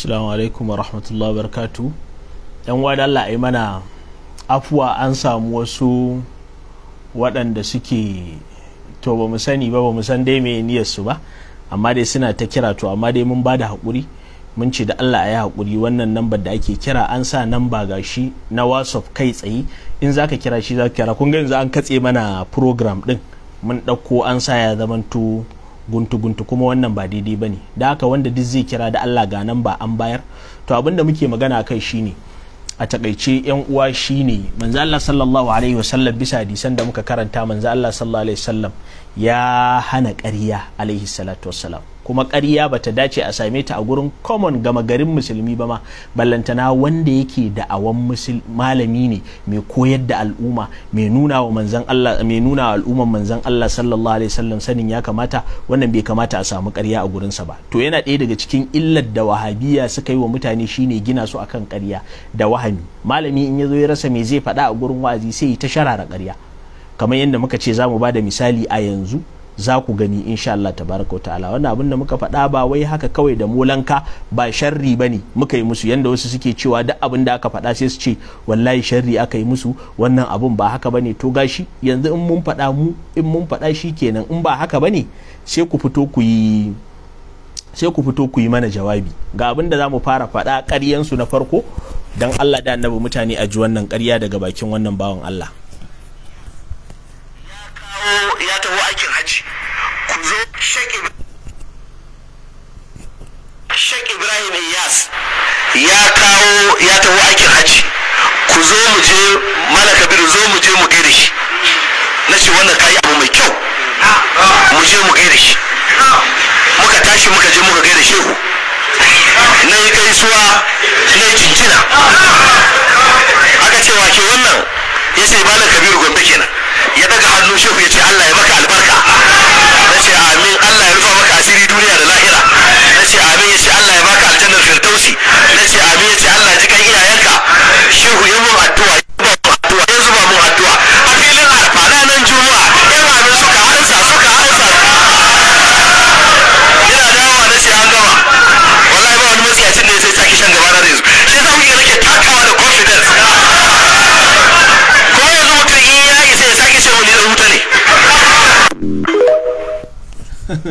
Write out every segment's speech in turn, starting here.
assalamu alaikum wa rahmatullahi barakatu yan wada Allah ai mana afuwa an samu wasu waɗanda suke to ba mu sani ba ba mu san dai me niyyarsu ba amma dai suna ta kira to amma dai mun ba da haƙuri mun ce da Allah ya haƙuri wannan nambar da ake kira an sa namba ga shi na whatsapp kai tsaye in zaka kira shi zaka kira kun ga yanzu an katse mana program din mun ɗauko an sa ya zamanto guntu-guntu kuma wannan ba daidai ba ne da haka wanda duk zai kira da allah ga nan ba an bayar to abin da muke magana a kai shine a takaice yan uwa shine manzo Allah sallallahu alaihi wasallam bisa hadisan da muka karanta manzo Allah sallallahu alaihi wasallam ya hana ƙarya alaihi salatu wassalam kuma ƙarya ba ta dace a same ta a gurin common gama garin musulmi ba ma ballantana wanda yake da awan malami ne mai koyar da al'umma mai nuna wa manzan Allah mai nuna wa al'umman manzan Allah sallallahu alaihi wasallam sanin ya kamata wannan bai kamata a samu ƙarya a gurin sa ba to yana ɗaya daga cikin illar da wahabiya suka yi wa mutane shine gina su akan ƙarya da wahami malami in ya ya rasa me zai faɗa a gurin wa'azi sai ya ta sharara ƙarya kamar yadda muka ce za mu ba da misali a yanzu za ku gani insha Allah tabaraka wa ta'ala wannan abin da muka faɗa ba wai haka kawai da molanka ba sharri bane muka yi musu yanda wasu suke cewa duk abin da aka faɗa sai su ce wallahi sharri aka yi musu wannan abun ba haka bane to gashi yanzu in mun faɗa mu in mun faɗa shi kenan in ba haka bane sai ku fito ku yi sai ku fito ku yi mana jawabi ga abin da za mu fara faɗa ƙaryansu na farko dan Allah da annabi mutane a ji wannan ƙarya daga bakin wannan bawan Allah musulunci ku zo shek ibrahim iyas ya kawo ya taho aikin haji ku zo mu je mana kabiru zo mu je mu gaida shi na ce wannan kayi abu mai kyau mu je mu gaida shi muka tashi muka je muka gaida shehu na yi gaisuwa na yi jinjina aka ce wa ke wannan ya ce malam kabiru gombe kenan ya daga hannu shehu ya ce Allah ya maka albarka ya ce amin Allah ya rufa maka asiri duniya da lahira ya ce amin ya ce Allah ya maka aljannar firdausi ya ce amin ya ce Allah ji kai iyayenka shehu ya mun addu'a ya zuba mun addu'a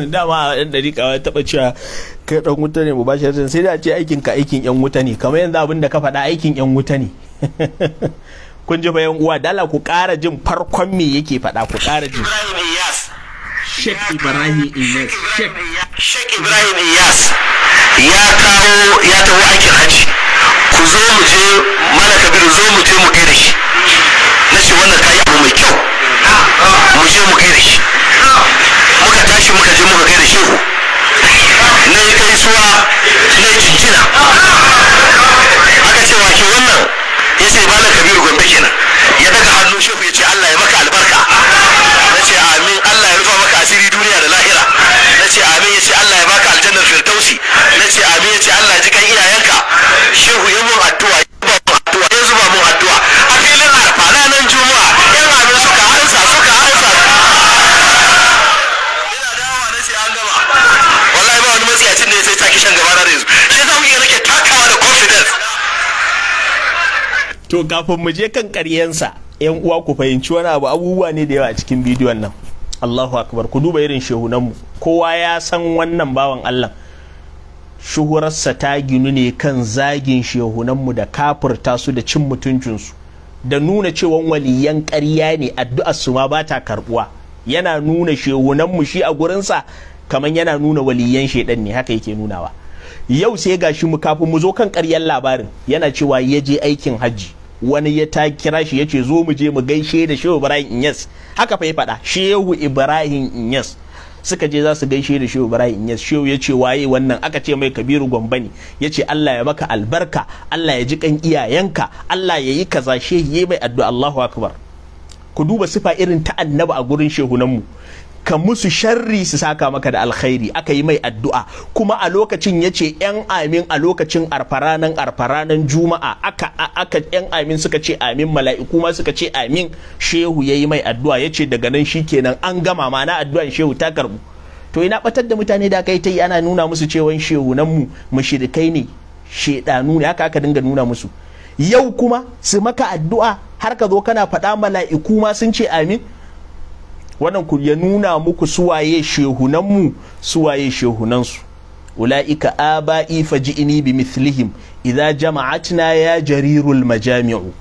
dama a ɗan dariƙa ya taɓa cewa kai ɗan wuta ne mubashiratan sai da ce aikin ka aikin yan wuta ne kamar yanzu abin da ka faɗa aikin yan wuta ne kun ji bayan uwa dala ku ƙara jin farkon me yake faɗa ku ƙara jin Sheikh Ibrahim Iyas Sheikh Ibrahim Iyas ya kawo ya taho aikin hajji ku zo mu je mana kabiru zo mu je mu kai da shi na ce wannan kayi abu mai kyau mu je mu kai da shi muka tashi muka je muka kai da shehu na yi suwa na yi cincina aka ce wake wannan ya ce ba na kabiru gombe kenan ya daga hannu shehu ya ce allah ya maka albarka na ce amin allah ya rufa maka asiri duniya da lahira na ce amin ya ce allah ya baka aljannar firdausi na ce amin ya ce allah ya ji kan iyayenka shehu ya mun addu'a kishin gaba da yanzu shi za mu iya rike takawa da confidence to kafin mu je kan karyensa yan uwa ku fahimci wani abu abubuwa ne da yawa a cikin bidiyon nan Allahu akbar ku duba irin shehunanmu kowa ya san wannan bawan Allah shuhurarsa ta ginu ne kan zagin shehunan mu da kafurta su da cin mutuncinsu da nuna cewa waliyan ƙarya ne addu'ar su ma ba ta karbuwa yana nuna shehunanmu shi a gurinsa kamar yana nuna waliyan shaidan ne haka yake nunawa yau sai gashi mu kafin mu zo kan karyar labarin yana cewa ya je aikin hajji wani ya ta kira shi ya ce zo mu je mu gaishe da shehu ibrahim inyas haka fa ya faɗa shehu ibrahim inyas suka je za su gaishe da shehu ibrahim inyas shehu ya ce waye wannan aka ce mai kabiru gwambani ya ce allah ya maka albarka allah ya ji kan iyayenka allah ya yi kaza shehu ya mai addu'a allahu akbar ku duba sifa irin ta annabi a gurin shehu nan mu ka musu sharri su saka maka da alkhairi aka yi mai addu'a kuma a lokacin ya ce yan amin a lokacin arfaranan arfaranan juma'a aka aka yan amin suka ce amin mala'iku ma suka ce amin shehu ya yi mai addu'a ya ce daga nan shikenan an gama mana addu'an shehu ta karbu to ina batar da mutane da kai ta yi ana nuna musu cewan shehu nan mu mushrikai ne shedanu ne haka aka dinga nuna musu yau kuma su maka addu'a har ka zo kana faɗa mala'iku ma sun ce amin wannan ku ya nuna muku suwaye shehunanmu suwaye shehunansu ula'ika aba'i faji'ini bi mithlihim idza jama'atna ya jarirul majami'u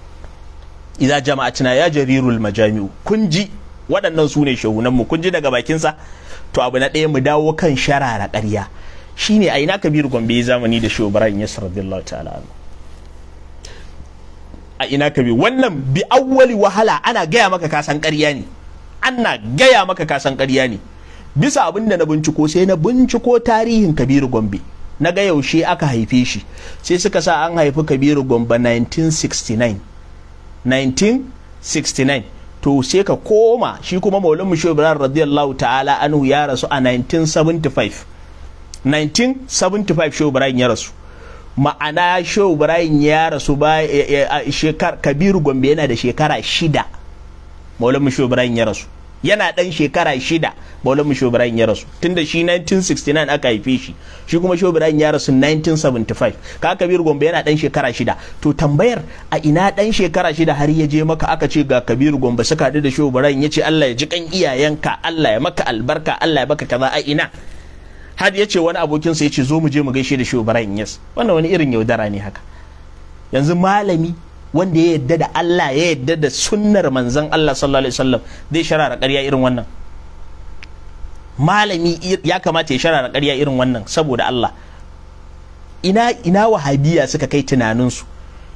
idza jama'atna ya jarirul majami'u kun ji waɗannan su ne shehunanmu kun ji daga bakinsa to abu na ɗaya mu dawo kan sharara ƙarya shine a ina kabir gombe ya zamani da shehu ibrahim yasir radiyallahu ta'ala a ina kabir wannan bi awwali wahala ana gaya maka kasan ƙarya ne ana gaya maka kasan ƙarya ne bisa abin da na binciko sai na binciko tarihin kabiru gombe na ga yaushe aka haife shi sai suka sa an haifi kabiru gombe 1969 1969 to sai ka koma shi kuma maulin mushe ibrahim radiyallahu ta'ala anu ya rasu a 1975 1975 shehu ibrahim ya rasu ma'ana shehu ibrahim ya rasu ba kabiru gombe yana da shekara shida maulan musho ibrahim ya rasu yana dan shekara shida maulan musho ibrahim ya rasu tun da shi 1969 aka haife shi shi kuma Musho ibrahim ya rasu 1975 ka kabiru gombe yana dan shekara shida to tambayar a ina dan shekara shida har ya je maka aka ce ga kabiru gombe suka haɗu da Musho ibrahim ya ce allah ya ji kan iyayenka allah ya maka albarka allah ya baka kaza a ina har ya ce wani abokinsa ya ce zo mu je mu gaishe da Musho ibrahim yes wannan wani irin yaudara ne haka yanzu malami wanda ya yadda da Allah ya yadda da sunnar manzon Allah sallallahu alaihi wasallam zai sharara ƙarya irin wannan malami ya kamata ya sharara karya irin wannan saboda Allah ina ina wahabiya suka kai tunaninsu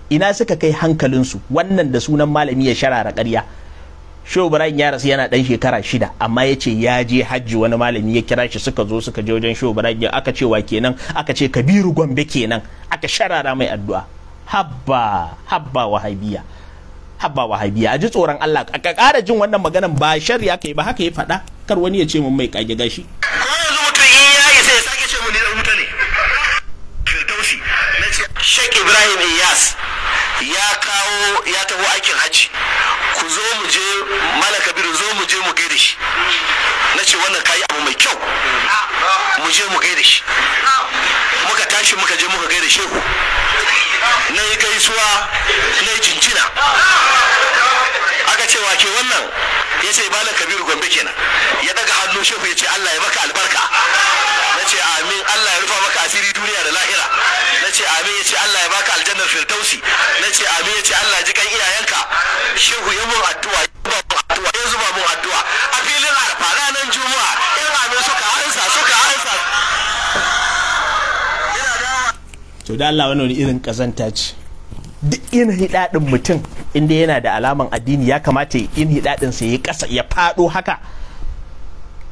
ina suka kai hankalinsu wannan da sunan malami ya sharara karya? Shehu Ibrahim ya rasu yana dan shekara shida amma ya ce ya je hajji wani malami ya kira shi suka zo suka je wajen Shehu Ibrahim aka ce wa kenan aka ce Kabiru Gombe kenan aka sharara mai addu'a habba habba wahabiya habba wahabiya a ji tsoron Allah ka ƙara jin wannan maganan ba shari'a kai ba haka ya faɗa kar wani ya ce mun mai kage gashi ko yanzu mutum in eh, yayi sai ya sake ce mun ne rubuta ne firdausi Sheikh Ibrahim Iyas ya kawo ya taho aikin hajji ku zo mu je malaka kabiru zo mu je mu gaida shi na ce wannan kayi abu mai kyau mu je mu gaida shi muka tashi muka je muka gaida shehu na yi gaisuwa na yi cincina aka ce wake wannan ya ce bala kabiru gombe kenan ya daga hannu shehu ya ce allah ya maka albarka na ce amin allah ya rufa maka asiri duniya da lahira amin ya ce Allah ya baka aljannar firdausi na ce amin ya ce Allah ji kan iyayenka shehu yi mun addu'a ya zuba mun addu'a a filin arfa ranar juma'a in amin suka ansa suka ansa to da Allah wani irin kazanta ce duk yin hidadin mutum inda yana da alaman addini ya kamata yin hidadin sa ya kasa ya fado haka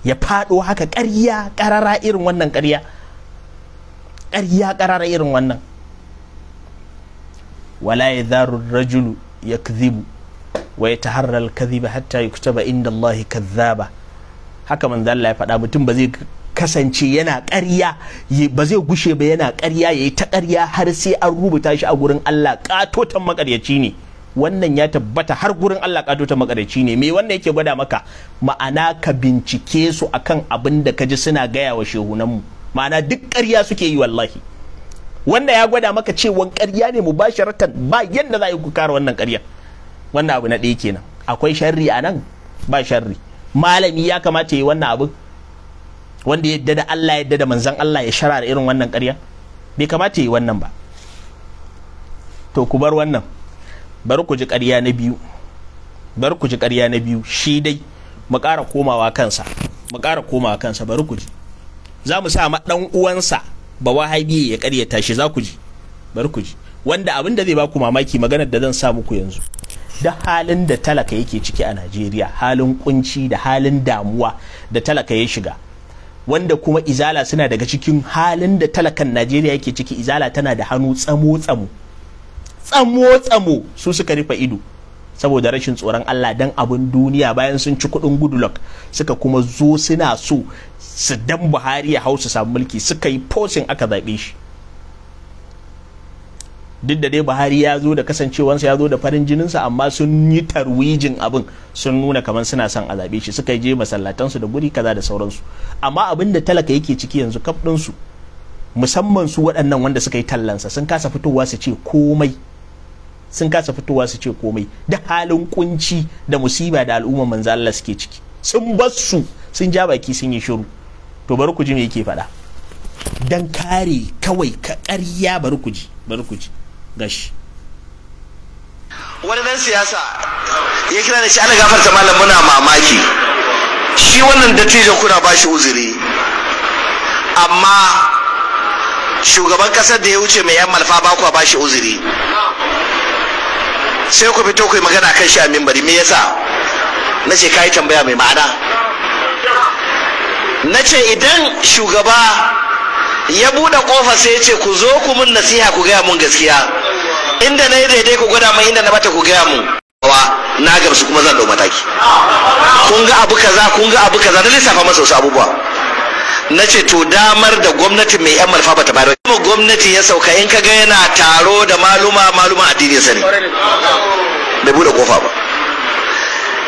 ya fado haka ƙarya ƙarara irin wannan ƙarya ƙarya ƙarara irin wannan wala ya zaru rajulu ya kadhibu wa ya taharra al ba hatta ba inda Allah ba haka manzo Allah ya faɗa mutum ba zai kasance yana ƙarya ba zai gushe ba yana ƙarya yi ta ƙarya har sai an rubuta shi a gurin Allah ƙatotan maƙaryaci ne wannan ya tabbata har gurin Allah ƙatotan maƙaryaci ne me wannan yake gwada maka ma'ana ka bincike su akan abin da ka ji suna gaya wa shehunanmu ma'ana duk ƙarya suke yi wallahi wanda ya gwada maka cewa ƙarya ne mu basharatan ba yadda za a yi ku kare wannan ƙarya wannan abu na ɗaya kenan akwai sharri a nan ba sharri malami ya kamata yi wannan abu wanda ya yadda da Allah ya yadda da manzon Allah ya shara irin wannan ƙarya bai kamata yi wannan ba to ku bar wannan bari ku ji ƙarya na biyu bari ku ji ƙarya na biyu shi dai mu ƙara komawa kansa mu ƙara komawa kansa bari ku ji za mu sa ma ɗan uwansa ba haibi ya karyata shi za ku ji bar ku ji wanda abin da zai ba ku mamaki maganar da zan sa muku yanzu da halin da talaka yake ciki a Najeriya halin kunci da halin damuwa da talaka ya shiga wanda kuma izala suna daga cikin halin da talakan Najeriya yake ciki izala tana da hannu tsamo tsamo tsamo tsamo su suka rufe ido saboda rashin tsoron Allah dan abin duniya bayan sun ci kudin goodluck suka kuma zo suna so su dan buhari ya hau su samu mulki suka yi fosin aka zaɓe shi duk da dai buhari ya zo da kasancewansa ya zo da farin jininsa amma sun yi tarwijin abin sun nuna kamar suna son a zaɓe shi suka je masallatansu da guri kaza da sauransu amma abin da talaka yake ciki yanzu kaf ɗinsu musamman su waɗannan wanda suka yi tallansa sun kasa fitowa su ce komai sun kasa fitowa su ce komai da halin kunci da musiba da al'umma manzo Allah suke ciki sun bar su sun ja baki sun yi shiru to bari ku ji me yake faɗa dan kare kawai ka ƙarya bari ku ji bari ku ji gashi wani dan siyasa ya kira da shi ana gafarta malam muna mamaki shi wannan dattijan kuna ba shi uzuri amma shugaban kasar da ya wuce mai yan malfa ba kuwa ba shi uzuri sai ku fito ku yi magana kan shi a mimbari me yasa na ce ka tambaya mai ma'ana na ce idan shugaba ya buɗe ƙofa sai ya ce ku zo ku mun nasiha ku gaya mun gaskiya inda na yi daidai ku gwada mai inda na bata ku gaya mun na gamsu kuma zan ɗau mataki kun ga abu kaza kun ga abu kaza na lissafa masa wasu abubuwa na ce to damar da gwamnati mai yan malfa bata bayar kuma gwamnati ya sauka in ka ga yana taro da maluma maluma addini sani bai buɗe ƙofa ba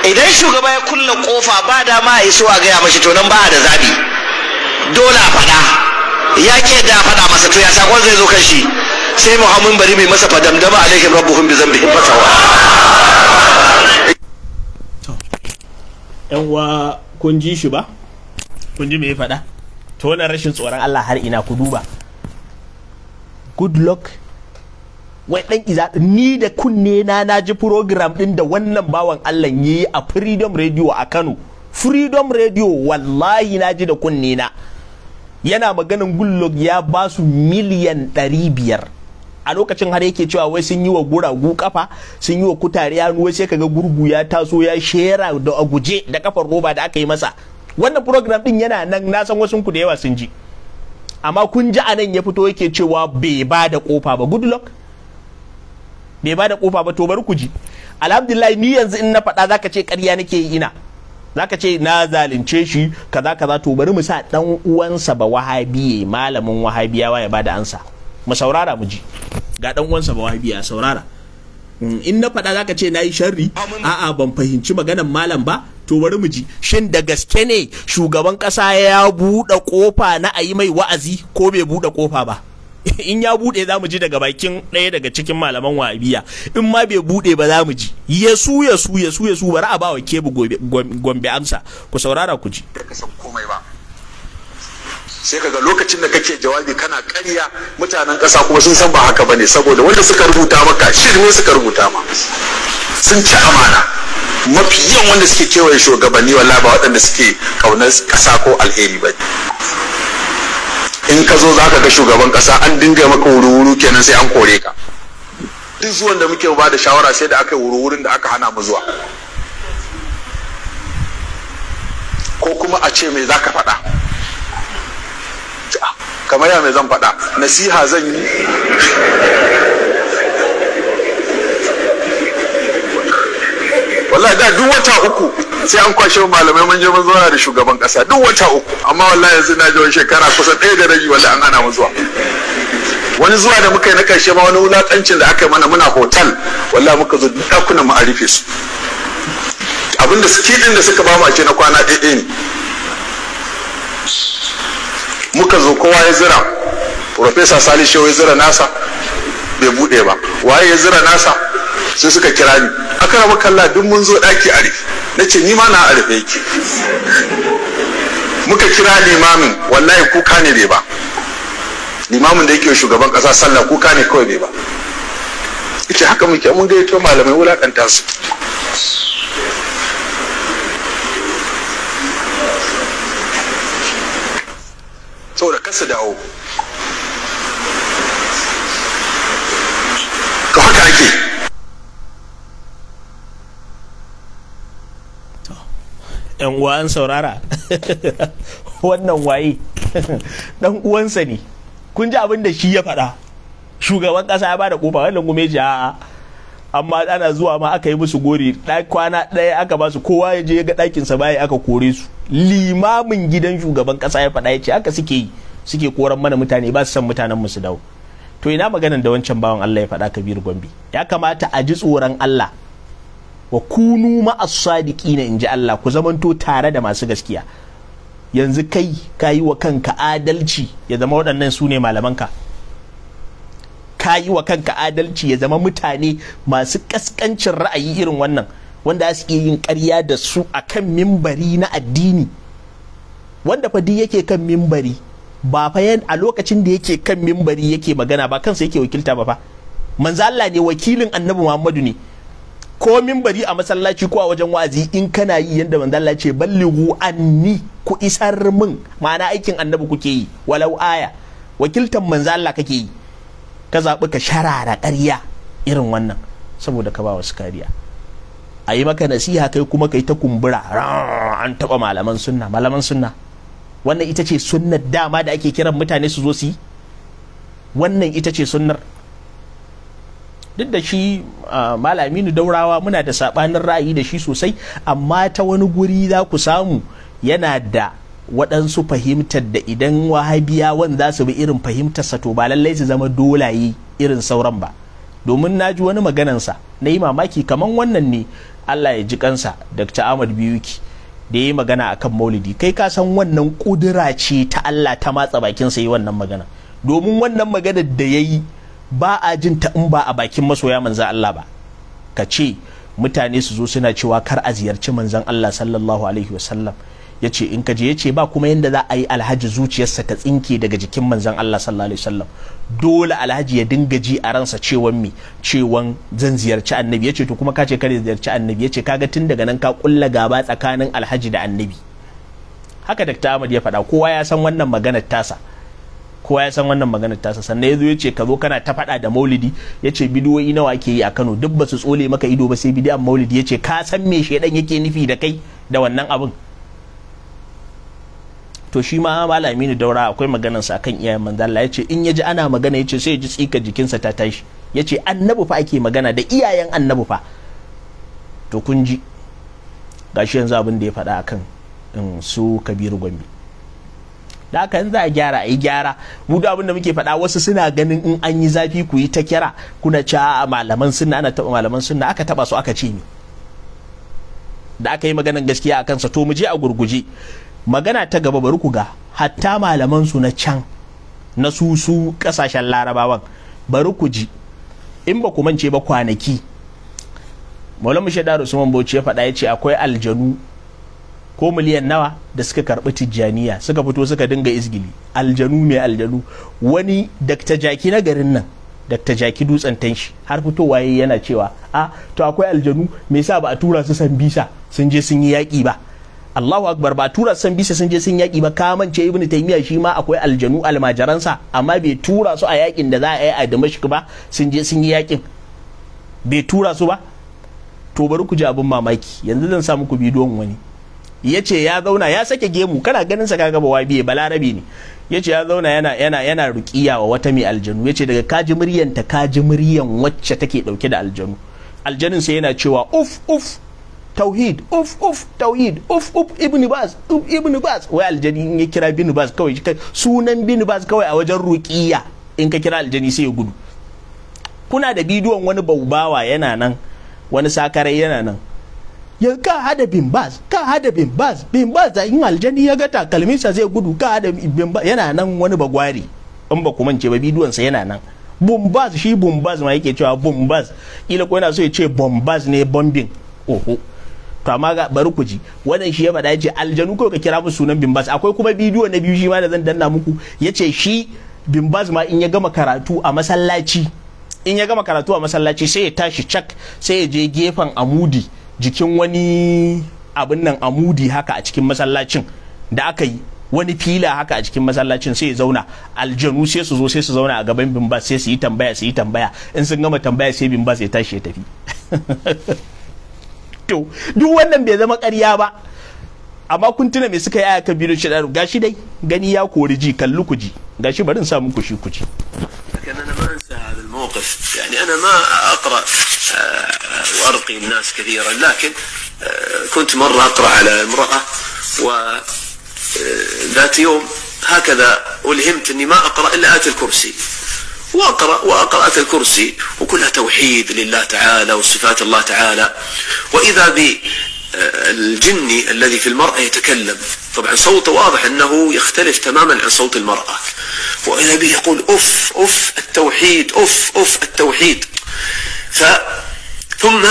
idan shugaba ya kulle kofa ba da ma a iso a gaya mashi to nan ba da zabi dole a fada ya ke da fada masa to ya sakon zai zo kashi sai muhammadu bari mai masa a laifin rabbuhum bi zambihim fasawa yan uwa kun ji shi ba kun ji me ya faɗa to wannan rashin tsoron Allah har ina ku duba good luck wai dan iza ni da kunne na na ji program din da wannan bawan Allah yi a Freedom Radio a Kano Freedom Radio wallahi na ji da kunne na yana maganin gullog ya ba su miliyan ɗari biyar a lokacin har yake cewa wai sun yi wa guragu kafa sun yi wa kutare hannu wai sai kaga gurgu ya taso ya shera da a guje da kafar roba da aka yi masa wannan program din yana nan na san wasu da yawa sun ji amma kun ji anan ya fito yake cewa bai ba da kofa ba good bai bada kofa ba to bari ku ji alhamdulillah ni yanzu in na faɗa zaka ce ƙarya nake yi ina zaka ce na zalunce shi kaza kaza to bari mu sa dan uwansa ba wahabiye malamin wahabiyawa ya bada ansa mu saurara mu ji ga dan uwansa ba wahabiya saurara mm, in na faɗa zaka ce na yi sharri a'a ban fahimci maganan malam ba to bari mu ji shin da gaske ne shugaban ƙasa ya buɗe ƙofa na a yi mai wa'azi ko bai buɗe ƙofa ba in ya bude za mu ji daga bakin ɗaya daga cikin malaman wahabiya in ma bai bude ba za mu ji yesu yesu yesu su bari a bawa kebu gombe amsa ku saurara ku ji komai ba sai kaga lokacin da kake jawabi kana karya mutanen ƙasa kuma sun san ba haka bane saboda wanda suka rubuta maka shirme suka rubuta ma sun ci amana mafi yawan wanda suke kewaye shugabanni wallahi ba waɗanda suke kaunar ƙasa ko alheri ba in ka zo za ka ga shugaban kasa an dinga maka wuri-wuri kenan sai an kore ka duk zuwan da muke ba da shawara sai da aka yi wuri-wurin da aka hana mu zuwa ko kuma a ce mai za ka faɗa kamar ya zan faɗa nasiha zan yi wallahi da duk wata uku sai an kwashe malamai mun je mun zauna da shugaban kasa duk wata uku amma wallahi yanzu na ji wani shekara kusan ɗaya da rabi wallahi an ana mu zuwa wani zuwa da muka yi na karshe ma wani wulakancin da aka mana muna hotel wallahi muka zo dakunan mu a rufe su abinda din da suka ba mu a ce na kwana ɗaya ne muka zo kowa ya zira profesa salishewa ya zira nasa bai bude ba waye ya zira nasa sai suka kira ni aka raba kalla duk mun zo daki arif na ce ni ma na arif yake muka kira limamin wallahi kuka ne bai ba limamin da yake shugaban ƙasa sallah kuka ne kawai bai ba ita haka muke mun gayyato malamai wulakanta su saboda kasa dawo ka haka ake yan uwa an saurara wannan waye dan uwansa ne kun ji abin da shi ya faɗa shugaban ƙasa ya bada kofa wannan kuma ya a'a amma ana zuwa ma aka yi musu gori kwana ɗaya aka ba su kowa ya je ga sa baya aka kore su limamin gidan shugaban ƙasa ya faɗa ya ce haka suke yi suke koran mana mutane ba su san mutanen mu su dawo to ina maganan da wancan bawan Allah ya faɗa Kabir Gombe ya kamata a ji tsoron Allah wa kunu ma'as sadiqina inji Allah ku zamanto tare da masu gaskiya yanzu kai ka yi wa kanka adalci ya zama waɗannan su ne malamanka ka yi wa kanka adalci ya zama mutane masu ƙasƙancin ra'ayi irin wannan wanda su iya yin ƙarya da su a kan mimbari na addini wanda fa duk yake kan mimbari ba fa a lokacin da yake kan mimbari yake magana ba kansa yake wakilta ba fa manzo Allah ne wakilin annabi Muhammadu ne ko bari a masallaci ko a wajen wa'azi in kana yi yadda manzo Allah ce ballighu anni ku isar min ma'ana aikin annabi kuke yi walau aya wakiltan manzo Allah kake yi ka zaɓi ka sharara ƙarya irin wannan saboda ka ba wasu kariya a yi maka nasiha kai kuma kai ta kumbura an taɓa malaman sunna malaman sunna wannan ita ce sunnar dama da ake kiran mutane su zo su yi wannan ita ce sunnar duk da shi malami daurawa muna da sabanin ra'ayi da shi sosai amma ta wani guri za ku samu yana da waɗansu fahimtar da idan wahabiyawan za su bi irin fahimtarsa to ba lallai su zama dolaye irin sauran ba domin na ji wani maganansa na yi mamaki kamar wannan ne allah ya ji kansa dr ahmad biyuki da ya yi magana akan maulidi kai ka san wannan kudura ce ta allah ta matsa bakinsa yi wannan magana domin wannan maganar da ya yi ba a jin ta in ba a bakin masoya manzan Allah ba ka ce mutane su zo suna cewa kar a ziyarci manzan Allah sallallahu alaihi wasallam ya ce in ka je ya ce ba kuma yadda za a yi alhaji zuciyarsa ta tsinke daga jikin manzan Allah sallallahu alaihi wasallam dole alhaji ya dinga ji a ransa cewan mi cewan zan ziyarci annabi ya ce to kuma ka ce kare ziyarci annabi ya ce kaga tun daga nan ka kulla gaba tsakanin alhaji da annabi haka dakta Ahmad ya faɗa kowa ya san wannan maganar tasa kowa ya san wannan maganar tasa sannan ya zo ya ce ka zo kana ta faɗa da maulidi ya ce bidiyoyi nawa ake yi a kano duk ba su tsole maka ido ba sai bidiyan maulidi ya ce ka san me shaidan yake nufi da kai da wannan abin to shi ma malami ne daura akwai maganarsa akan iyayen manzala ya ce in ya ji ana magana ya ce sai ya ji tsika jikinsa ta tashi ya ce annabi fa ake magana da iyayen annabi fa to kun ji gashi yanzu abin da ya faɗa akan um, su kabiru gombe da haka in za a gyara a yi gyara mu da abin da muke faɗa wasu suna ganin in an yi zafi ku yi ta kira kuna ci a malaman sunna ana taɓa malaman sunna aka taɓa su aka ce ni da aka yi maganan gaskiya a kansa to mu je a gurguje magana ta gaba bari ku ga hatta malaman su na can na su su kasashen larabawan bari ku ji in ba ku mance ba kwanaki maulamu shaidar usman bauchi ya faɗa ya ce akwai aljanu ko miliyan nawa da suka karɓi tijjaniya suka fito suka dinga izgili aljanu mai aljanu wani dakta jaki na garin nan dakta jaki dutsen tanshi har fitowa yayi yana cewa a to akwai aljanu me sa ba a tura su san bisa sun je sun yi yaƙi ba Allahu akbar ba tura san bisa sun je sun yaki ba kamance ibnu taymiya shi ma akwai aljanu almajiransa amma bai tura su a yakin da za a yi a damashik ba sun je sun yi yakin bai tura su ba to bari ku ji abin mamaki yanzu zan sa muku bidiyon wani ya ce ya zauna ya sake gemu kana ganin sa kaga bawa biye balarabi ne ya ce ya zauna yana yana yana ruqiya wa wata mai aljanu ya ce daga kaji muryan ta kaji muryan wacce take dauke da aljanu aljanin sai yana cewa uf uf tauhid uf uf tauhid uf uf ibn bas uf ibn bas wai aljani ya kira bin bas kawai sunan bin bas kawai a wajen ruqiya in ka kira aljani sai ya gudu kuna da bidiyon wani baubawa yana nan wani sakarai yana nan ya ka hada bin bas ka hada bin bas bin bas da in aljani ya ga takalmin sa zai gudu ka hada bin bas yana nan wani bagwari in ba ku mance ba bidiyonsa yana nan bombaz shi bombaz ma yake cewa bombaz kila ko yana so ya ce bombaz ne bombing oho to amma ga bari ku ji wannan shi ya faɗa ya ce aljanu ko ka kira musu sunan bimbas akwai kuma bidiyo na biyu shi ma da zan danna muku ya ce shi bimbas ma in ya gama karatu a masallaci in ya gama karatu a masallaci sai ya tashi cak sai ya je gefen amudi jikin wani abin nan a mudi haka a cikin masallacin da aka yi wani fila haka a cikin masallacin sai ya zauna aljanu sai su zo sai su zauna a gaban bimbas sai su yi tambaya su yi tambaya in sun gama tambaya sai bimbas ya tashi ya tafi to duk wannan bai zama ƙarya ba amma kun tuna me suka yi aya kan bidiyon shaidan gashi dai gani ya kori ji kallu ku ji gashi bari in sa muku shi ku ji ما آه، وأرقي الناس كثيرا لكن آه، كنت مرة أقرأ على امرأة وذات آه، يوم هكذا ألهمت أني ما أقرأ إلا آت آية الكرسي وأقرأ وأقرأت الكرسي وكلها توحيد لله تعالى وصفات الله تعالى وإذا بي الجني الذي في المرأة يتكلم طبعا صوته واضح أنه يختلف تماما عن صوت المرأة وإذا به يقول أف أف التوحيد أف أف التوحيد ف ثم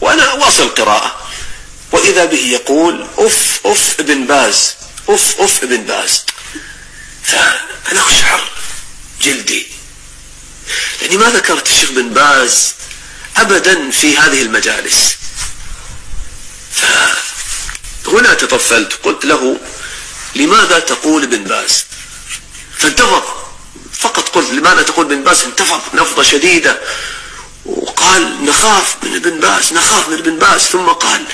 وأنا أواصل القراءه وإذا به يقول أف أف ابن باز أف أف ابن باز فأنا أشعر جلدي يعني ما ذكرت الشيخ بن باز أبدا في هذه المجالس فهنا تطفلت قلت له لماذا تقول ابن باز فانتفض فقط قلت لماذا تقول ابن باز انتفض نفضة شديدة وقال نخاف من ابن باس نخاف من ابن باس ثم قال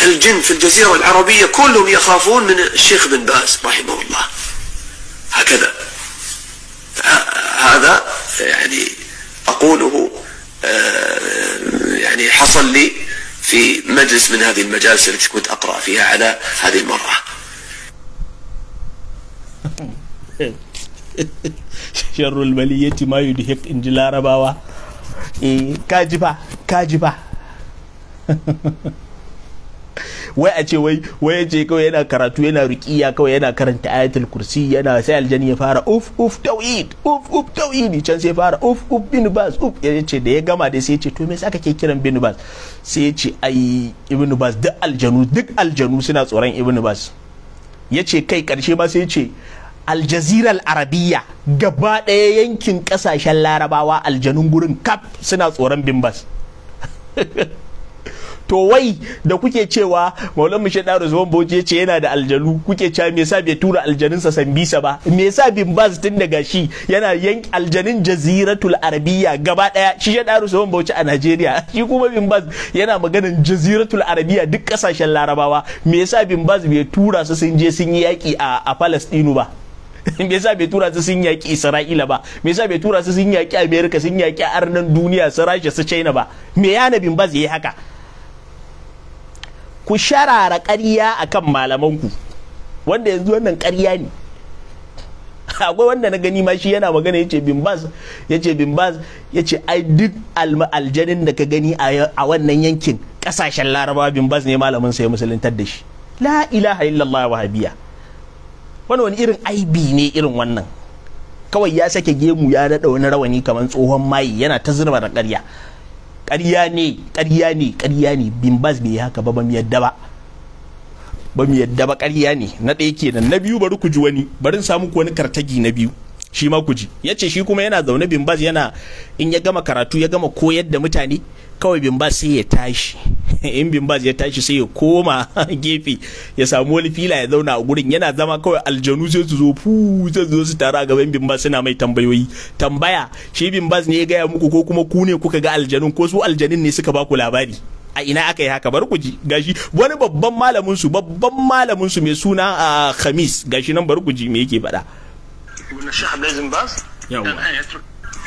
الجن في الجزيرة العربية كلهم يخافون من الشيخ ابن باس رحمه الله هكذا هذا يعني أقوله آه، يعني حصل لي في مجلس من هذه المجالس التي كنت أقرأ فيها على هذه المرأة شر الملية ما يدهك إنجلار باوا e kaji ba kaji ba wai a ce wai wai ce kawai yana karatu yana rukiya kawai yana karanta ayatul kursi yana sai aljani ya fara uf uf tauhid uf uf can sai fara uf uf bin bas uf ya ce da ya gama da sai ya ce to me yasa ke kiran bin bas sai ya ce ai ibn bas duk aljanu duk aljanu suna tsoron ibn bas ya ce kai karshe ma sai ya ce aljazirar arabiya gaba ɗaya yankin ƙasashen larabawa aljanun gurin kaf suna tsoron bimbas to wai da kuke cewa maulan mu ɗaru zuwan Bauchi ce yana da aljanu kuke cewa me yasa bai tura san Sambisa ba me yasa bimbas tun daga shi yana yank aljanin jaziratul arabiya gaba daya shi ɗaru zuwan Bauchi a Najeriya shi kuma bimbas yana maganin jaziratul arabiya duk ƙasashen larabawa me yasa bimbas bai tura su sun je sun yi yaki a palestinu ba me yasa bai tura su sun yaki isra'ila ba me yasa bai tura su sun yaki america sun yaki arnan duniya su rasha su china ba me ya nabin ba zai haka ku sharara ƙarya akan malamanku wanda yanzu wannan ƙarya ne akwai wanda na gani ma shi yana magana yace bin yace bin yace ai duk aljanin da ka gani a wannan yankin kasashen laraba bin ne malamin sai musuluntar da shi la ilaha illallah wahabiya wani wani irin aibi ne irin wannan kawai ya sake gemu ya daɗa wani rawani kamar tsohon mayi yana ta zurba da ƙarya ƙarya ne ƙarya ne ƙarya ne bimbas bai haka ba ba mu yadda ba ba mu yadda ba ƙarya ne na ɗaya kenan na biyu bari ku ji wani bari samu ku wani kartagi na biyu shi ma ku ji yace shi kuma yana zaune bimbas yana in ya gama karatu ya gama koyar da mutane kawai bin sai ya tashi in bin ya tashi sai ya koma gefe ya samu wani fila ya zauna a gurin yana zama kawai aljanu sai su zo fu sai su zo su taru a gaban bin suna mai tambayoyi tambaya shi bin ne ya gaya muku ko kuma ku ne kuka ga aljanun ko su aljanun ne suka baku labari a ina aka yi haka bar ku ji gashi wani babban malamin su babban malamin su mai suna Khamis gashi nan bar ku ji me yake faɗa.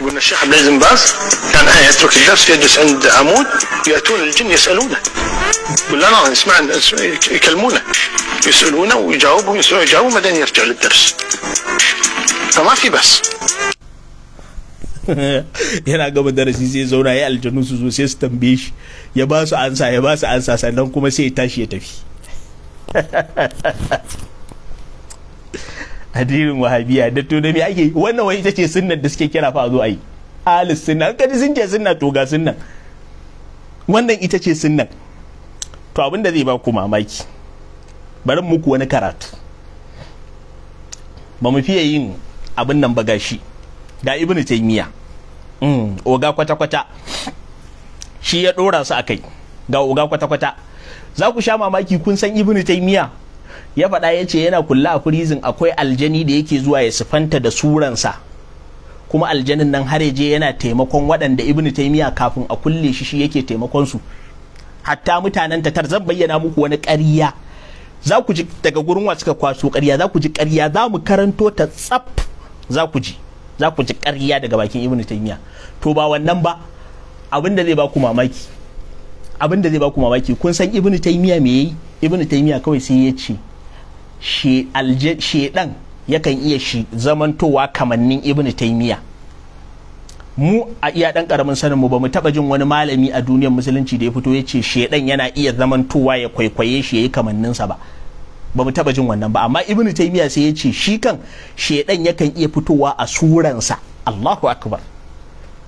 يقول الشيخ عبد العزيز باز كان يترك الدرس يجلس عند عمود ياتون الجن يسالونه ولا لا اسمع يكلمونه يسالونه ويجاوبهم يسالونه يجاوبهم بعدين يرجع للدرس فما في بس yana gama darasi sai zauna ya aljanu su zo sai su tambaye shi ya ba su ansa ya ba su ansa sannan kuma sai ya tashi ya tafi addinin wahabiya da to da me ake wannan wai ita ce sunnar da suke kira fa zo ai ahli sunna ka kaji sun ce sunna to ga sunna wannan ita ce sunna to abin da zai ba ku mamaki bari muku wani karatu ba mu fiye yin abin nan ba gashi ga ibn taymiya mm oga kwata kwata shi ya dora su akai ga oga kwata kwata za ku sha mamaki kun san ibn taymiya ya faɗa ya ce yana kulla a firizin akwai aljani da yake zuwa ya sifanta da suransa kuma aljanin nan har je yana taimakon waɗanda ibn taimiya kafin a kulle shi shi yake taimakon su hatta mutanen tatar zan bayyana muku wani ƙarya za ku ji daga gurin wa suka kwaso ƙarya za ku ji ƙarya za mu karanto ta tsaf za ku ji za ku ji ƙarya daga bakin ibn taimiya to ba wannan ba abin da zai ba ku mamaki abin da zai ba ku mamaki kun san ibn taimiya me yayi ibn taimiya kawai sai ya ce shedan yakan iya shi zamantowa kamannin ibn taimiya mu a iya dan karamin sanin mu bamu taba jin wani malami a duniyar musulunci da ya fito ya ce shedan yana iya zamantowa ya kwaikwaye shi yayi kamannin sa ba bamu taba jin wannan ba amma ibn taimiya sai ya ce shi kan shedan yakan iya fitowa a suransa Allahu akbar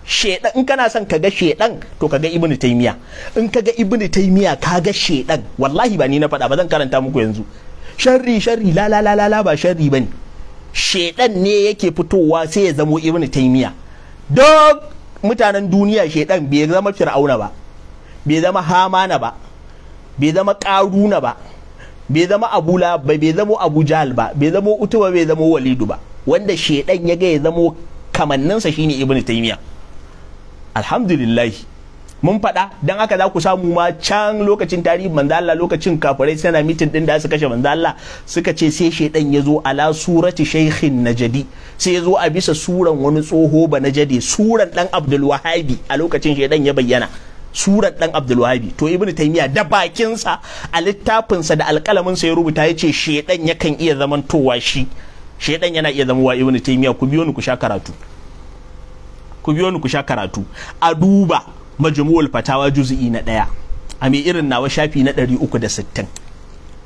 shedan in kana son kaga shedan to kaga ibnu taimiya in kaga ibnu taymiya kaga shedan wallahi ba ni na faɗa ba zan karanta muku yanzu sharri sharri la la la la ba sharri bane shedan ne yake fitowa sai ya zamo ibnu taymiya duk mutanen duniya shedan bai zama fir'auna ba bai zama hamana ba bai zama karuna ba bai zama abula ba bai zama abu jahal ba bai zama ba bai zama walidu ba wanda shedan ya ga ya zamo kamanninsa shine ibnu taymiya alhamdulillah mun faɗa dan haka za ku samu ma can lokacin tarihi manzala lokacin kafirai suna mitin din da su kashe manzo suka ce sai shaiɗan ya zo ala surati shaykhin najadi sai ya zo a bisa suran wani tsoho ba najadi suran dan Abdul a lokacin shaidan ya bayyana suran dan Abdul Wahabi to Ibn Taymiyyah da bakinsa a littafinsa da sa ya rubuta ya ce shedan yakan iya zamantowa shi shaidan yana iya zama wa Ibn Taymiyyah ku biyo ni ku sha karatu ku biyo ni ku sha karatu a duba majmu'ul fatawa juz'i na ɗaya a mai irin nawa shafi na 360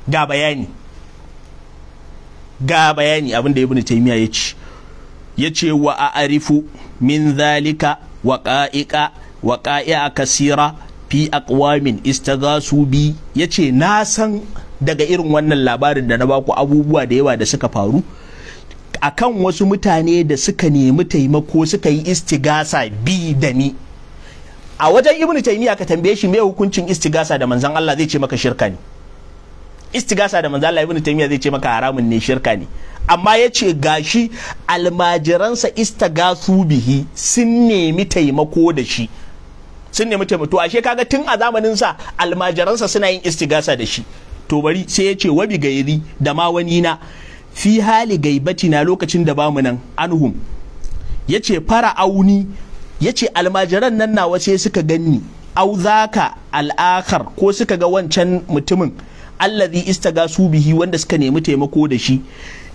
ga bayani ga bayani abin da ibnu taymiya ya ce ya ce wa a arifu min zalika wa ƙa'iƙa wa ƙa'i'a kasira fi aqwamin istaghasu bi ya ce na san daga irin wannan labarin da na baku abubuwa da yawa da suka faru akan wasu mutane da suka nemi taimako suka yi istigasa bi da ni a wajen ibnu taymiya ka tambaye shi me hukuncin istigasa da manzon Allah zai ce maka shirka ne istigasa da manzon Allah ibnu taymiya zai ce maka haramun ne shirka ne amma ya ce gashi almajiransa istagasu bihi sun nemi taimako da shi sun nemi taimako ashe kaga tun a zamanin sa almajiransa suna yin istigasa da shi to bari sai ya ce wabi gairi da ma wani na fi hali gaibati na lokacin da bamu nan anhum ya ce fara auni ya ce almajiran nan nawa sai suka ganni au zaka al'akar ko suka ga wancan mutumin allazi istaga su bihi wanda suka nemi taimako da shi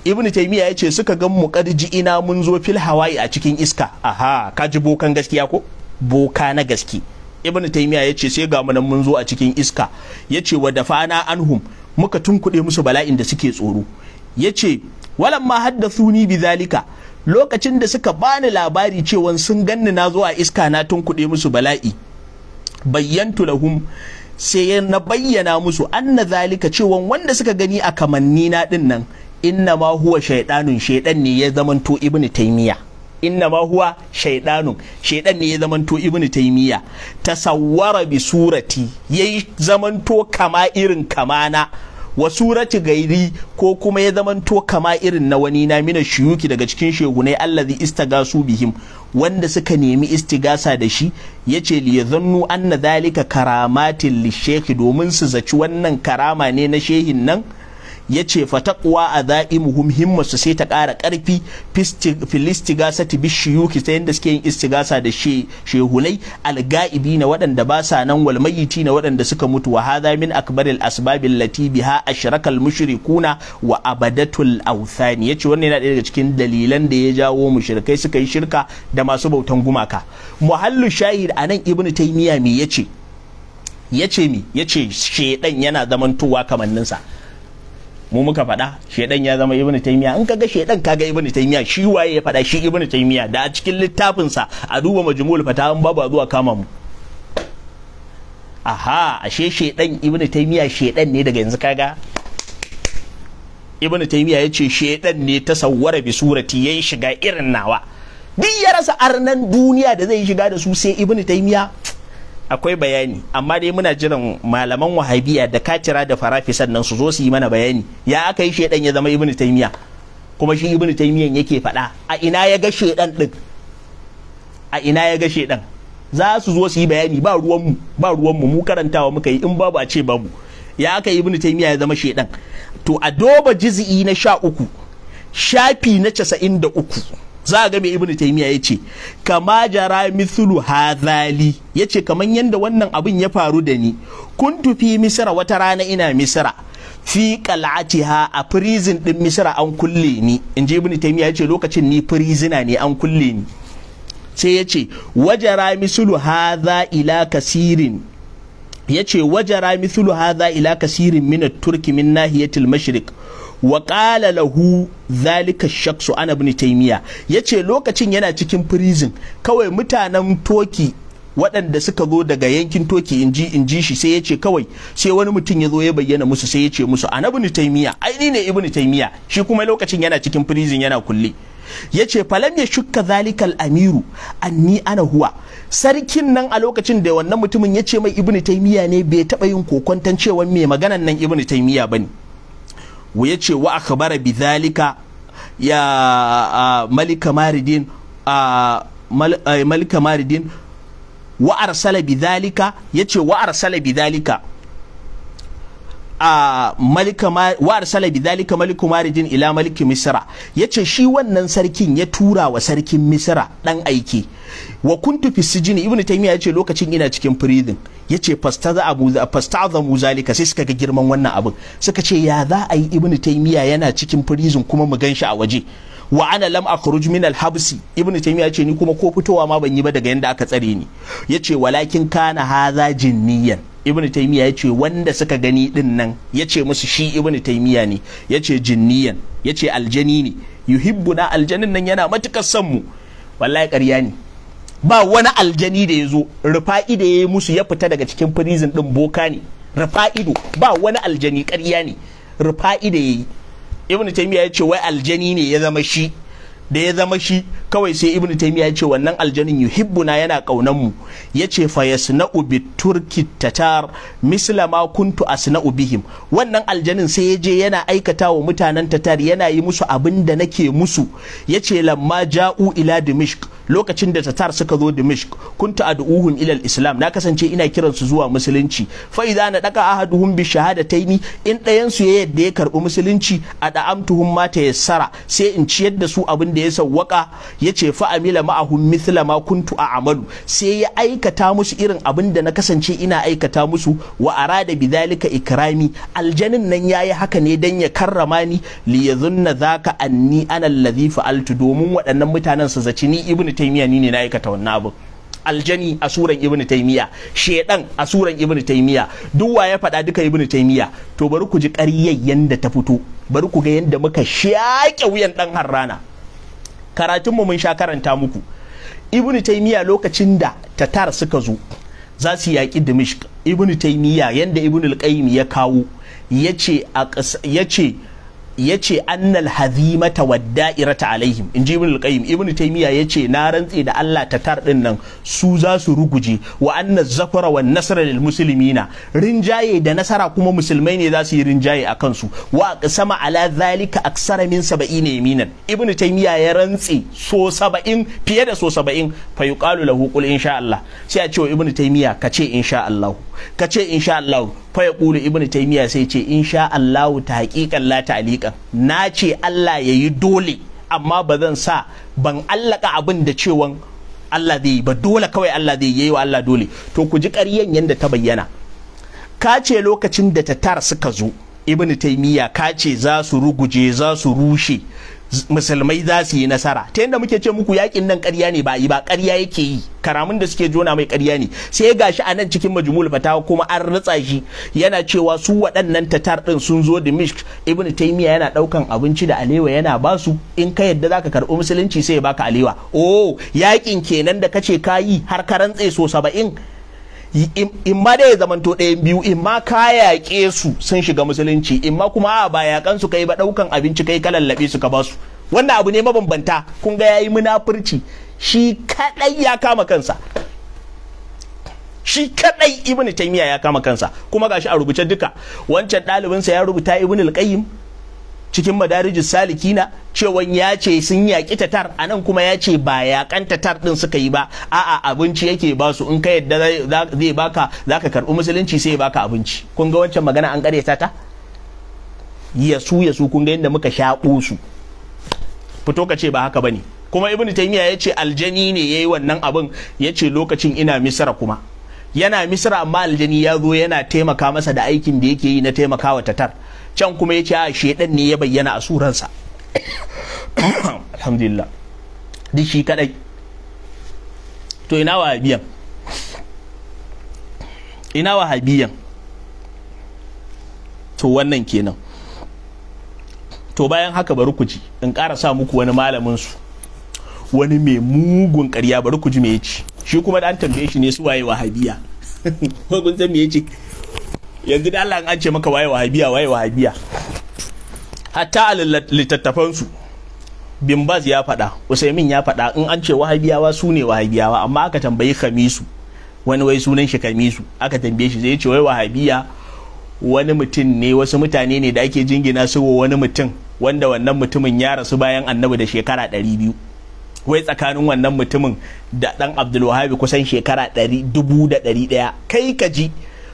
ibnu taymiya ya ce suka gan mu ji ina mun zo fil hawaii a cikin iska aha ka ji bokan gaskiya ko boka na gaske ibnu taymiya ya ce sai ga mu nan mun zo a cikin iska ya ce wa dafana anhum muka tunkuɗe musu bala'in da suke tsoro ya ce walamma haddathuni bi zalika lokacin da suka bani labari cewa sun ganni na zuwa iska na tun kuɗe musu bala'i bayyantu lahum sai na bayyana musu anna zalika cewa wanda suka gani a kamanni na din nan inna ma huwa shaidanun shaidan ne ya zamanto ibnu taymiya inna ma huwa shaidanun shaidan ne ya zamanto ibnu taymiya tasawwara bi surati yayi zamanto kama irin kamana wa surati gairi ko kuma ya zamanto kama irin na wani na mina shiyuki daga cikin shegunai allazi istagasu bihim wanda suka nemi istigasa da shi yace li yadhannu anna zalika karamatin lishekhi domin su zaci wannan karama ne na shehin nan ya ce fatakuwa a za'imuhum himmarsu sai ta ƙara ƙarfi filistigasa ta yuki ta yadda suke yin istigasa da shehulai alga'ibi na waɗanda ba sa nan walmayiti na waɗanda suka mutu wa hadha min akbaril asbabil lati biha ashrakal mushrikuna wa abadatul awthan yace wannan yana daga cikin dalilan da ya jawo mushrikai suka yi shirka da masu bautan gumaka muhallu shahid nan ibnu taymiya me yace yace me yace shedan yana zamantowa kamanninsa mu muka faɗa shedan ya zama ibnu taymiya in kaga shedan kaga ibnu taymiya shi waye ya faɗa shi ibnu taymiya da a cikin littafin sa a duba majmu'ul fatawan babu a zuwa kama mu aha ashe shedan ibnu taymiya shedan ne daga yanzu kaga ibnu taymiya yace shedan ne ta sawwara bi surati yayi shiga irin nawa duk ya rasa arnan duniya da zai shiga da su sai ibnu taymiya akwai bayani amma dai muna jiran malaman wahabiya da katira da farafi sannan su zo su yi mana bayani ya aka yi shedan ya zama ibnu taymiya kuma shi ibnu taymiyan yake faɗa a ina ya ga shedan din a ina ya ga shedan za su zo su yi bayani ba ruwanmu ba ruwanmu mu karantawa muka yi in babu a ce babu ya aka yi ibnu taymiya ya zama shedan to a doba juz'i na sha uku shafi na casa'in da uku za a ga mai ibnu ya yace kama jara mithlu ya yace kamar yadda wannan abin ya faru da ni kuntu fi misra wata rana ina misra fi qal'atiha a prison din misra an kulle ni In inji ibnu taymiya yace lokacin ni prisoner ne an kulle ni sai yace wajara mithlu hadha ila kasirin yace wajara mithlu hadha ila kasirin min turki min nahiyatil mashriq wa ƙala lahu zalika shaksu ana taimiya ya yace lokacin yana cikin prison kawai mutanen toki waɗanda suka zo daga yankin toki inji inji shi sai yace kawai sai wani mutum ya zo ya bayyana musu sai yace musu ana ibn taimiya aini ne ibn taimiya shi kuma lokacin yana cikin prison yana kulle yace falam ya shukka zalikal amiru anni ana huwa sarkin nan a lokacin da wannan mutumin yace mai ibn taimiya ne bai taɓa yin kokontan cewa mai maganan nan ibn ba ne. ya ce wa akhbara bizalika ya malika maridin malika maridin wa arsala ya ce wa arsala bizalika a malika wa arsala bizalika maliku maridin ila maliki misra ce shi wannan sarkin ya tura wa sarkin misra dan aiki wa kuntu fi sijini ibn taymiya yace lokacin ina cikin prison yace fastaza abu mu zalika sai suka ga girman wannan abin suka ce ya za a yi ibn taymiya yana cikin prison kuma mu ganshi a waje wa ana lam akhruj min al habsi ibn taymiya yace ni kuma ko fitowa ma ban yi ba daga yanda aka tsare ni yace walakin kana haza jinniyan ibn taymiya yace wanda suka gani din nan yace musu shi ibn taymiya ne yace jinniyan yace aljani ne yuhibbuna aljanin nan yana matukar son mu wallahi ƙarya ne ba wani aljani da ya zo rufa'i da ya yi musu ya fita daga cikin prison din boka ne rufa'ido ba wani aljani ƙarya ne rufa'i da ya yi ibn taymiya ya ce wai aljani ne ya zama shi da ya zama shi kawai sai ibnu taymiya ya ce wannan aljanin yuhibbuna yana kaunan mu yace fa yasna'u turki' tatar misla ma kuntu asna'u bihim wannan aljanin sai ya je yana aikata wa mutanen tatar yana yi musu abin da nake musu yace lamma ja'u ila dimishk lokacin da tatar suka zo dimishk kuntu a ad'uhum ila islam na kasance ina kiran su zuwa musulunci fa idza na daka ahaduhum bi shahadataini in dayan su ya yadda ya karbi musulunci a da'amtuhum ma yassara. sai in ciyar da su abin da ya sawwaka yace fa amila ma'ahum mithla ma kuntu a'malu sai ya aikata musu irin abin da na kasance ina aikata musu wa arada bidhalika ikrami aljanin nan yayi haka ne dan ya karrama ni li yadhunna zaka anni ana alladhi fa'altu domin waɗannan mutanen su zaci ni ibnu taymiya ni ne na aikata wannan abin aljani a suran ibn taimiya shedan a suran ibn taimiya duk wa ya faɗa duka ibn taimiya to bari ku ji ƙaryayyen da ta fito bari ku ga yanda muka shaƙe wuyan ɗan harrana karatun mu mun sha karanta muku ibnu taimiyya lokacin da tatar suka zo za su yaƙi dimishk ibnu taimiyya yanda ibnu alƙayyim ya kawo ya ce ya ce annal hazimata wa da'irata alaihim in ji ibn qayyim ibn taymiya ya ce na rantse da Allah tar din nan su za su ruguje wa anna zafara wa nasara lil muslimina rinjaye da nasara kuma musulmai ne za su yi rinjaye a kansu wa sama ala zalika aksara min saba'ina yaminan ibn taymiya ya rantse so saba'in fiye da so saba'in fa yuqalu lahu qul insha Allah sai a ce wa ibn taymiya kace insha Allah kace insha Allah fa ya ƙulu ibnu taimiya sai ce insha Allahu ta haƙiƙan la ta'liqan na ce Allah yi dole amma ba zan sa ban allaka abin da cewan Allah zai yi ba dole kawai Allah zai yi wa Allah dole to ku ji ƙaryan yadda ta bayyana ka ce lokacin da tatar suka zo ibn taymiya ka ce za su ruguje za su rushe musulmai za su yi nasara ta yadda muke ce muku yakin nan karya ne ba yi ba karya yake yi karamun da suke jona mai karya ne sai ga shi a nan cikin majmul fatawa kuma an ritsa shi yana cewa su waɗannan tatar ɗin sun zo da mishk ibn taymiya yana ɗaukan abinci da alewa yana ba su in ka yadda zaka karɓi musulunci sai ya baka alewa oh yakin kenan da kace ka yi har ka rantse so saba'in in ma dai ya zamanto ɗayan biyu in ma ka yaƙe su sun shiga musulunci in ma kuma ba kan su kai ba ɗaukan abinci kai ka lallaɓe su ka ba su wannan abu ne mabambanta kun ga yayi munafurci shi kadai ya kama kansa shi kaɗai ibnu taymiya ya kama kansa kuma gashi a rubuce duka wancan ɗalibinsa ya rubuta ibnu al cikin madariji salikina cewa ya ce sun yaƙi tatar a nan kuma ya ce ba yaƙan tatar ɗin suka yi ba a'a abinci yake ba su in ka yadda zai baka za ka karɓi musulunci sai baka abinci kun ga wancan magana an ƙaryata ta yasu yasu kun ga yadda muka shaƙo su fito ka ce ba haka bane kuma ibn taymiya ya ce aljani ne yayi wannan abin ya ce lokacin ina misra kuma yana misra amma aljani ya zo yana taimaka masa da aikin da yake yi na taimakawa tatar can kuma ya ce a shaidan ne ya bayyana a suransa alhamdulillah duk shi kadai to ina habiyan ina habiyan to wannan kenan to bayan haka bari ku ji in ƙara sa muku wani malamin su wani mai mugun ƙarya bari ku ji me ci shi kuma da an tambaye shi ne su waye wahabiya kun san me ci yanzu da Allah an ce maka waye wahabiya waye wahabiya hatta a bin baz ya faɗa usaimin ya faɗa in an ce wahabiyawa su ne wahabiyawa amma aka tambayi khamisu wani wai sunan shi khamisu aka tambaye shi zai ce wai wahabiya wani mutum ne wasu mutane ne da ake jingina su wani mutum wanda wannan mutumin ya rasu bayan annabi da shekara ɗari biyu wai tsakanin wannan mutumin da ɗan abdulwahabi kusan shekara ɗari dubu da ɗari ɗaya kai ka ji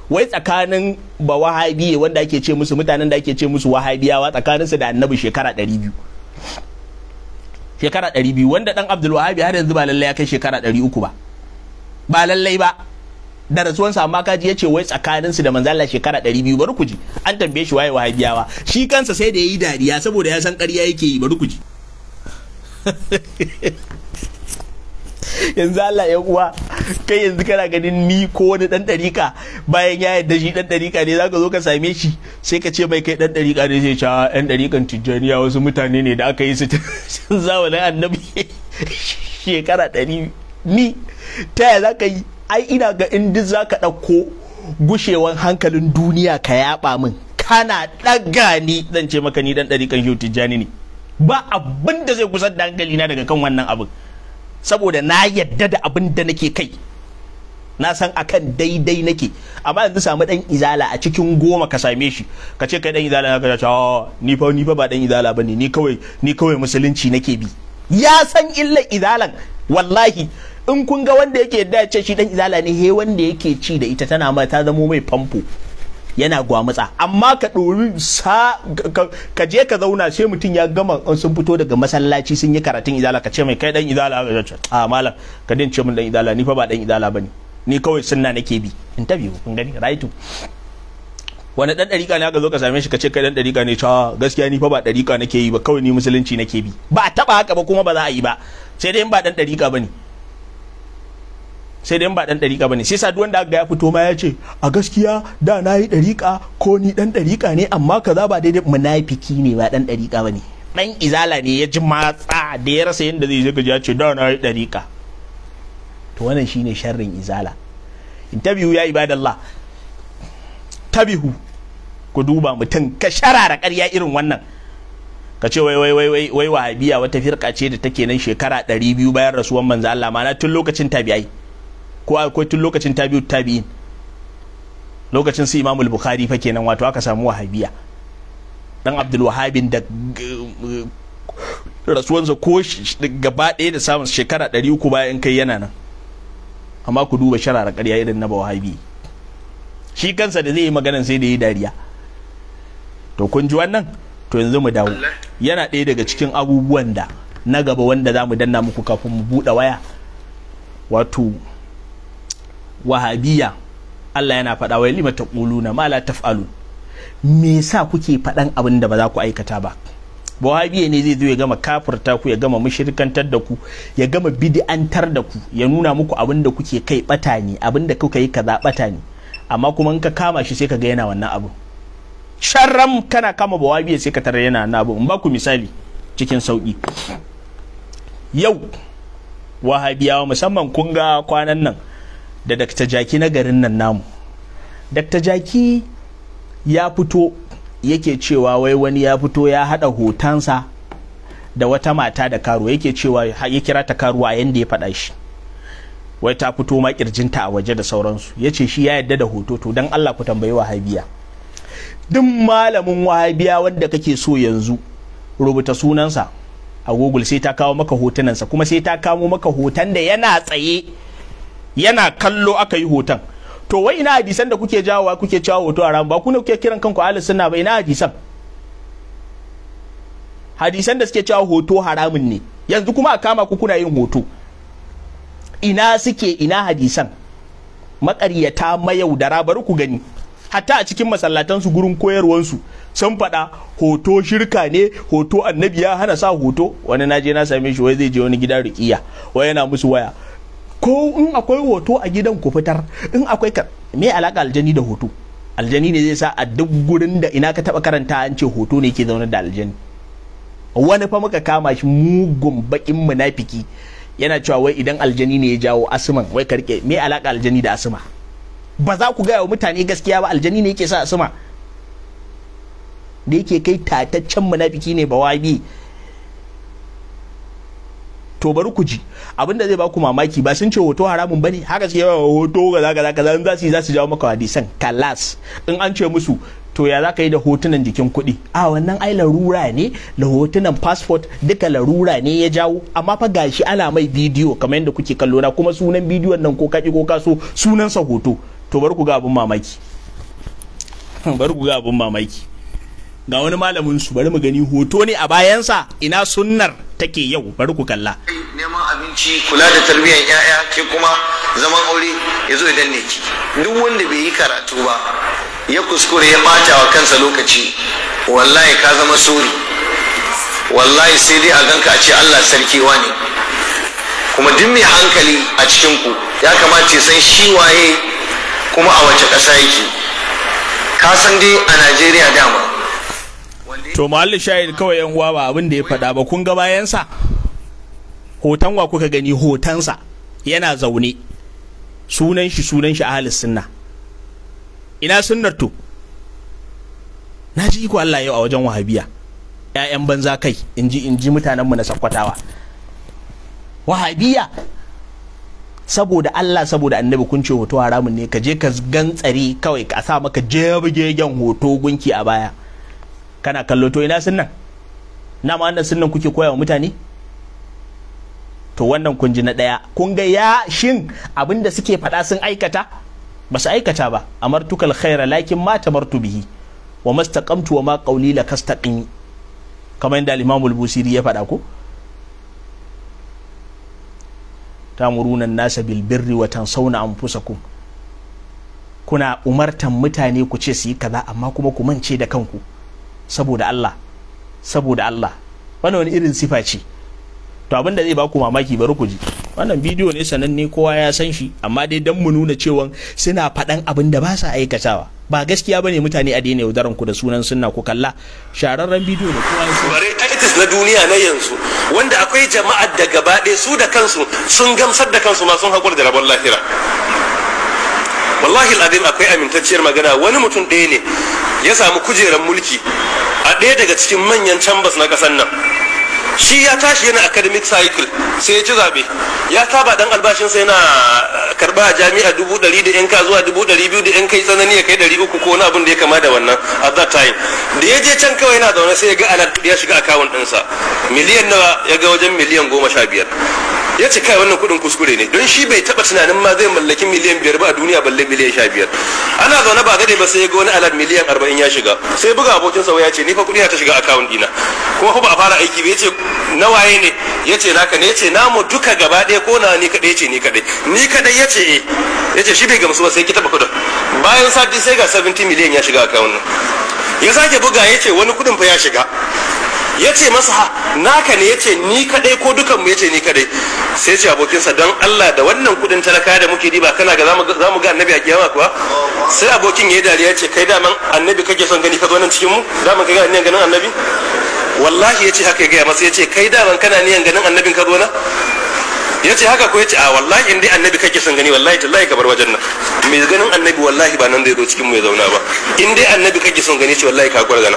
wai tsakanin ba wahabiye wanda ake ce musu mutanen da ake ce musu wahabiyawa tsakaninsu da annabi shekara 200 shekara 200 wanda dan abdul wahabi har yanzu ba lallai ya kai shekara 300 ba ba lallai ba da sa amma kaji ya ce wai tsakaninsu da manzala shekara 200 bari ku ji an tambaye shi waye wahabiyawa shi kansa sai da yayi dariya saboda ya san ƙarya yake yi bari ku ji yanzu Allah ya uwa kai yanzu kana ganin ni ko wani dan dariƙa bayan ya yarda shi dan dariƙa ne zaka zo ka same shi sai ka ce mai kai dan dariƙa ne sai cewa ah, yan dariƙan tijjaniya wasu mutane ne da aka yi su tun zamanin annabi shekara ɗari ni ta ya zaka yi ai ina ga in duk zaka ɗauko gushewan hankalin duniya ka yaba min kana ɗaga ni zan ce maka ni dan dariƙan shi tijjani ne ba abin da zai kusa da daga kan wannan abin saboda na yadda da abin da nake kai na san akan daidai nake amma yanzu samu dan izala a cikin goma ka same shi ka ce kai dan izala ka cewa ni fa ni fa ba dan izala bane ni kawai ni kawai musulunci nake bi ya san illa izalan wallahi in kun ga wanda yake da ce shi dan izala ne he wanda yake ci da ita tana ma ta zamo mai famfo yana gwamutsa amma ka ɗori sa ka je ka zauna sai mutum ya gama sun fito daga masallaci sun yi karatun izala ka ce mai kai dan izala a ah, malam ka din ce mun dan izala ni fa ba dan izala bane ni kawai sunna nake bi interview kun gani right wani dan dariƙa ne aka zo ka same shi ka ce kai dan dariƙa ne cewa gaskiya ni fa ba dariƙa nake yi ba kawai ni musulunci nake bi ba a taba haka ba kuma ba za a yi ba sai dai in ba dan dariƙa bane sai dai in ba dan dariƙa bane sai sa wanda ya fito ma ya ce a gaskiya da na yi dariƙa ko ni dan dariƙa ne amma kaza ba daidai munafiki ne ba dan dariƙa bane dan izala ne ya ji matsa da ya rasa yanda zai zaka ya ce da na yi dariƙa to wannan shine sharrin izala interview ya ibadallah tabihu ku duba mutum ka sharara ƙarya irin wannan ka ce wai wai wai wai wahabiya wata firka ce da take nan shekara 200 bayan rasuwan manzo Allah ma na tun lokacin tabi'ai ko akwai tun lokacin tabi'ut tabi'in lokacin su imamul bukhari fa kenan wato aka samu wahabiya dan abdul wahabin da rasuwansa ko gaba ɗaya da samun shekara ɗari uku bayan kai yana nan amma ku duba sharara karya irin na wahabi shi kansa da zai yi maganan sai da yi dariya to kun ji wannan to yanzu mu dawo yana ɗaya daga cikin abubuwan da na gaba wanda za mu danna muku kafin mu buɗe waya wato wahabiya Allah yana faɗa wa lima ƙuluna ma la taf'alun me yasa kuke faɗan abin da ba za ku aikata ba wahabiya ne zai zo ya gama kafirta ku ya gama mushrikantar da ku ya gama bid'antar da ku ya nuna muku abin da kuke kai ɓata ne abin da kuka yi kaza bata ne amma kuma in ka kama shi sai ka ga yana wannan abu sharram kana kama bawabiya sai ka tarar yana wannan abu in ba ku misali cikin sauki yau wahabiyawa musamman kun ga kwanan nan da dakta jaki na garin nan namu dakta jaki ya fito yake cewa wai wani ya fito ya hada hotonsa da wata mata da karuwa yake cewa ya kira ta karuwa yanda ya faɗa shi wai ta fito ma kirjinta a waje da sauransu ya ce shi ya yadda da hoto to don Allah ku tambayi wahabiya duk malamin wahabiya wanda kake so yanzu rubuta sunansa a google sai ta kawo maka hotunansa kuma sai ta kawo maka hoton da yana tsaye yana kallo aka yi hoton to wai ina hadisan da kuke jawowa kuke cewa hoto haram ba ku ne kuke kiran kanku ahli sunna ba ina hadisan hadisan da suke cewa hoto haramun ne yanzu kuma a kama ku kuna yin hoto ina suke ina hadisan maƙaryata mayaudara bari ku gani hatta a cikin masallatansu gurin koyarwansu sun faɗa hoto shirka ne hoto annabi ya hana sa hoto wani naje na same shi wai zai je wani gida riƙiya wai yana musu waya ko in akwai hoto a gidan ku fitar in akwai ka me alaka aljani da hoto aljani ne zai sa a duk gurin da ina ka taba karanta an ce hoto ne ke zaune da aljani wani fa muka kama shi mugun bakin munafiki yana cewa wai idan aljani ne ya jawo asuman wai karke me alaka aljani da asuma ba za ku gaya wa mutane gaskiya ba aljani ne yake sa asuma da yake kai tataccen munafiki ne ba wabi to bari ku ji abinda zai ba ku mamaki ba sun ce hoto haramun bane haka sai yawa hoto ga zaka kaza za su za su jawo maka hadisan kalas in an ce musu to ya za ka yi da hotunan jikin kuɗi a wannan ai larura ne da hotunan passport duka larura ne ya jawo amma fa gashi ana mai bidiyo kamar yadda kuke kallo na kuma sunan bidiyon nan ko kaki ko kaso sunan sa hoto to bari ku ga abin mamaki bari ku ga abin mamaki ga wani malamin su bari mu gani hoto ne a bayansa ina sunnar take yau bari ku kalla neman abinci kula da tarbiyyar yaya ke kuma zaman aure ya zo idan ne ki duk wanda bai yi karatu ba ya kuskure ya bata wa kansa lokaci wallahi ka zama suri wallahi sai dai a ganka a ce Allah sarki ne. kuma duk mai hankali a cikin ku ya kamata ya san shi waye kuma a wace ƙasa yake ka san dai a Najeriya dama to mahalli shahid kawai yan uwa ba abin da ya faɗa ba kun ga bayansa hoton wa kuka gani hotonsa yana zaune sunan shi sunan shi ahalis sunna ina sunnar to na ji iko Allah yau a wajen wahabiya ƴaƴan banza kai in ji in ji mutanen mu na sakkwatawa wahabiya saboda Allah saboda annabi kun ce hoto haramun ne ka je ka gantsare kawai ka sa maka jebegegen hoto gunki a baya kana kallo to ina sunnan na ma wannan sunnan kuke koya wa mutane to wannan kun ji na ɗaya kun ga ya shin abinda suke faɗa sun aikata ba su aikata ba amartukal khaira lakin ma tamartu bihi wa mastaqamtu wa ma qawli la kastaqini kamar yadda al-Imam al-Busiri ya faɗa ko tamuruna nasa bil birri wa tansawna anfusakum kuna umartan mutane ku ce su yi kaza amma kuma ku mance da kanku saboda Allah saboda Allah wannan wani irin sifa ce to abin da zai ba ku mamaki bari ku ji wannan bidiyo ne sananne kowa ya san shi amma dai dan mu nuna cewa suna faɗan abin da ba sa aikatawa ba gaskiya ba ne mutane a daina yaudaran ku da sunan sunna ku kalla shararren bidiyo da kowa ya bare taitis na duniya na yanzu wanda akwai jama'ar da gaba ɗaya su da kansu sun gamsar da kansu ma sun haƙura da rabon lahira wallahi al'adim akwai amintacciyar magana wani mutum ɗaya ne ya samu kujerar mulki a ɗaya daga cikin manyan chambers na ƙasar nan shi ya tashi yana academic cycle sai ya ci zaɓe ya taba dan albashin sai yana eh, karba a jami'a dubu ɗari da yanka zuwa dubu ɗari biyu da yanka tsanani ya kai ɗari uku ko wani abin da ya kama da wannan at that time da ya je can kawai yana zaune sai ya ga alat ya shiga akawun ɗinsa miliyan nawa ya ga wajen miliyan goma sha biyar ya ce kai wannan kuɗin kuskure ne don shi bai taɓa tunanin ma zai mallaki miliyan biyar ba a duniya balle miliyan sha biyar ana zaune ba gade ba sai ya ga wani alad miliyan arba'in ya shiga sai buga abokin sa ya ce ni fa kuɗi ta shiga akawun dina kuma fa ba a fara aiki ba ya ce na waye ne ya ce naka ne ya ce namu duka gaba ɗaya ko na ni kaɗai ce ni kaɗai ni kaɗai ya ce eh. ya ce shi bai gamsu ba sai ki taɓa kudin bayan sati sai ga 70 miliyan ya shiga akawun nan ya sake buga ya ce wani kuɗin fa ya shiga ya ce masa naka ne ya ce ni kadai ko dukanmu ya ce ni kadai sai ce abokinsa don Allah da wannan kudin talaka da muke riba kana ga za mu ga annabi a kiyama kuwa sai abokin ya yi dariya ce kai daman annabi kake son gani ka zo nan cikin mu daman ka ga niyan ganin annabi wallahi ya ce haka ya gaya masa ya ce kai daman kana niyan ganin annabin ka zo na ya ce haka ko ya ce a wallahi in dai annabi kake son gani wallahi tallahi ka bar wajen nan mai ganin annabi wallahi ba nan ya zo cikin mu ya zauna ba in dai annabi kake son gani ce wallahi ka gwargana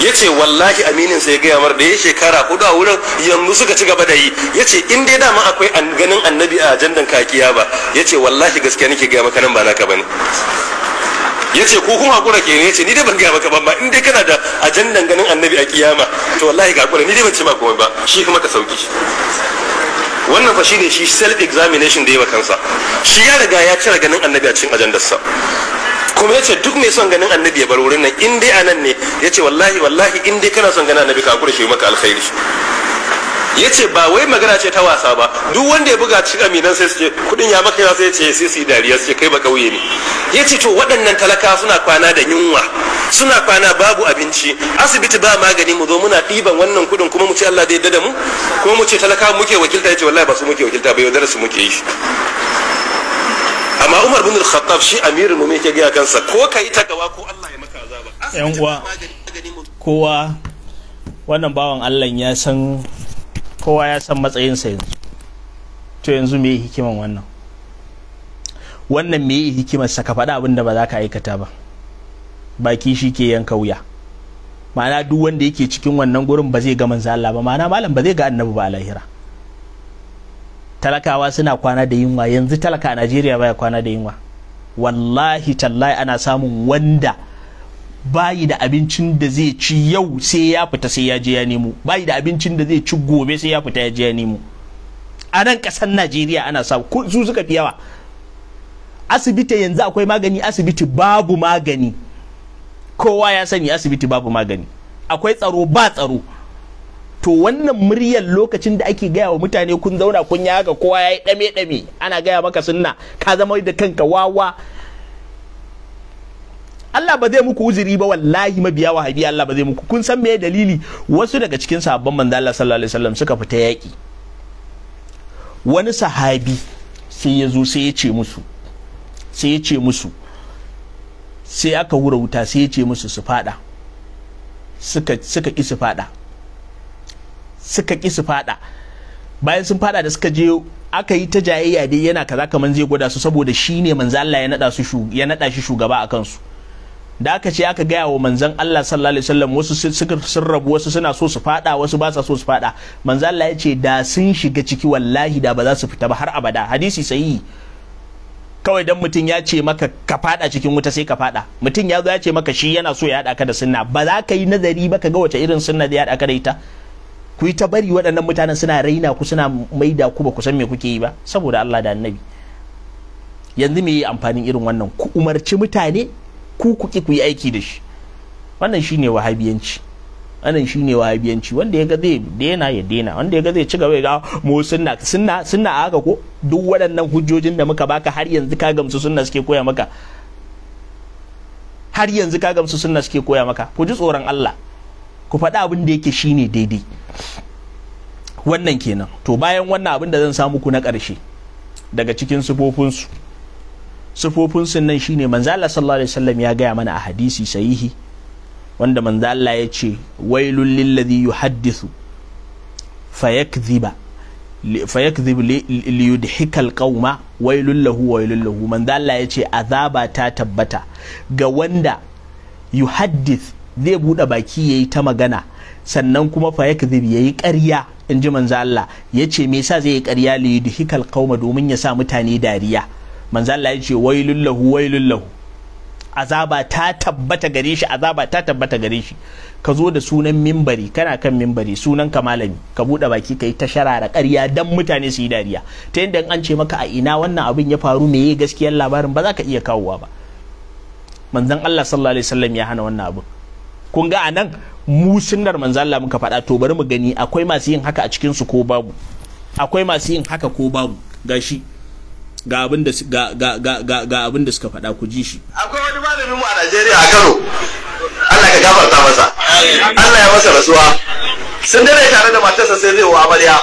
ya ce wallahi aminin sai gaya mar da ya shekara hudu a wurin yanzu suka ci gaba da yi ya ce in dai dama akwai ganin annabi a ajandan kakiya ba ya ce wallahi gaskiya nake gaya maka nan ba naka ne ya ce ko kuma hakura ke ya ce ni dai ban gaya maka ban ba in dai kana da ajandan ganin annabi a kiyama to wallahi ga hakura ni dai ban ce ma komai ba shi kuma ka sauki wannan fa shine shi self examination da ya kansa shi ya riga ya cire ganin annabi a cikin ajandarsa kuma ya ce duk mai son ganin annabi ya bar wurin nan in dai anan ne ya ce wallahi wallahi in dai kana son ganin annabi ka hakura shi maka alkhairi ya ce ba wai magana ce ta wasa ba duk wanda ya buga ci aminan sai suke kudin ya maka ya sai ce sai su yi dariya su kai ba kauye ne ya ce to waɗannan talaka suna kwana da yunwa suna kwana babu abinci asibiti ba magani mu zo muna ɗiban wannan kudin kuma mu ce Allah zai dada mu kuma mu ce talaka muke wakilta ya ce wallahi ba su muke wakilta ba yaudara su muke yi amma umar bin al-khattab shi amirul mu'min ke ga kansa ko kai ta gawa ko Allah ya maka azaba yan uwa kowa wannan bawan Allah ya san kowa ya san matsayin sa yanzu to yanzu me hikiman wannan wannan me hikimar sa ka faɗa abin da ba za ka aikata ba baki shi ke yanka wuya ma'ana duk wanda yake cikin wannan gurin ba zai ga manzo Allah ba ma'ana malam ba zai ga annabi ba alahira. lahira talakawa suna kwana da yunwa yanzu talaka a najeriya baya kwana da yunwa wallahi tallahi ana samun wanda bayi da abincin da zai ci yau sai ya fita sai ya je ya nemo bayi da abincin da zai ci gobe sai ya fita ya je ya nemo a nan kasar najeriya ana samu su suka fi yawa asibiti yanzu akwai magani asibiti babu magani kowa ya sani asibiti babu magani akwai tsaro ba tsaro to wannan muryar lokacin da ake gaya wa mutane kun zauna kun ya haka kowa ya yi ɗame ɗame ana gaya maka sunna ka zama da kanka wawa Allah ba zai muku uzuri ba wallahi mabiya wa wahabi Allah ba zai muku kun san me dalili wasu daga cikin sahabban manzo Allah sallallahu alaihi wasallam suka fita yaki wani sahabi sai ya zo sai ya ce musu sai ya ce musu sai aka hura wuta sai ya ce musu su fada suka suka ki su fada suka ki su fada bayan sun fada da suka je aka yi ta jayayya dai yana kaza kaman zai gwada su saboda shi ne manzo Allah ya nada su ya nada shi shugaba a kansu da aka ce aka gaya wa manzon Allah sallallahu alaihi wasallam wasu sun rabu wasu suna so su fada wasu ba sa so su fada manzo Allah ya ce da sun shiga ciki wallahi da ba za su fita ba har abada hadisi sahihi kawai dan mutum ya ce maka ka fada cikin wuta sai ka fada mutum ya zo ya ce maka shi yana so ya hada ka da sunna ba za ka yi nazari ba ka ga wace irin sunna ya hada ka da ita ku yi ta bari waɗannan mutanen suna raina ku suna maida ku ba ku san me kuke yi ba saboda Allah da annabi yanzu me yi amfanin irin wannan ku umarci mutane ku ku ki ku yi aiki da shi wannan shine wahabiyanci wannan shine wahabiyanci wanda ya ga zai dena ya dena wanda ya ga zai ci gaba ya ga ah, mu sunna sunna sunna haka ko duk waɗannan hujjojin da muka baka har yanzu ka gamsu sunna suke koya maka har yanzu ka gamsu sunna suke koya maka ku ji tsoron Allah ku faɗi abin da yake shine daidai wannan kenan to bayan wannan abin da zan samu ku na ƙarshe daga cikin sufofinsu sufofinsu nan shine manzala sallallahu alaihi wasallam ya gaya mana a hadisi sahihi wanda manzala ya ce wailul lillazi yuhaddithu fayakdhiba fayakdhib liyudhika alqauma wailul lahu wailul lahu manzala ya ce azaba ta tabbata ga wanda yuhaddith zai buɗe baki ya yi ta magana sannan kuma fa ya ya yi ƙarya in ji manzo Allah ya ce me yasa zai yi ƙarya li hikal kauma domin ya sa mutane dariya manzo Allah ya ce wailul lahu azaba ta tabbata gare shi azaba ta tabbata gare shi ka zo da sunan mimbari kana kan mimbari sunan ka malami ka buɗe baki ka yi ta sharara ƙarya dan mutane su yi dariya ta yadda an ce maka a ina wannan abin ya faru me gaskiyar labarin ba za ka iya kawowa ba manzon Allah sallallahu alaihi wasallam ya hana wannan abun. kun ga anan mu sunnar manzo Allah muka faɗa to bari mu gani akwai masu yin haka a cikin su ko babu akwai masu yin haka ko babu gashi ga abin da ga ga ga abin da suka faɗa ku ji shi akwai wani malamin mu a Najeriya a Kano Allah ka gafarta masa Allah ya masa rasuwa sun dare tare da matarsa sai zai wa amarya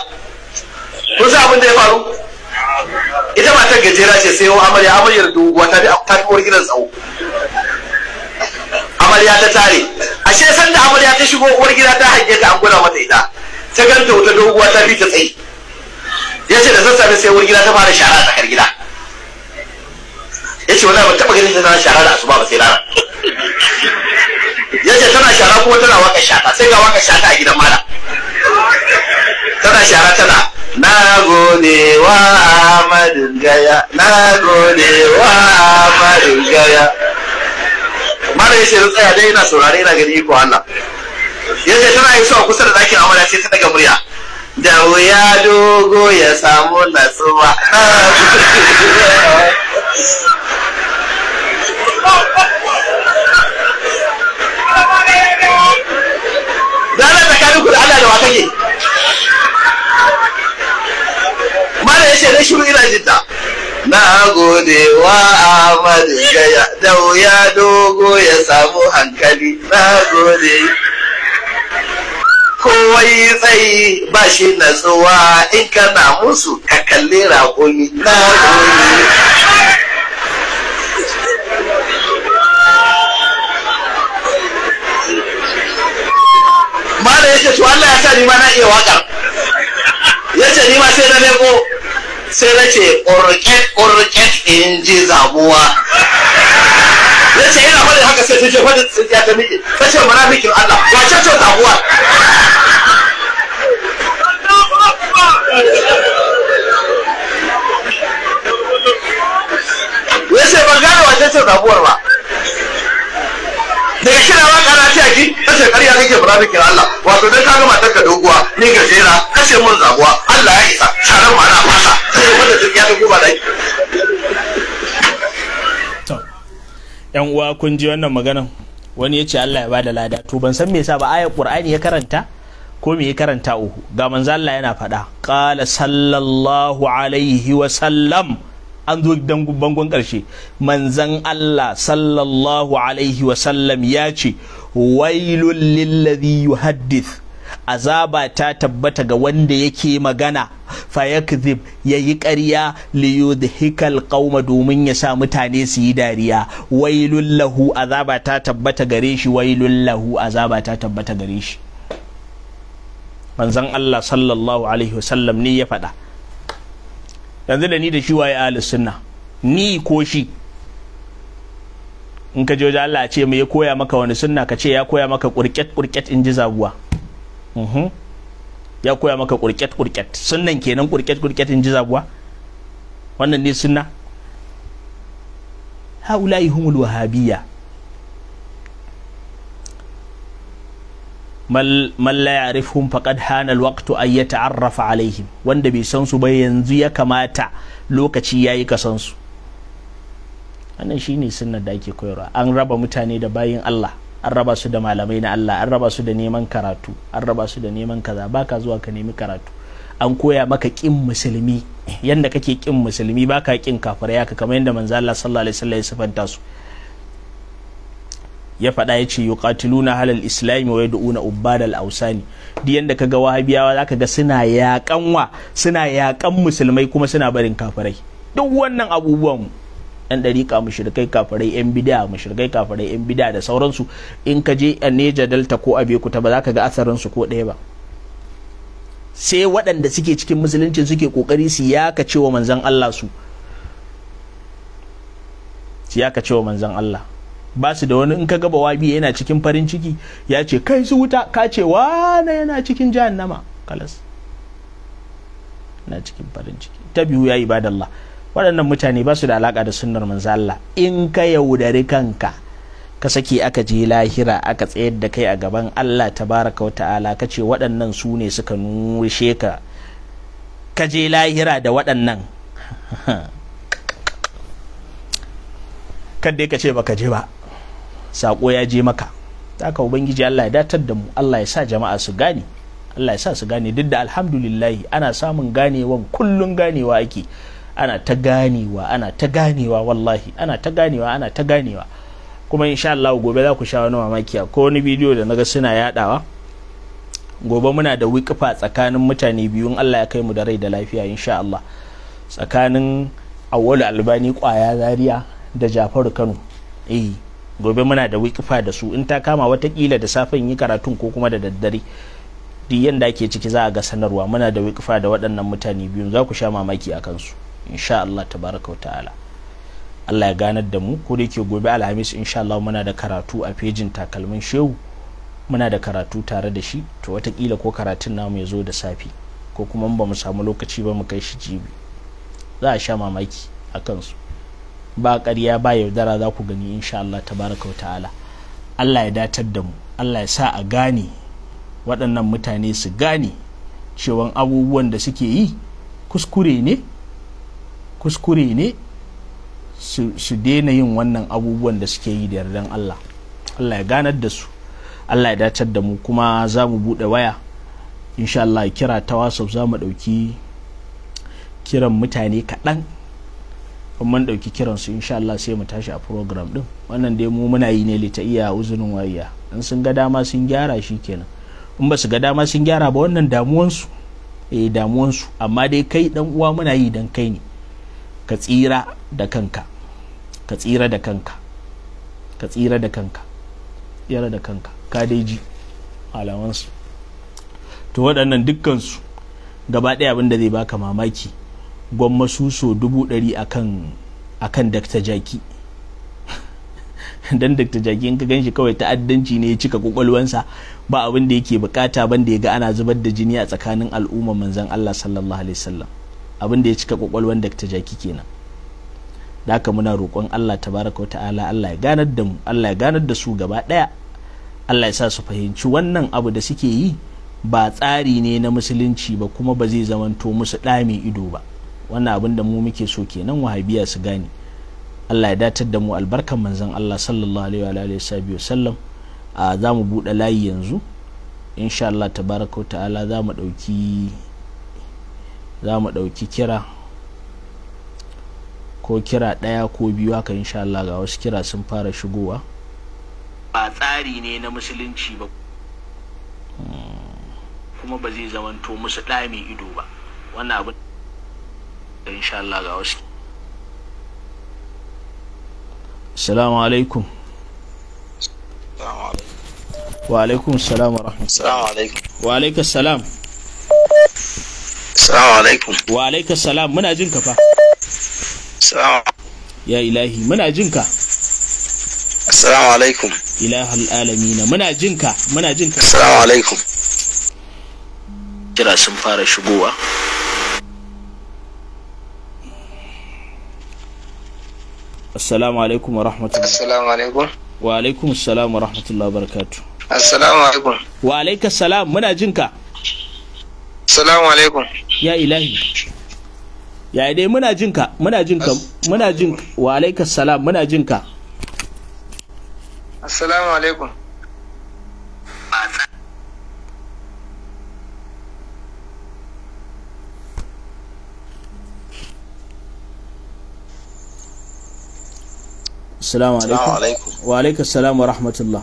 kun san abin da ya faru ita matar gajera ce sai wa amarya amaryar duwa ta bi gidan tsawo amarya ta tare ashe san da amarya ta shigo uwar gida ta hange ta an gwada mata ita ta ganta wata doguwa ta fi ta tsayi ya ce da sassafe sai uwar gida ta fara shara a tsakar gida ya ce wani ban taɓa ganin tana shara da asuba ba sai rana ya ce tana shara kuma tana waka shata sai ga waka shata a gidan mala tana shara tana na gode wa amadin Gaya na gode wa amadin Gaya malam yace da tsaya dai ina saurare ina gani ko Allah yace tana yi sawa kusa da dakin amana sai ta daga murya da wuya dogo ya samu natsuwa Zana tsakanin ku da Allah na ina na gode wa Ahmadu gaya da wuya dogo ya samu hankali na gode kowai tsayi ba shi natsuwa in kana musu ka kalli raƙumi na gode ya ce to ya sa ni ma na iya waƙar. Ya ce ni ma sai na leko sai na ce ƙorƙet ƙorƙet in ji zabuwa na ce yana faɗin haka sai sun ce faɗin ya ta miƙe ta ce mana miƙin Allah ya ce zabuwa ya ce ban gane wa ce zabuwar ba daga kira ba kana ce ki ce ƙarya kake fara bikin Allah wato dan ka gama taka doguwa ni gajera kashe mun zabuwa Allah ya isa sharar ma na fasa yan uwa kun ji wannan maganan wani ya ce Allah ya bada lada to ban san me yasa ba ayar qur'ani ya karanta ko me ya karanta uku ga manzo Allah yana faɗa qala sallallahu alaihi wa sallam an zo dan bangon ƙarshe manzan Allah sallallahu alaihi wa sallam ya ce wailul ladhi yuhaddith azaba ta tabbata ga wanda yake magana fa ya yi ƙarya liyudhikal qauma domin ya sa mutane su yi dariya wailul lahu azaba ta tabbata gare shi wailul lahu azaba ta tabbata gare shi manzon Allah sallallahu alaihi wasallam ne ya faɗa yanzu da ni da shi waye ahlus sunna ni ko shi in ka je wajen Allah ce mai ya koya maka wani sunna ka ce ya koya maka kurket kurket in ji zaguwa Mhm. ya koya maka kurket kurket sunnan kenan kurket kurket in ji zabuwa wannan ne sunna haula'i humul wahabiyya mal la ya'rifhum faqad hana alwaqtu an yata'arrafa alaihim wanda bai san su ba yanzu ya kamata lokaci yayi ka san su wannan shine sunnar da ake koyarwa an raba mutane da bayin Allah an raba su da malamai na Allah an raba su da neman karatu an raba su da neman kaza baka zuwa ka nemi karatu an koya maka kin musulmi yanda kake kin musulmi baka kin kafirai haka kamar yanda manzo Allah sallallahu alaihi wasallam ya sifanta su ya faɗa ya ce yuqatiluna halal islami wa yad'una ubadal ausani duk yanda kaga wahabiyawa zaka ga suna yakanwa suna yaƙan musulmai kuma suna barin kafirai duk wannan abubuwan yan dariƙa mushrikai kafarai yan bid'a mushrikai kafarai yan bid'a da sauransu in ka je a Neja Delta ko Abeokuta ba za ka ga asararsu ko ɗaya ba sai waɗanda suke cikin musulunci suke kokari su yaka cewa manzan Allah su su yaka cewa manzan Allah ba su da wani in ka wa bawabi yana cikin farin ciki ya ce kai su wuta ka ce wane yana cikin jahannama kalas na cikin farin ciki ta biyu ya ibadallah waɗannan mutane ba su da alaƙa da sunnar manzo Allah in ka yaudari kanka ka saki aka je lahira aka tsayar da kai a gaban Allah tabaraka wa ta'ala ka ce waɗannan su ne suka nushe ka ka je lahira da waɗannan kan dai ka ce baka je ba sako ya je maka haka ubangiji Allah ya datar da mu Allah ya sa jama'a su gane Allah ya sa su gane duk da alhamdulillahi ana samun ganewan kullun ganewa ake ana ta ganewa ana ta ganewa wallahi ana ta ganewa ana ta ganewa kuma insha Allah gobe za ku sha wani mamaki ko wani bidiyo da naga suna yadawa gobe muna da wikifa tsakanin mutane biyun Allah ya kai mu da rai da lafiya insha Allah tsakanin awwalu albani kwaya zaria da jafaru kano eh gobe muna da wikifa da su in ta kama watakila da safen yi karatu ko kuma da daddare duk yanda ake ciki za a ga sanarwa muna da wikifa da waɗannan mutane biyun za ku sha mamaki a kansu insha Allah tabaraka wa ta'ala Allah ya ganar da mu ko da yake gobe alhamis insha Allah muna da karatu a fejin takalmin shehu muna da karatu tare da shi to watakila ko karatun namu ya zo da safi ko kuma ba mu samu lokaci ba mu kai shi jibi za a sha mamaki a kansu ba ƙarya ba yaudara za ku gani insha Allah tabaraka wa ta'ala Allah ya datar da mu Allah ya sa a gane waɗannan mutane su gane cewan abubuwan da suke yi kuskure ne kuskure ne su daina yin wannan abubuwan da suke yi da yardan Allah Allah ya ganar da su Allah ya dacar da mu kuma za mu buɗe waya insha Allah kira ta wasu za mu ɗauki kiran mutane kaɗan mun ɗauki kiransu insha Allah sai mu tashi a program ɗin wannan dai mu muna yi ne lita iya uzunin wayya in sun ga dama sun gyara shi kenan in ba su ga dama sun gyara ba wannan damuwansu eh damuwansu amma dai kai dan uwa muna yi dan kai ne ka tsira da kanka ka tsira da kanka ka tsira da kanka tsira da kanka ka dai ji alamansu to waɗannan dukkansu gaba ɗaya abin da zai baka mamaki gwamma suso dubu ɗari akan akan dakta jaki dan dakta jaki in ka gan shi kawai ta'addanci ne ya cika kwakwalwansa ba abin da yake bukata ban da ya ga ana zubar da jini a tsakanin al'umma manzon Allah sallallahu alaihi wasallam abin da ya cika kwakwalwan Dr. Jaki kenan da haka muna roƙon Allah tabaraka wa ta'ala Allah ya ganar da mu Allah ya ganar da su gaba ɗaya Allah ya sa su fahimci wannan abu da suke yi ba tsari ne na musulunci ba kuma ba zai zamanto musu mai ido ba wannan abin da mu muke so kenan wahabiya su gane Allah ya datar da mu albarkan manzon Allah sallallahu alaihi wa alihi wa sallam za mu buɗe layi yanzu insha Allah tabaraka wa ta'ala za mu ɗauki za mu ɗauki kira ko kira ɗaya ko biyu haka insha Allah ga wasu kira sun fara shigowa ba tsari ne na musulunci ba kuma ba zai zamanto musu ɗa mai ido ba wannan abu insha Allah ga wasu Assalamu alaikum wa alaikum salam wa rahmatullahi wa alaikum salam Assalamu alaikum. Wa alaika salam muna jin ka fa. Ya ilahi muna jin ka. Assalamu alaikum. Ilahal alamina muna jin ka muna jin ka. Assalamu alaikum. Kira sun fara shigowa. Assalamu alaikum wa rahmatullahi. Assalamu alaikum. Wa alaikum assalam wa rahmatullahi wa barakatuh. Assalamu alaikum. Wa alaika salam muna jin ka. Assalamu alaikum. Ya ilahi. Ya dai muna jin ka, muna jin ka, muna jin wa alaika salam muna jin ka. Assalamu alaikum. Assalamu alaikum. Wa salam wa rahmatullah.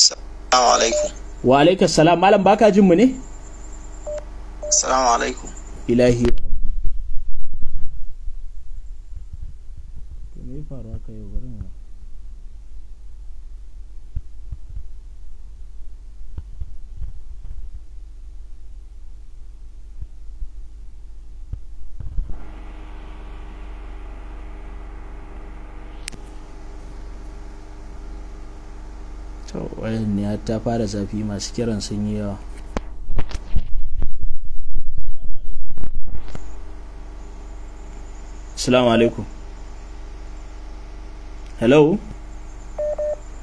Assalamu alaikum. Wa alaikas salam malam baka jin mu ne? السلام عليكم إلهي wayan ne ta fara zafi masu kiran sun yi yawa Assalamu alaikum. Hello?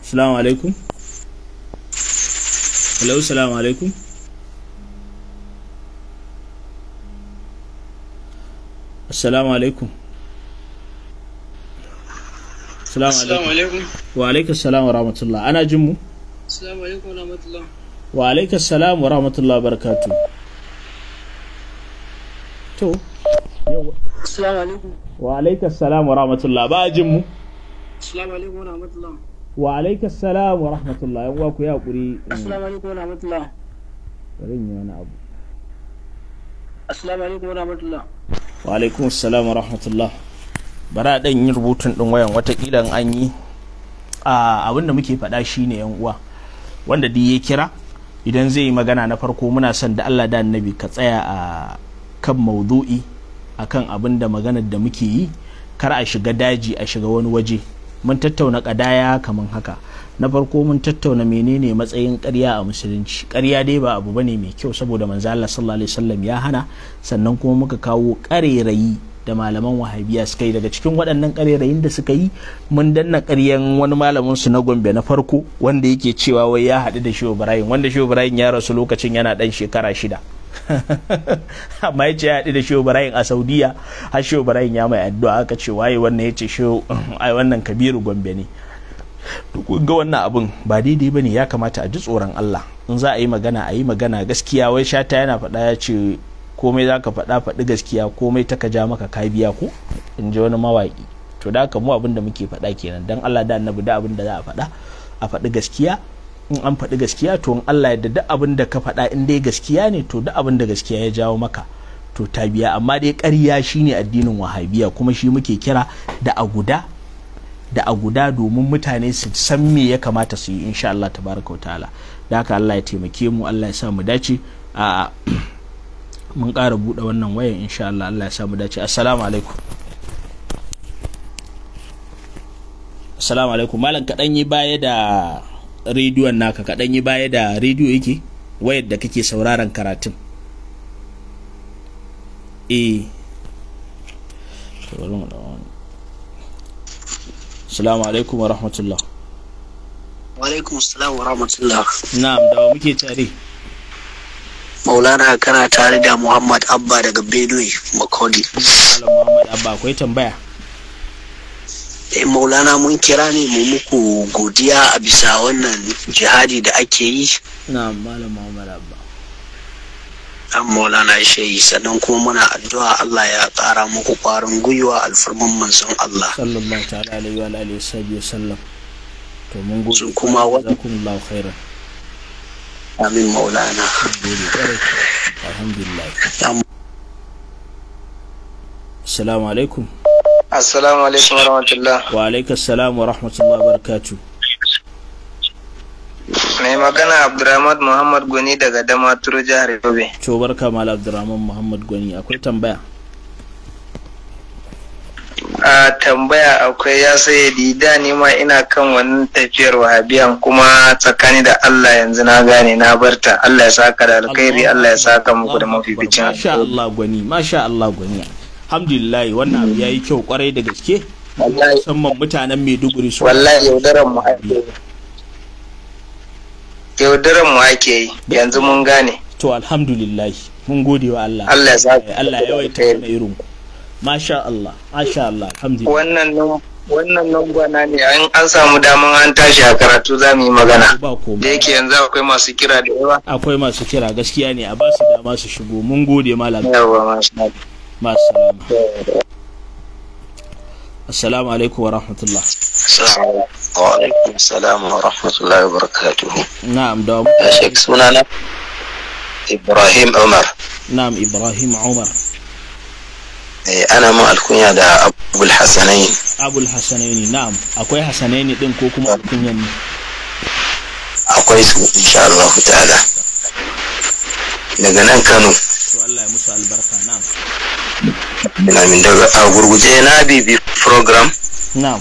Assalamu alaikum. Hello, assalamu alaikum. Assalamu alaikum. Assalamu alaikum. Wa alaikum assalam wa rahmatullah. Ana jin mu? Assalamu alaikum wa rahmatullah. Wa alaikum assalam wa rahmatullah barakatuh. To, Assalamu alaikum. wa alaikas salam wa rahmatullah ba a jin mu assalamu alaikum wa rahmatullah wa alaikas salam wa rahmatullah yan uwa ku ya hakuri assalamu alaikum wa rahmatullah bari yi wani abu assalamu alaikum wa rahmatullah wa alaikum salam wa rahmatullah bara dan yin rubutun ɗin wayan watakila an yi a abin da muke faɗa shi ne yan uwa wanda duk ya kira idan zai yi magana na farko muna son da Allah da annabi ka tsaya a kan maudu'i akan abin da maganar da muke yi kar a shiga daji a shiga wani waje mun tattauna kadaya kamar haka na farko mun tattauna menene matsayin ƙarya a musulunci karya dai ba abu bane mai kyau saboda manzo Allah sallallahu alaihi wasallam ya hana sannan kuma muka kawo ƙarerayi da malaman wahabiya suka yi daga cikin waɗannan ƙarerayin da suka yi mun danna ƙaryan wani malamin su na Gombe na farko wanda yake cewa wai ya haɗu da Shehu Ibrahim wanda Shehu Ibrahim ya rasu lokacin yana ɗan shekara shida amma ya ce ya haɗu da shehu barayin a saudiya har shehu barayin ya mai addu'a aka ce waye wannan ya ce shehu wannan kabiru gombe ne ga wannan abin ba daidai ba ne ya kamata a ji tsoron Allah in za a yi magana a yi magana gaskiya wai shata yana faɗa ya ce komai za ka faɗa faɗi gaskiya komai ta ka ja maka ka biya ko in ji wani mawaƙi to da haka mu abin da muke faɗa kenan dan Allah da annabi da abin da za a faɗa a faɗi gaskiya in an faɗi gaskiya to in Allah yadda duk abin da ka faɗa in dai gaskiya ne to duk abin da gaskiya ya jawo maka to ta biya amma dai ƙarya shine addinin wahabiya kuma shi muke kira da a guda da a guda domin mutane su san me ya kamata su yi insha Allah tabaraka wa ta'ala da haka Allah ya taimake mu Allah ya sa mu dace a mun ƙara buɗe wannan wayan insha Allah Allah ya sa mu dace assalamu alaikum assalamu alaikum malam kaɗan yi baya da rediyon naka ka yi baya da rediyo yake wayar da kake sauraron karatun e eh. salamu alaikum wa rahmatullah. Wa alaikum assalam wa rahmatullah. Na'am, da muke tare. Maulana kana tare da Muhammad Abba daga Benue, Makodi. Malam Muhammad Abba akwai tambaya. e maulana mun kira ne mu muku godiya a bisa wannan jihadi da ake yi na malam an maulana shehi sannan kuma muna addu'a Allah ya ƙara muku ƙwarin gwiwa alfarman manzon Allah sallallahu ta'ala alaihi wa alihi wa sallam to mun gode kuma wa jazakumullahu khairan amin maulana alhamdulillah assalamu alaikum assalamu alaikum warahmatullah wa alaikum assalam wa wa barakatu mai magana abdurrahman muhammad gwani daga damaturu jihar yobe to barka mal abdurrahman muhammad gwani akwai tambaya a tambaya akwai ya sai dida ni ma ina kan wani tafiyar wahabiyan kuma tsakani da Allah yanzu na gane na barta Allah ya saka da alkhairi Allah ya saka muku da mafificin masha Allah gwani masha Allah gwani alhamdulillah wannan abu ya yi kyau kwarai da gaske musamman mutanen Maiduguri su wallahi yaudaran mu ake yaudaran mu ake yi yanzu mun gane to alhamdulillah mun gode wa Allah Allah ya saka Allah ya yawaita mana irin ku masha Allah masha Allah alhamdulillah wannan nan wannan ne an an samu daman an tashi a karatu za mu yi magana da yake yanzu akwai masu kira da yawa akwai masu kira gaskiya ne a ba su dama su shigo mun gode malam yawa masha Allah مع السلامة السلام عليكم ورحمة الله السلام وعليكم السلام ورحمة الله وبركاته نعم دوم يا شيخ إبراهيم عمر نعم إبراهيم عمر إيه، أنا ما ألكون دا أبو الحسنين أبو الحسنين نعم أكوي حسنين دين كوكما الكنيا أكوي إن شاء الله تعالى daga كانوا سؤال الله مسؤال البركة نعم daga a gurguje na bibi program. Na'am.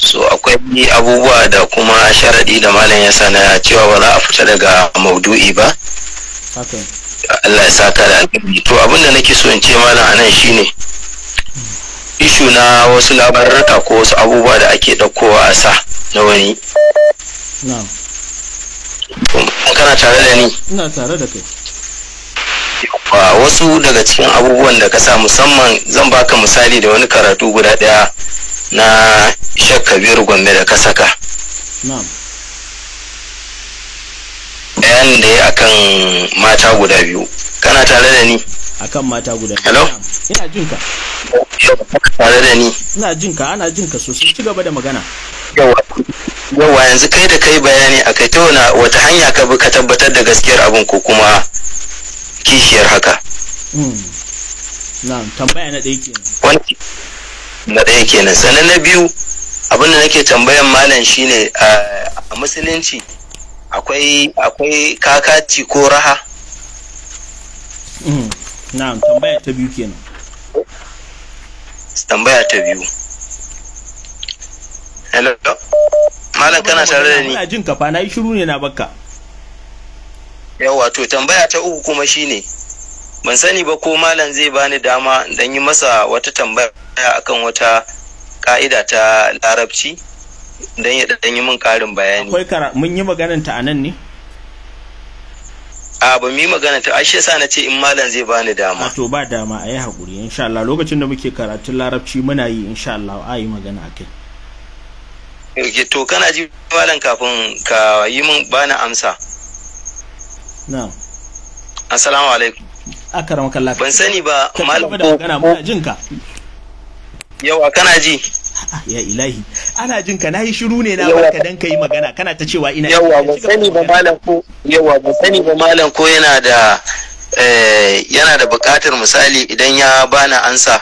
So akwai abubuwa da kuma sharadi da malam ya sana cewa ba za a fita daga maudu'i ba. Allah ya sa ka da alƙarfi. To abin da nake so in ce malam anan shine ishu na wasu labararraka ko wasu abubuwa da ake ɗaukowa a sa na wani. Na'am. Kana tare da ni? Ina tare da kai. a wasu daga cikin abubuwan da ka sa musamman zan baka misali da wani karatu guda daya na shak biyar gombe da ka saka bayan da ya akan mata guda biyu kana tare da ni akan mata guda biyu hello ina jin ka tare da ni ina jin ka ana jin ka sosai ci gaba da magana yawa yanzu kai da kai bayani kai ta wata hanya ka bi ka tabbatar da gaskiyar abin ko kuma kishiyar haka hmm. na tambaya na ɗaya kenan na ɗaya kenan sannan na biyu abin da nake tambayan malam shine a musulunci akwai akwai kakaci ko raha hmm. Na tambaya ta biyu kenan tambaya ta biyu hello malam kana tare da ni ina jin kafa na yi shiru ne na baka yawa to tambaya ta uku kuma shine ban sani ba ko malam zai bani dama dan yi masa wata tambaya akan wata ka'ida ta larabci dan ya dan yi min karin bayani akwai kara mun yi maganar ta anan ne a ba mu yi maganar ta ashe sa na ce in malam zai bani dama to ba dama a yi insha Allah lokacin da muke karatun larabci muna yi insha Allah a yi magana a kai to kana ji malam kafin ka yi min bani amsa na'am assalamu alaikum akaram kallah ban sani ba malam da magana muna jin ka yawa kana ji ya ilahi ana jin ka nayi shiru ne na barka dan kai magana kana ta cewa ina yawa ban sani ba malam ko yawa ban sani ba malam ko yana da eh, yana da buƙatar misali idan ya bana ansa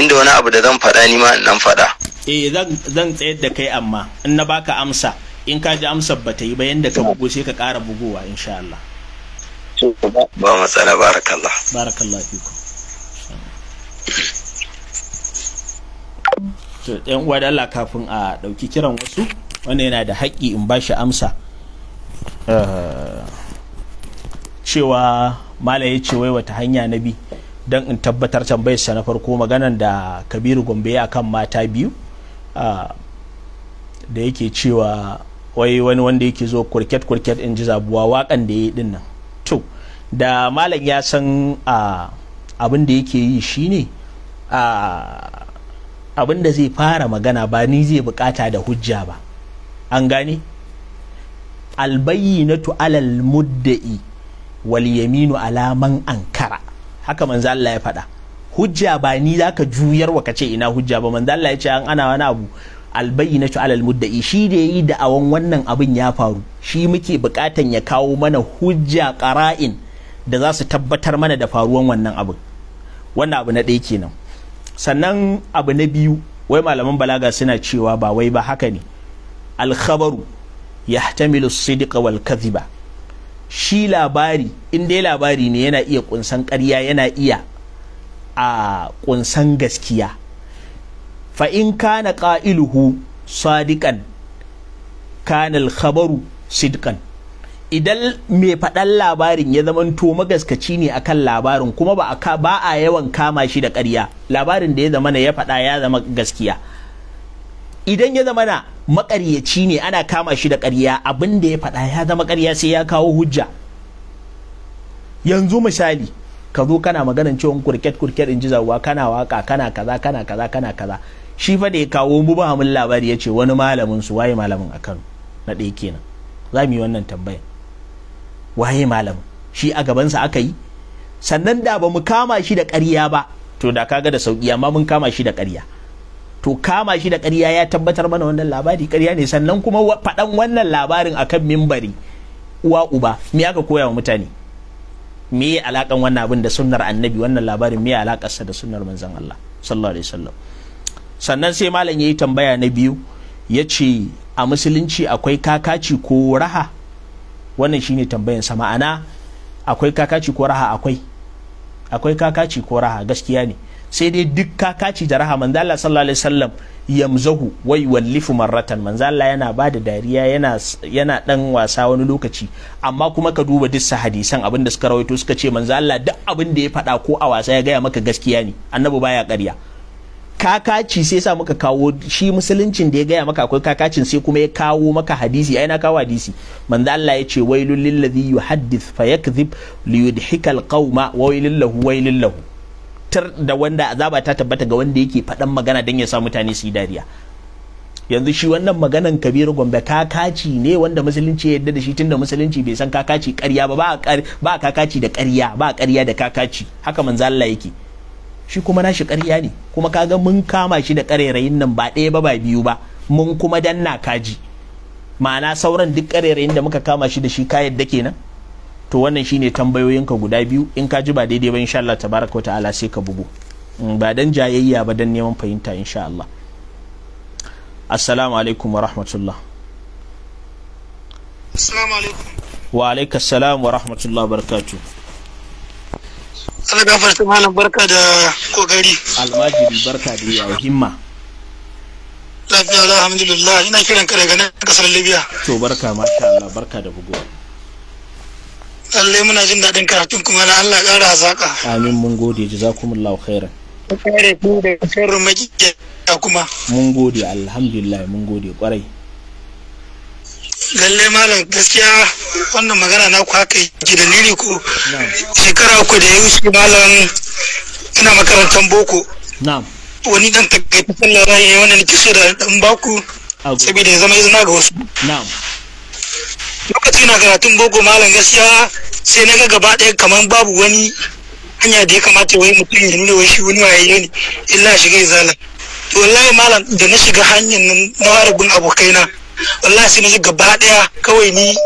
inda wani abu da zan faɗa ni ma nan faɗa. Eh zan tsayar da kai amma in na baka amsa in ka ji amsar ba ta yi ba yanda ka bugo sai ka ƙara bugowa insha Allah. ba matsala yan uwa da Allah kafin a ɗauki kiran wasu wanda yana da haƙƙi in ba shi amsa eh, cewa mala ya ce wai wata hanya na bi don in tabbatar sa na farko maganan da kabiru gombe ya kan mata biyu eh, da yake cewa wai wani wanda yake zo kurket kurket in ji zabuwa wakan da ya yi dinnan. to da malam ya san abin da yake yi shine abin da zai fara magana ba ni zai bukata da hujja ba an gane albayyinatu alal mudda'i wal yaminu ala ankara haka manzo Allah ya faɗa hujja ba ni zaka juyar wa kace ina hujja ba manzo Allah ya ce an ana wani abu na alal mudda'i shi da yayi awan wannan abin ya faru shi muke bukatan ya kawo mana hujja qara'in da za su tabbatar mana da faruwan wannan abin wannan abu na ɗaya kenan sannan abu na biyu wai malaman balaga suna cewa ba wai ba haka ne alkhabaru yahtamilu sidqa wal kadhiba shi labari in dai labari ne yana iya kunsan ƙarya yana iya a kunsan gaskiya fa in kana qailuhu sadiqan kanal khabaru sidikan idan mai faɗan labarin ya zama zamanto magaskaci ne akan labarin kuma ba a yawan kama shi da ƙarya labarin da ya zama na ya faɗa ya zama gaskiya idan ya zama na maƙaryaci ne ana kama shi da ƙarya abin da ya faɗa ya zama ƙarya sai ya kawo hujja yanzu misali ka zo kana maganan cewa kurket kurket in ji zawa kana waka kana kaza kana kaza kana kaza shi fa da ya kawo mu ba mun labari ya ce wani malamin su waye malamin a Kano na ɗaya kenan za mu yi wannan tambaya waye malamin shi a gabansa aka yi sannan da ba mu kama shi da ƙarya ba to da kaga da sauki amma mun kama shi da ƙarya to kama shi da ƙarya ya tabbatar mana wannan labari ƙarya ne sannan kuma faɗan wannan labarin akan mimbari uwa uba me aka koya wa mutane me alakan wannan abin da sunnar annabi wannan labarin me alakarsa da sunnar manzon Allah sallallahu alaihi wasallam sannan sai malam ya yi tambaya na biyu ya ce a musulunci akwai kakaci ko raha wannan shine tambayansa ma'ana akwai kakaci ko raha akwai akwai kakaci ko raha gaskiya ne sai dai duk kakaci da raha manzo Allah sallallahu alaihi wasallam yamzahu wai wallifu marratan manzo Allah yana bada dariya yana yana dan wasa wani lokaci amma kuma ka duba duk hadisan abin da suka rawaito suka ce manzo Allah duk abin da ya faɗa ko a wasa ya gaya maka gaskiya ne annabi baya ƙarya kakaci sai sa muka kawo shi musuluncin da ya gaya maka akwai kakacin sai kuma ya kawo maka hadisi ai na kawo hadisi manzo Allah ya ce wailul lil ladhi yuhaddith yakdhib li yudhika al qauma wa wailul lahu wailul lahu tar da wanda azaba ta tabbata ga wanda yake faɗan magana dan ya sa mutane su dariya yanzu shi wannan maganan kabiru gombe kakaci ne wanda musulunci ya yarda da shi tunda musulunci bai san kakaci ƙarya ba ba kakaci da ƙarya ba ƙarya da kakaci haka manzo Allah yake shi kuma nashi karya ne kuma kaga mun kama shi da ƙarerayin nan ba ɗaya ba ba biyu ba mun kuma danna kaji ma'ana sauran duk ƙarerayin da muka kama shi da shi ka yadda kenan to wannan shine tambayoyinka guda biyu in ka ji ba daidai ba insha Allah tabaraka ta'ala sai ka bugu mm, ba dan jayayya ba dan neman fahimta insha Allah assalamu alaikum wa rahmatullah assalamu alaikum wa alaikassalam wa rahmatullah barakatuh Allah gafarta malam barka da kogari. Almajiri barka da ya himma. Lafiya alhamdulillah ina kiran ka daga nan kasar Libya. To barka masha Allah barka da bugu. Lallai muna jin daɗin karatun kuma na Allah ƙara saƙa. Amin mun gode jazakumullahu khairan. Kare ku da sharrin makiya kuma. Mun gode alhamdulillah mun gode kwarai. lallai malam gaskiya wannan magana na ku haka ki dalili ko shekara uku da ya wuce malam ina makarantar boko wani dan takaitaccen larayi ne wanda nake so da dan baku saboda ya zama izina ga wasu lokaci na karatun boko malam gaskiya sai na ga gaba ɗaya kamar babu wani hanya da ya kamata wai mutum ya nuna wai shi wani waye ne illa shiga izala to wallahi malam da na shiga hanyar nan na harabin abokaina wallahi sai naji gaba daya kawai ni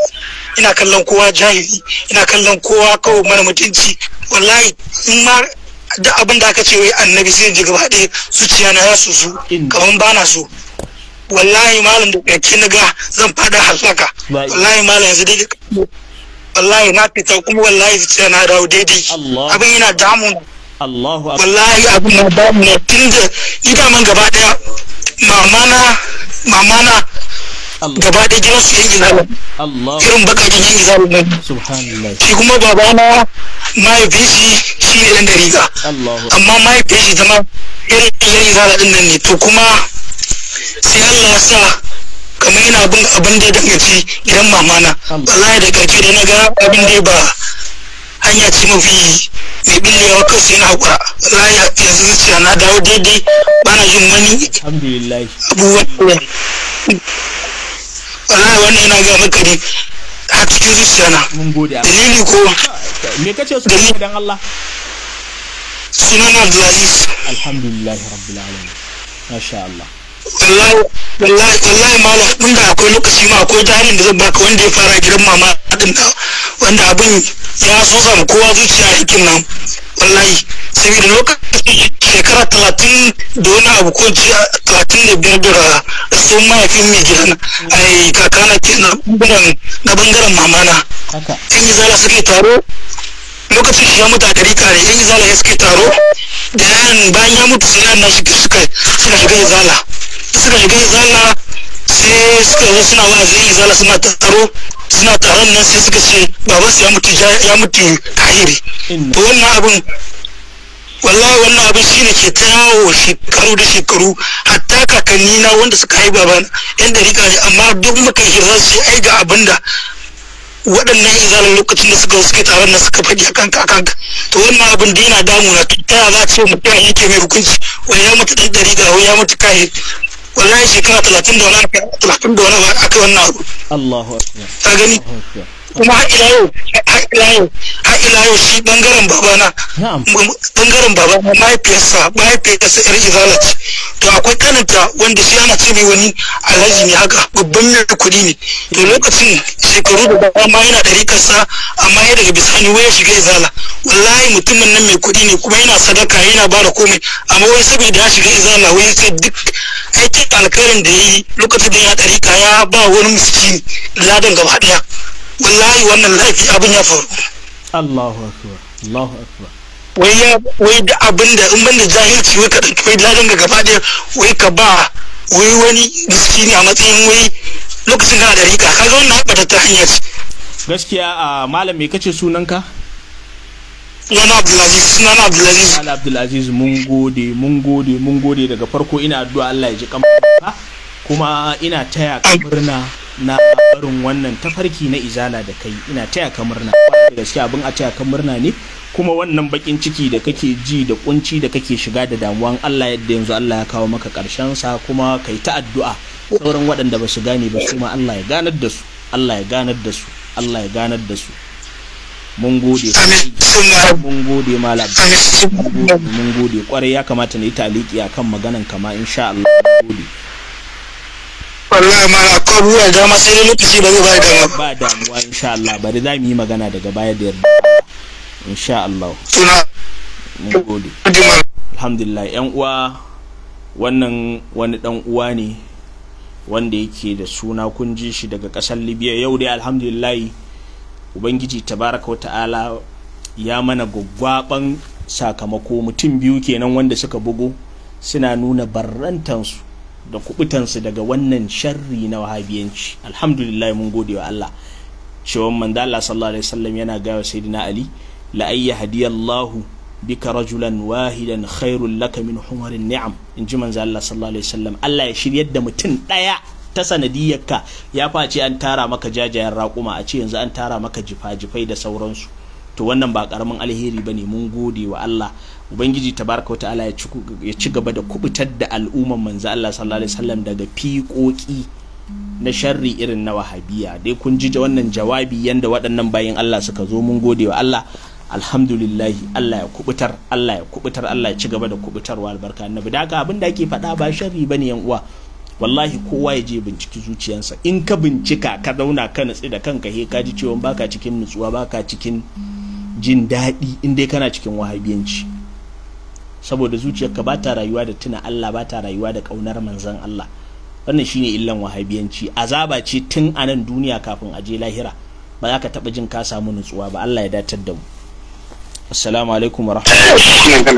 ina kallon kowa jahili ina kallon kowa kawai mara mutunci wallahi in ma da abin da aka ce wai annabi sai ji gaba daya zuciya na ya susu kaman ba na so wallahi malam da kake na ga zan fada halaka wallahi malam yanzu dai wallahi na fita kuma wallahi zuciya na dawo daidai abin yana damun Allahu wallahi abin na damu ne da idaman gaba daya mama na mama na gaba ɗaya gidan su yanki izala irin baka bakakin yanki izala ne shi kuma babana mahaifin shi shi ne ɗan dariga amma mahaifin zama irin yan izala ɗin nan ne to kuma sai Allah ya sa kamar yana bin abin da ya danganci gidan mamana wallahi da karke da na ga abin da ba hanya ce mafi mai billewa kawai sai na haƙura wallahi yanzu zuciya na dawo daidai bana jin wani abubuwan wallahi wannan ina ga maka ne a cikin zuciya na mun gode dalili ko me kace su dan Allah sunan Abdulaziz alhamdulillah rabbil alamin masha Allah wallahi wallahi malam din da akwai lokaci ma akwai jarin da zan baka wanda ya fara girma ma din wanda abin ya so zama kowa zuciya yakin nan wallahi saboda lokacin shekara talatin da wani abu ko jiya talatin da biyar da rasuwar mahaifin mai a yi kakana ke na bangaren mamana yan yi zala suke taro lokacin shi ya mutu a dari kare yan yi zala ya suke taro da yan bayan ya mutu sai yan nashi suka shiga yi zala suka shiga yi zala sai suka zo suna wa'azin yi zala suna taro suna taron nan sai suka ce baban su ya mutu ya mutu tahiri to wannan abin wallahi wannan abin shine ke ta yawo shekaru da shekaru hatta kakanni na wanda suka haifa babana yan da ne amma duk muka hira su ai ga abin da waɗannan izalar lokacin da suka suke taron na suka faɗi akan kakan to wannan abin da yana damuna ta yaya za a ce mutum yake mai hukunci wai ya mutu ɗan ga wai ya mutu kai والله شكرا 30 دولار 30 دولار اكل النار الله اكبر فاهمني kuma ila yau ila yau ila yau shi bangaren babana bangaren babana mahaifiyarsa mahaifiyarsa yar izala ce to akwai kananta wanda shi ana ce mai wani alhaji ne haka babban yadda kuɗi ne to lokacin shekaru da dama yana da rikarsa amma ya daga bisani waya shiga izala wallahi mutumin nan mai kuɗi ne kuma yana sadaka yana ba da komai amma wai saboda ya shiga izala wai sai duk aikin alkarin da ya yi lokacin da ya ɗarika ya ba wani miskini ladan gaba ɗaya wallahi wannan laifi abin ya faru Allahu akbar Allahu akbar wai ya wai da abin da in banda jahilci wai ka dauki wai ladan ga gaba ɗaya wai ka ba wai wani miskini a matsayin wai lokacin kana da rika kaga na ba ta hanya ce gaskiya a malam me kace sunanka sunana abdulaziz sunana abdulaziz Nana abdulaziz mun gode mun gode mun gode daga farko ina addu'a Allah ya ji kamar kuma ina taya kamar na na barin wannan tafarki na izala da kai ina taya ka murna da gaske abin a taya ka murna ne kuma wannan bakin ciki da kake ji da kunci da kake shiga da damuwan Allah yadda yanzu Allah ya kawo maka karshen sa kuma kai ta addu'a sauran waɗanda ba su gane ba su ma Allah ya ganar da su Allah ya ganar da su Allah ya ganar da su mun gode mun gode malam mun gode kwarai ya kamata na yi taliki akan maganan kama insha Allah mun gode wallahi na ko dama sai dai lokaci ba zai ba dama ba damuwa insha Allah bari za mu yi magana daga baya da yarda insha Allah suna gode alhamdulillah yan uwa wannan wani dan uwa ne wanda yake da suna kun ji shi daga kasar Libya yau dai alhamdulillah ubangiji tabaraka ta'ala ya mana gwaggwaban sakamako mutum biyu kenan wanda suka bugu suna nuna barrantansu da kubutansu daga wannan sharri na wahabiyanci alhamdulillah mun gode wa Allah cewa manzo Allah sallallahu alaihi wasallam yana ga wa sayyidina Ali la ayya hadiyallahu bika rajulan wahidan khairul laka min humarin ni'am in ji manzo Allah sallallahu alaihi wasallam Allah ya shiryar da mutum daya ta sanadiyarka ya face an tara maka jajayen raƙuma a ce yanzu an tara maka jifa-jifai da sauransu to wannan ba karamin alheri bane mun gode wa Allah ubangiji tabaraka wa ta'ala ya ci gaba da kubutar da al'umman manzo Allah sallallahu alaihi wasallam daga fiƙoƙi na sharri irin na wahabiya dai kun ji wannan jawabi yanda waɗannan bayan Allah suka zo mun gode wa Allah alhamdulillahi Allah ya kubutar Allah ya kubutar Allah ya ci gaba da kubutarwa albarka annabi da abin da ake faɗa ba sharri bane yan uwa wallahi kowa ya je binciki zuciyarsa. in ka bincika ka zauna ka natsi da kanka he ka ji cewa baka cikin nutsuwa baka cikin jin daɗi in dai kana cikin wahabiyanci saboda zuciyarka ba ta rayuwa da tuna Allah ba ta rayuwa da ƙaunar manzon Allah wannan shine illan wahabiyanci azaba ce tun a nan duniya kafin a je lahira ba za ka taɓa jin ka samu nutsuwa ba Allah ya datar da mu assalamu alaikum wa rahmatullahi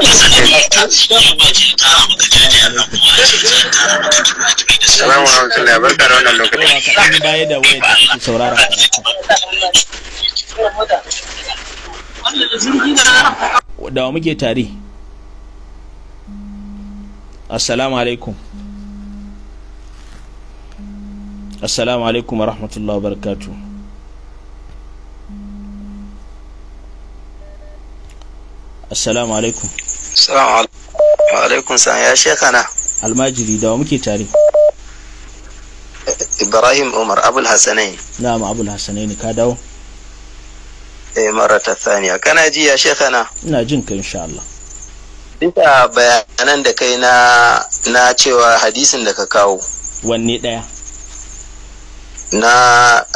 muke tare assalamu alaikum assalamu alaikum wa rahmatullahi wa barakatu assalamu alaikum assalamu alaikum san ya shekana almajiri da muke tare ibrahim umar abul hasanai na'am abul hasanai ne ka dawo eh mara ta kana ji ya shekana ina jin ka insha Allah bisa bayanan da kai na na cewa hadisin da ka kawo wanne ɗaya na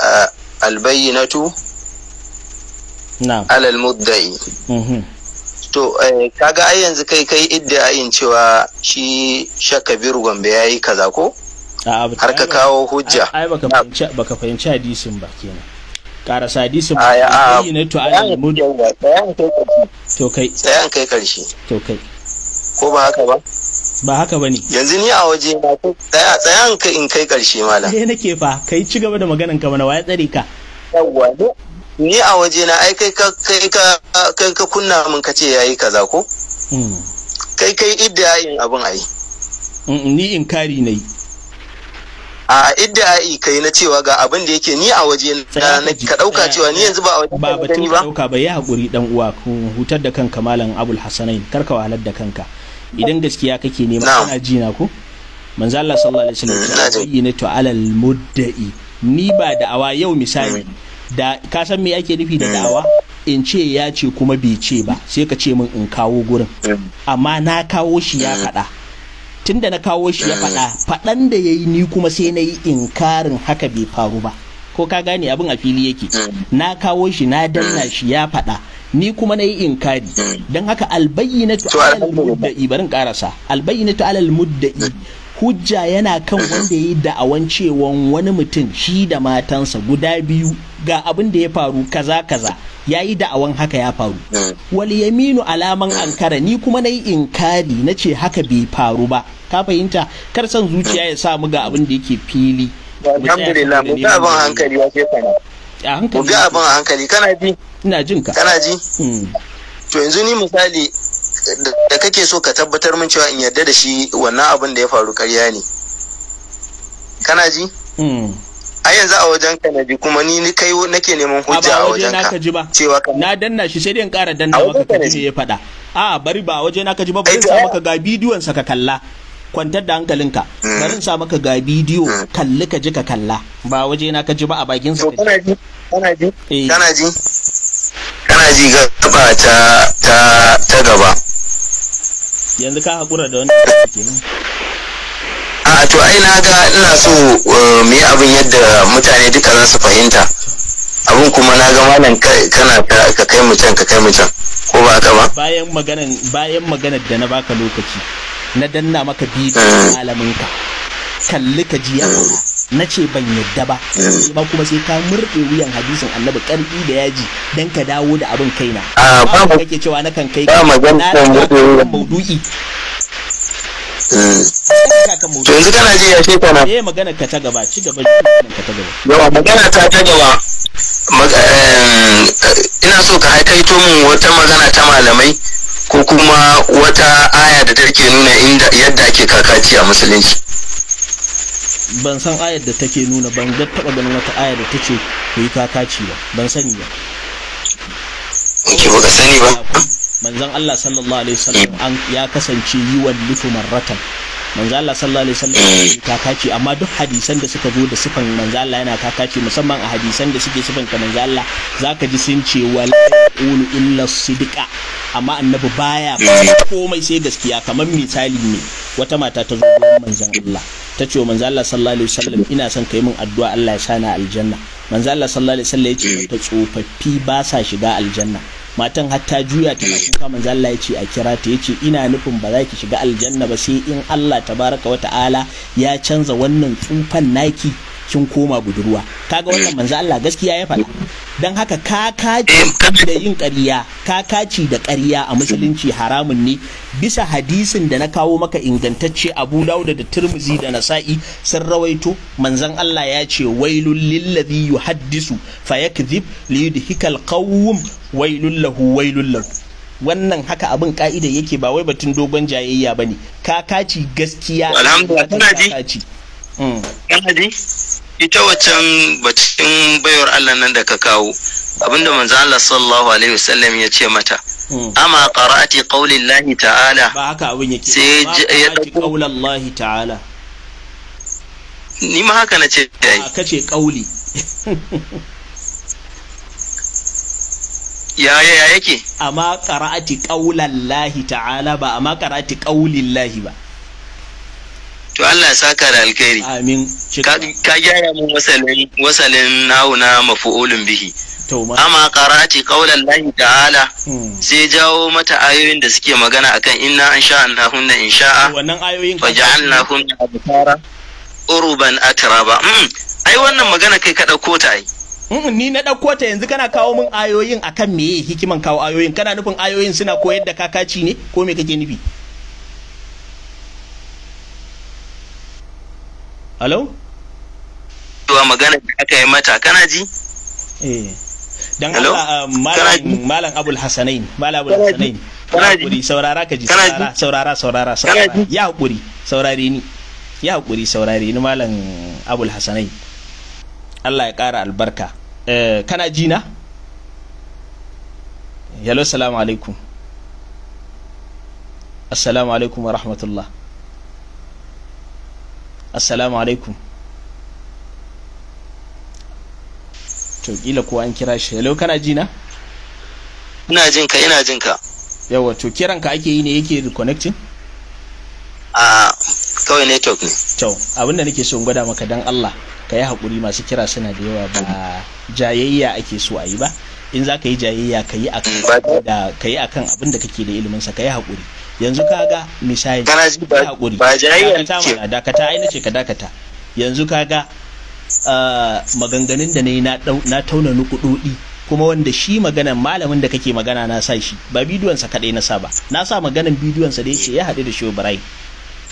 uh, albayyinatu alal muddai to kaga ai yanzu kai kai ayin cewa shi shakabiru gombe ya yi kaza ko har ka kawo hujja ai baka fahimci hadisin ba kenan karasa hadisin ba bayyinatu alal muddai to kai tsayan kai karshe to kai ko ba haka ba ba haka ba ne. yanzu ni a waje na tsaya tsayan ka in kai ƙarshe malam eh nake fa kai ci gaba da maganan ka mana waya tsare ka yawwa ni a waje na ai kai ka kai ka kai ka kunna mun ka ce yayi kaza ko mm. kai kai idda yin abin ai mm, mm, ni in kari nayi a idda'i kai na cewa ga abin da yake ni a waje na ka dauka cewa ni yanzu ba a waje ba batun dauka ba ya hakuri dan uwa ku hutar da kanka malam abul Hassanain karka wahalar da kanka idan gaskiya kake nema ana ji na ko manzo Allah sallallahu alaihi wasallam ya mm, to alal mudda'i ni ba da'awa yau misali mm. da ka san me ake nufi da mm. da'awa in ce ya ce kuma bai ce ba sai ka ce min in kawo gurin amma na kawo shi ya faɗa tunda na kawo shi ya faɗa faɗan da ya yi ni kuma sai na yi inkarin haka bai faru ba ko ka gane abin a fili yake na kawo shi na danna shi ya faɗa ni kuma na yi inkari don haka albayyinatu alal mudda'i barin karasa albayyinatu alal mudda'i hujja yana kan wanda ya yi da'awan cewan wani mutum shi da matansa guda biyu ga abin da ya faru kaza kaza ya yi da'awan haka ya faru wali yaminu alaman ankara ni kuma na yi inkari na ce haka bai faru ba ka fahimta kar son zuciya ya samu ga abin da yake fili alhamdulillah mu hankali sana a hankali mu abin a hankali kana ji ina jin ka kana ji hmm. to yanzu ni misali da kake so ka tabbatar min cewa in yarda da shi wannan abin da ya faru karya ne kana ji hmm. a yanzu a wajen ka na ji kuma ni kai nake neman hujja a wajen ka ji ba cewa na danna shi sai dai in kara danna maka ka ji ya faɗa a bari ba waje na ka ji ba bari sa maka ga bidiyon sa ka kalla kwantar da hankalinka bari sa maka ga bidiyo kalli ka ji ka kalla ba waje na ka ji ba a bakin sa kana ji kana ji eh. kana ji kana ji gaba ta ta ta gaba yanzu ka hakura da wani eh. kenan a to ai na ga ina so eh, mu yi abin yadda mutane duka za su fahimta abin kuma na ga malam kana ka kai mu can ka kai mu can ko ba ka ba bayan maganar bayan maganar da na baka lokaci na danna maka bidiyon eh. malamin ka kalli ka ji eh. na ce ban yadda ba ba eh. kuma sai ka murɗe wuyan hadisin annabi karfi da yaji dan ka dawo da abin kaina ah, ba mu kake cewa na kan kai ka na kan maudu'i yanzu kana ji ya shi kana eh magana ka ta gaba ci gaba ka ta gaba yawa magana ta ta gaba ina so ka haikaito min wata magana ta malamai ko kuma wata aya da take nuna inda yadda ake kakaci a musulunci ban san ayar da take nuna ban ga taba ganin wata ayar da tace ku yi kakaci ba ban sani ba ki ba sani ba manzon Allah sallallahu alaihi wasallam ya kasance yi wa lufu marratan manzo Allah sallallahu alaihi wasallam kakaci eh. amma duk hadisan da suka zo da sifan manzo Allah yana kakaci musamman a hadisan da suke sifan ka manzo Allah zaka ji sun ce wal qulu illa sidqa amma annabi baya eh. komai sai gaskiya kamar misali ne wata mata ta zo gurin manzo Allah ta ce wa manzo Allah sallallahu alaihi wasallam ina son kai min addu'a Allah ya sani aljanna manzo Allah sallallahu alaihi wasallam ya ce eh. ta tsofaffi ba sa shiga aljanna matan juya ta juya kuka manzo Allah ya a kira ta yace ina nufin ba za ki shiga aljanna ba sai in Allah tabaraka wa ta'ala ya canza wannan tsufan naki kin koma budurwa kaga wannan eh. manzo Allah gaskiya ya faɗa dan haka ka kakaci eh, da yin ƙarya kakaci da ƙarya a musulunci haramun ne bisa hadisin da na kawo maka ingantacce Abu Dawud da Tirmidhi da Nasa'i sun rawaito manzon Allah ya ce wailul ladhi yuhaddisu fayakdhib liyudhikal qawm wailul lahu wailul lahu wannan haka abin ka'ida yake ba wai batun dogon jayayya bane kakaci gaskiya alhamdulillah kana ji kana mm. ji ita waccan bacin bayar Allah nan da ka kawo abinda manzo Allah sallallahu alaihi wasallam ya ce mata hmm. amma qara'ati qawli Allah ta'ala ba haka abin yake sai ya dauko qawli Allah ta'ala ni ma haka nace dai ce qawli ya ya yake amma qara'ati qawli Allah ta'ala ba amma qara'ati qawli Allah ba to Allah ya saka da alkhairi amin ka gyara mu wasalin wasalin hauna mafu'ulun bihi amma qarati qaulan lahi ta'ala sai hmm. jawo mata ayoyin da suke magana akan inna insha Allah hunna insha'a wannan ayoyin fa ja'alna hum abtara uruban atraba hmm. ai wannan magana kai ka dauko ta ai hmm, ni na ɗauko ta yanzu kana kawo min ayoyin akan meye hikiman kawo ayoyin kana nufin ayoyin suna koyar da kakaci ne ko me kake nufi Hello? zuwa magana da aka yi mata kana ji eh dan Allah um, malam malam Abul Hasanain malam Abul Hasanain kana ji saurara ka ji saurara saurara saurara ya hakuri saurare ni ya hakuri saurare ni malam Abul Hasanain Allah ya ƙara albarka eh, kana ji na yalo salamu alaikum assalamu alaikum wa rahmatullah assalamu alaikum to kila ko an kira shi hello kana ji na ina jin ka ina jin ka yawa to kiran ka ake yi ne yake reconnecting a kawai network ne to abinda nake so in gwada maka dan Allah ka yi hakuri masu kira suna da yawa ba jayayya ake so a yi ba in za ka yi jayayya ka yi akan mm, abin da kake da ilimin sa ka yi hakuri yanzu kaga misali kana ba hakuri ba mana ce dakata aina ce ka dakata yanzu kaga ah, maganganun da nayi na na tauna nukududi kuma wanda shi maganan malamin da kake magana na sa shi ba bidiyonsa sa kadai na sa ba na sa maganan bidiyonsa sa da yace ya haɗu da shi Ibrahim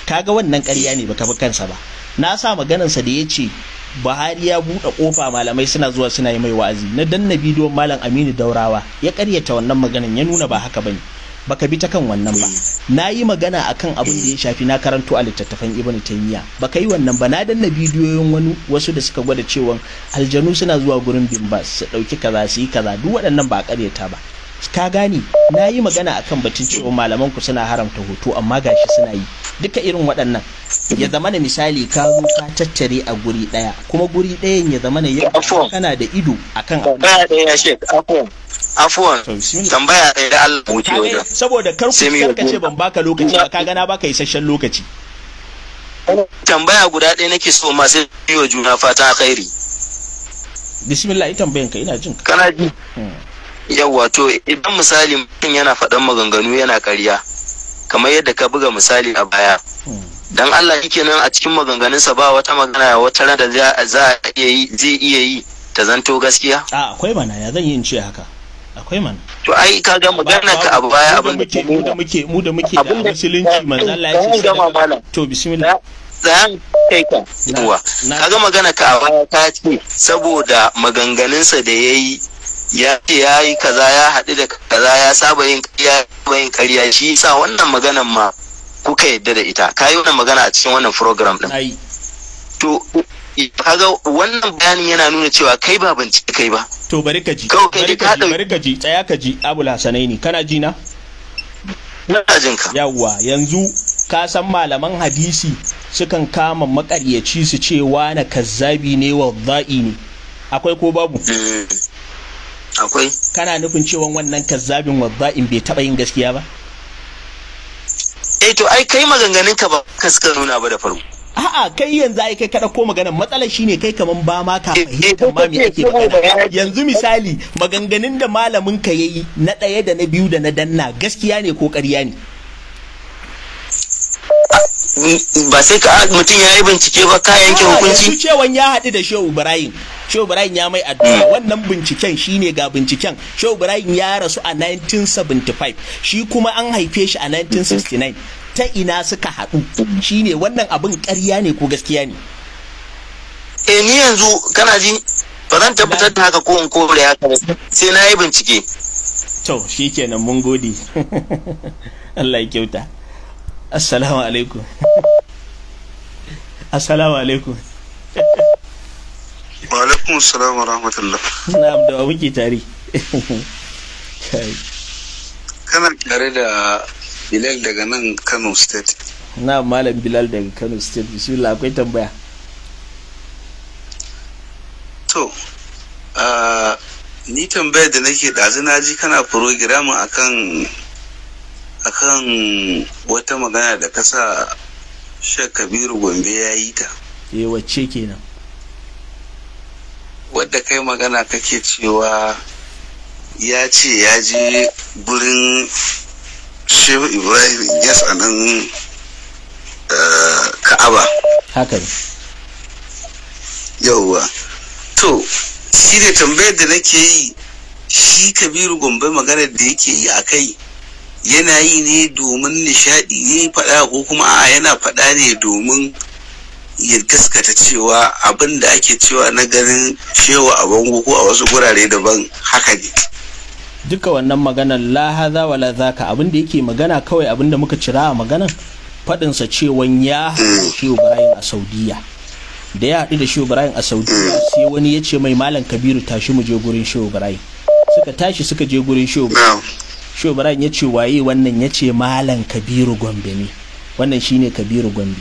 kaga wannan ƙarya ne baka bi kansa ba na sa maganan sa da yace Buhari ya buɗe ƙofa malamai suna zuwa suna yi mai wa'azi na danna bidiyon malam Aminu Daurawa ya ƙaryata wannan maganan ya nuna ba haka bane baka bi ta kan wannan ba na yi magana akan abin da ya shafi na karanto a littattafan ibn taymiya baka yi wannan ba na danna bidiyoyin wani wasu da suka gwada cewa aljanu suna zuwa gurin bimbas su dauki kaza su yi kaza duk waɗannan ba a ƙaryata ba ka gani na yi magana akan batun cewa malaman ku suna haramta hoto amma gashi suna yi duka irin waɗannan ya zama na misali ka zo ka caccare a guri ɗaya kuma guri ɗayan ya zama na yi kana da ido akan abu afuwan tambaya ɗaya da Allah wuce wajen. Saboda kar ku ce ban baka lokaci ba kaga na baka isasshen lokaci. Tambaya guda ɗaya nake so ma sai juna fata khairi. Bismillah ita tambayan ka ina jin ka. Kana ji. Hmm. yawa to idan misali mutum yana faɗan maganganu yana ƙarya kamar yadda ka buga misali a baya dan Allah yake nan a cikin maganganunsa ba wata magana wata ran da za a iya yi zai iya yi ta zanto gaskiya a akwai mana ya zan yi in ce haka akwai mana to ai ka ga magana ka abu baya abin da mu da muke mu da muke da musulunci manzo Allah ya ce to bismillah zan kai ka kaga magana ka a baya ka ce saboda maganganunsa da yayi ya ce ya yi kaza ya haɗu da kaza ya saba yin ƙarya yin ƙarya shi sa wannan maganan ma kuka yadda da ita ka yi wannan magana a cikin wannan program ɗin to kaga wannan bayanin yana nuna cewa kai ba bincike kai ba to bari ka ji bari ka ji bari ka ji, tsaya ka ji abul hasanaini kana ji na na jin ka yawwa yanzu ka san malaman hadisi sukan kama makaryaci su ce wani kazzabi ne wa ne akwai ko babu eh. akwai kana nufin cewa wannan kazzabin wadda'in bai taba yin gaskiya ba eh ai kai maganganun ka ba ka suka nuna ba da farko a'a kai yanzu ai kai kada ko maganar matsalar ne kai kamar ba ma ka eh, eh, fahimta ma me eh, ake magana yanzu misali maganganun da malamin ka yayi na ɗaya da na biyu da na danna gaskiya ne ko ƙarya ne ba sai ka mutum ya yi bincike ba ka yanke hukunci yanzu cewa ya haɗu da shehu ibrahim shehu ibrahim ya mai addu'a hmm. wannan binciken shine ga binciken shehu ibrahim ya rasu a 1975 shi kuma an haife shi a 1969 ta ina suka haɗu shine wannan abin ƙarya ne ko gaskiya ne eh ni yanzu kana ji ba zan tabbatar da haka ko in kore haka ba sai na yi bincike to shikenan mun gode Allah ya kyauta assalamu alaikum assalamu alaikum wa alaikum assalam wa rahmatullah abu da wa muke tare kana tare da bilal daga nan kano state na malam bilal daga kano state bismillah akwai tambaya to ah, ni tambayar da nake ɗazu na ji kana program akan akan wata magana da kasa sha kabiru gombe ya yi ta E, wacce kenan wadda kai magana kake cewa ya ce ya je gurin shehu ibrahim yes a nan eh, ka'aba haka ne yauwa to shi ne tambayar da nake yi shi kabiru gombe maganar da yake yi a kai yana yi ne domin nishadi ne faɗa ko kuma a yana faɗa ne domin ya gaskata cewa abin da ake cewa na ganin cewa a bango ko a wasu gurare daban haka ne duka wannan maganar lahaza wala zaka abin da yake magana kawai abin da muka cira a maganar faɗinsa cewan ya mm. shehu ibrahim a saudiya da ya haɗu da shehu ibrahim a saudiya mm. sai wani ya ce mai malam kabiru tashi mu je gurin suka tashi suka je gurin shehu shehu ya ce waye wannan ya ce malam kabiru gombe ne wannan shine kabiru gombe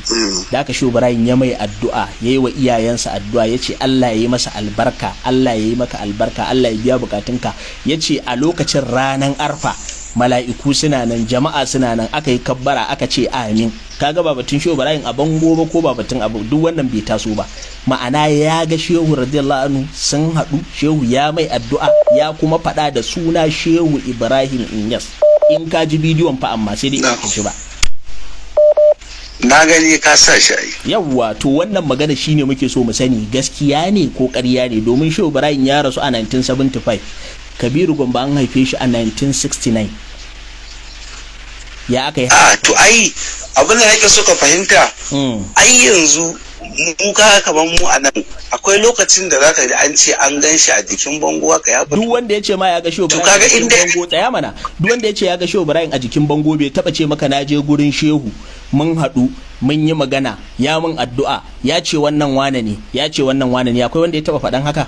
da aka ya mai addu'a ya yi wa iyayensa addu'a ya ce allah ya yi masa albarka allah ya yi maka albarka allah ya biya bukatunka ya ce a lokacin ranar arfa mala'iku suna nan jama'a suna nan aka yi kabbara aka ce amin kaga ba batun shehu ibrahim a bango ba ko ba batun abu duk wannan bai taso ba ma'ana ya ga shehu radiyallahu anhu sun haɗu shehu ya mai addu'a ya kuma faɗa da suna shehu ibrahim inyas in ka ji bidiyon fa amma sai dai in shi ba na gani ka sa shi ai yawwa to wannan magana shine muke so mu sani gaskiya ne ko ƙarya ne domin shehu ibrahim ya rasu a 1975 kabiru gwamba an haife shi a 1969 ya aka yi a ah, to ai abin da nake so ka fahimta hmm. ai yanzu mu ka kaman mu a nan akwai lokacin da zaka ji an ce an gan shi a jikin bango haka ya duk wanda ya ce ma ya ga shehu Ibrahim a jikin bango tsaya mana duk wanda ya ce ya ga shehu Ibrahim a jikin bango bai taba ce maka na je gurin shehu mun haɗu mun yi magana ya mun addu'a ya ce wannan wane ne ya ce wannan wane ne akwai wanda ya taba faɗan haka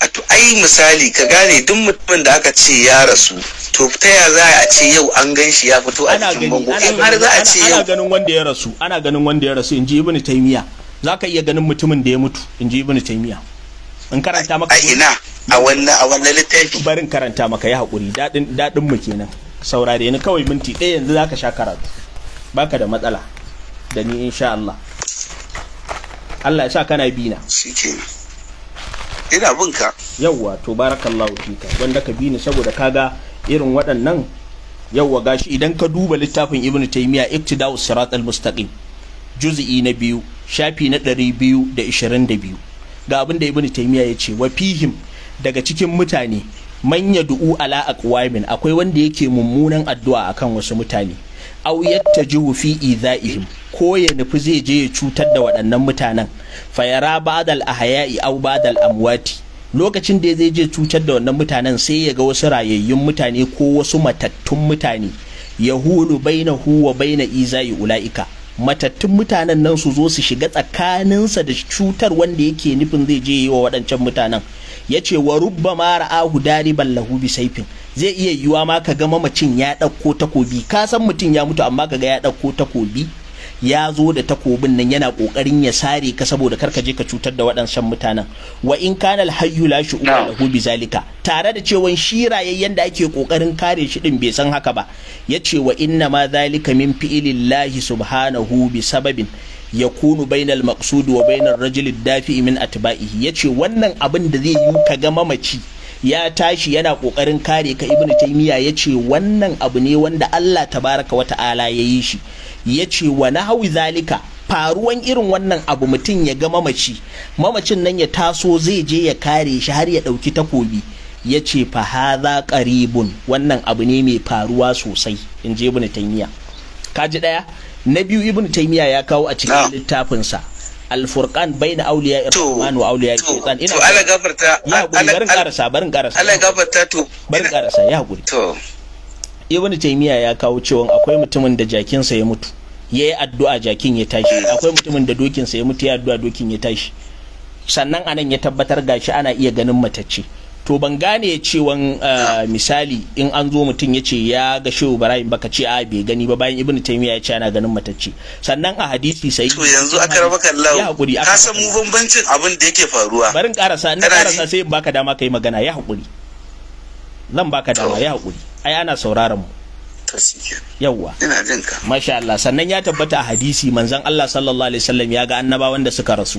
a to ai misali ka gane duk mutumin da aka ce ya rasu to ta ya za a ce yau an gan shi ya fito a cikin bango har za a ce yau ana ganin wanda ya rasu ana ganin wanda ya rasu in ji ibnu taymiya zaka iya ganin mutumin da ya mutu in ji ibnu taymiya in karanta maka a ina a wannan a wannan littafi barin karanta maka ya hakuri dadin dadin mu kenan saurare ni kawai minti ɗaya yanzu zaka sha karatu baka da matsala da ni insha Allah Allah ya sa kana bina shikenan ina bin ka yawwa to barakallahu fika wanda ka bi ni saboda kaga irin waɗannan yawwa gashi idan ka duba littafin ibnu taymiya iktida'u sirat mustaqim juz'i na biyu shafi na 222 ga abin da ibnu taymiya ya ce wa fihim daga cikin mutane manya du'u ala aqwamin akwai wanda yake mummunan addu'a akan wasu mutane auyetta yattajihu fi iza'ihim ko ya nufi zai je ya cutar da waɗannan mutanen fayara ba'dal a haya'i au ba'dal amwati lokacin da zai je cutar da wannan mutanen sai ya ga wasu rayayyun mutane ko wasu matattun mutane ya yahulu hu wa baina iza'i ulaika matattun mutanen nan su zo su shiga tsakaninsa da cutar wanda yake nufin zai je yi wa waɗancan mutanen ya ce wa rubba mara ahu dari ballahu bi saifin zai iya yiwa ma ka ga mamacin ya ɗauko takobi ka san mutum ya mutu amma kaga ya ɗauko takobi ya zo da takobin nan yana kokarin ya sare ka saboda kar ka je ka cutar da waɗansan mutanen wa in kana alhayyu la shu'ura hubi zalika. tare da cewa shi rayayyen yanda ake kokarin kare shi din bai san haka ba yace wa inna ma zalika min fi'lillahi subhanahu bi sababin kunu bainal maqsud wa bainar rajul dafi min atba'ihi yace wannan abin da zai yi ka ga mamaci ya tashi yana kokarin kare ka ibnu taymiya yace wannan abu ne wanda Allah tabaraka wa ta'ala yi shi yace wa nahwi zalika faruwan irin wannan abu mutum ya ga mamaci mamacin nan ya taso zai je ya kare shi har ya dauki takobi yace fa hadha qaribun wannan abu ne mai faruwa sosai in je ibnu taymiya kaji daya na biyu ibnu taymiya ya kawo a cikin littafinsa alfurqan bayna awliya ar wa awliya shaitan ina to ala gafarta ya hakuri barin karasa barin karasa ala gafarta to barin karasa ya hakuri to ibnu taymiya ya kawo cewa akwai mutumin da jakinsa ya mutu ya yi addu'a jakin ya tashi akwai mutumin da dokinsa ya mutu ya addu'a dokin ya tashi sannan anan ya tabbatar gashi ana iya ganin matacce to ban gane cewan ah, misali in an zo mutum ya ce ya ga shehu ibrahim baka ce a bai gani ba bayan ibnu taymiya ya ce ana ganin matacce sannan a hadisi sai to yanzu aka raba kallon ya hakuri ka san mu bambancin abin da yake faruwa barin karasa in karasa sai baka dama kai magana ya hakuri zan baka dama ya hakuri ai ana sauraron mu yawwa ina jin ka masha Allah sannan ya tabbata a hadisi manzon Allah sallallahu alaihi wasallam ya ga annabawan da suka rasu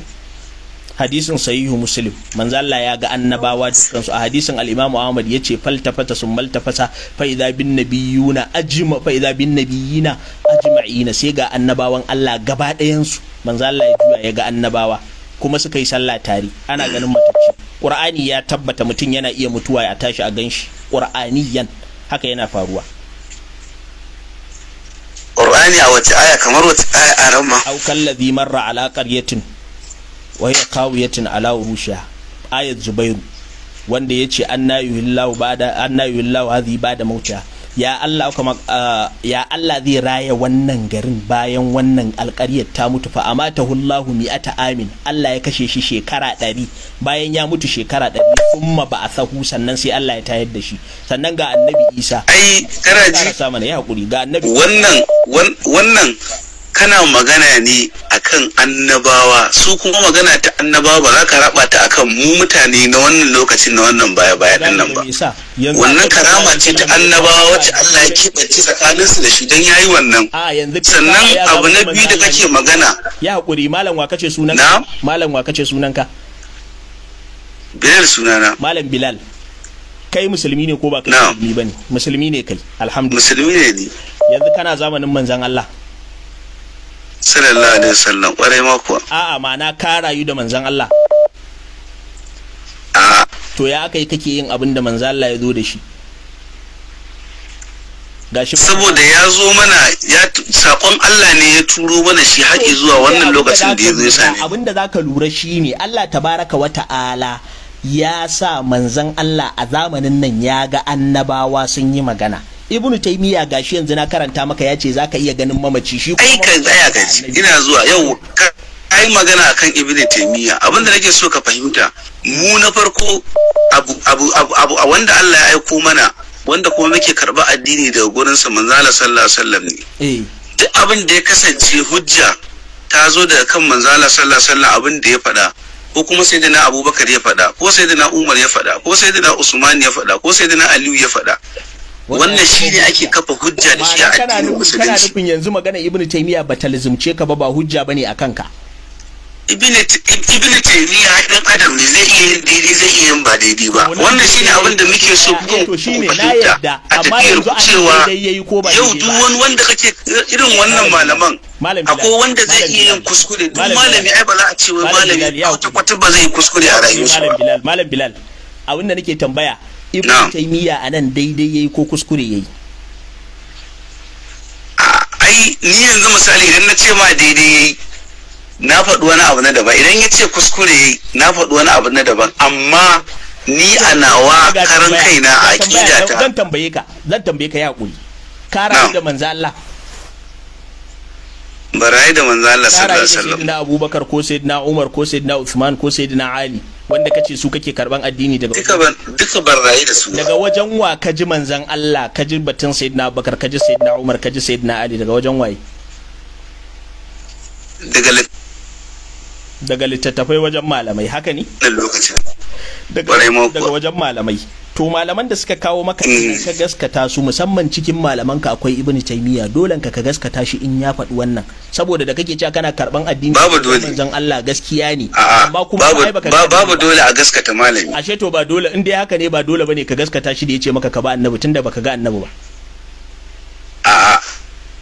hadisin sahihu muslim manzo Allah ya ga annabawa dukkan su a hadisin al imam Ahmad yace faltafata sun maltafasa fa idza bin nabiyuna ajma fa idza bin nabiyina ajma'ina sai ga annabawan Allah gaba ɗayan su manzo Allah ya juya ya ga annabawa kuma suka yi sallah tare ana ganin mutunci. qur'ani ya tabbata mutum yana iya mutuwa ya tashi a ganshi qur'aniyan haka yana faruwa qur'ani a wace aya kamar wace aya a ramma au kallazi marra ala qaryatin wa hiya qawiyatin ala urushiha ayat zubairu wanda yace ce yuhillahu ba'da anna yuhillahu hadhi ba'da mauta ya Allah kuma ah, ya Allah zai raya wannan garin bayan wannan alƙaryar ta mutu fa amatahu Allahu mi'ata amin Allah ya kashe shi shekara ɗari bayan ya mutu shekara ɗari kuma ba a sahu sannan sai Allah ya tayar da shi sannan ga annabi Isa ai ya hakuri ga annabi wannan wannan kana magana ne akan annabawa su kuma magana ta annabawa ba za ka raba ta akan mu mutane na wannan lokacin na wannan baya baya din nan ba wannan karama ce ta annabawa wacce Allah ya keɓance tsakanin su da shi dan yayi wannan sannan abu na biyu da kake magana ya hakuri malam wa kace sunan ka malam wa kace sunan ka Bilal sunana malam Bilal kai musulmi ne ko ba kai musulmi bane musulmi ne kai alhamdulillah musulmi ne ni yanzu kana zamanin manzon Allah sallallahu alaihi wasallam kwarai ma kuwa a'a na ka rayu da manzon Allah a to ya aka yi kake yin abin da manzon Allah ya zo da shi gashi saboda ya zo mana ya sakon Allah ne ya turo mana shi haƙi zuwa wannan lokacin da ya zo ya same abin da zaka lura shi ne, Allah tabaraka wa ta'ala ya sa manzon Allah a zamanin nan ya ga annabawa sun yi magana ibnu taymiya gashi yanzu na karanta maka ya ce zaka iya ganin mamaci shi ai kai tsaya gaji ina zuwa yau ai magana akan ibnu taymiya abinda nake so ka fahimta mu na farko abu abu abu a wanda Allah ya aiko mana wanda kuma muke karba addini daga gurin sa manzo Allah sallallahu alaihi wasallam ne eh. duk abin da ya kasance hujja ta zo daga kan manzo Allah sallallahu alaihi wasallam abin da ya faɗa ko kuma sai na abubakar ya faɗa ko sai umar ya faɗa ko sai usman ya faɗa ko sai na aliyu ya faɗa wannan shi ne ake kafa hujja da shi a addinin musulunci kana nufin yanzu magana ibnu taymiya ba talizumce ka ba ba hujja bane a kanka ibnu taymiya dan adam ne zai iya yin daidai zai iya yin ba daidai ba wannan shi ne abin da muke so ah, eh, ku ku fahimta a tafiyar cewa yau duk wani wanda kake irin wannan malaman ko wanda zai iya yin kuskure duk malami ai ba za a ce wai malami kwata-kwata ba zai yi kuskure a rayuwarsa malam bilal malam bilal abin da nake tambaya ibn a nan daidai yayi ko kuskure yayi ai ni yanzu misali idan na ce ma daidai yayi na faɗi wani abu na daban idan ya ce kuskure yayi na faɗi wani abu na daban amma ni a nawa karan kaina a aqida ta zan tambaye ka zan tambaye ka ya hakuri kara rayu da manzo Allah barayi da manzo Allah sallallahu alaihi wasallam Abubakar ko sayyidina Umar ko sayyidina usman ko sayyidina Ali wanda kace su kake karban addini daga duka barraye da su daga wajen wa kaji manzan Allah kaji batun sayyidina Abubakar kaji sayyidina Umar kaji sayyidina Ali daga wajen waye daga daga littattafai wajen malamai haka ne lokacin daga wajen malamai to malaman da suka kawo maka mm. ka gaskata su musamman cikin malaman ka akwai ibn taymiya dole ka ka gaskata shi in ya faɗi wannan saboda da kake cewa kana karban addini babu dole manzon Allah gaskiya ne amma kuma ai baka babu dole a gaskata malami ashe to ba dole in dai haka ne ba dole bane ka gaskata shi da yace maka ka ba annabi tunda baka ga annabi ba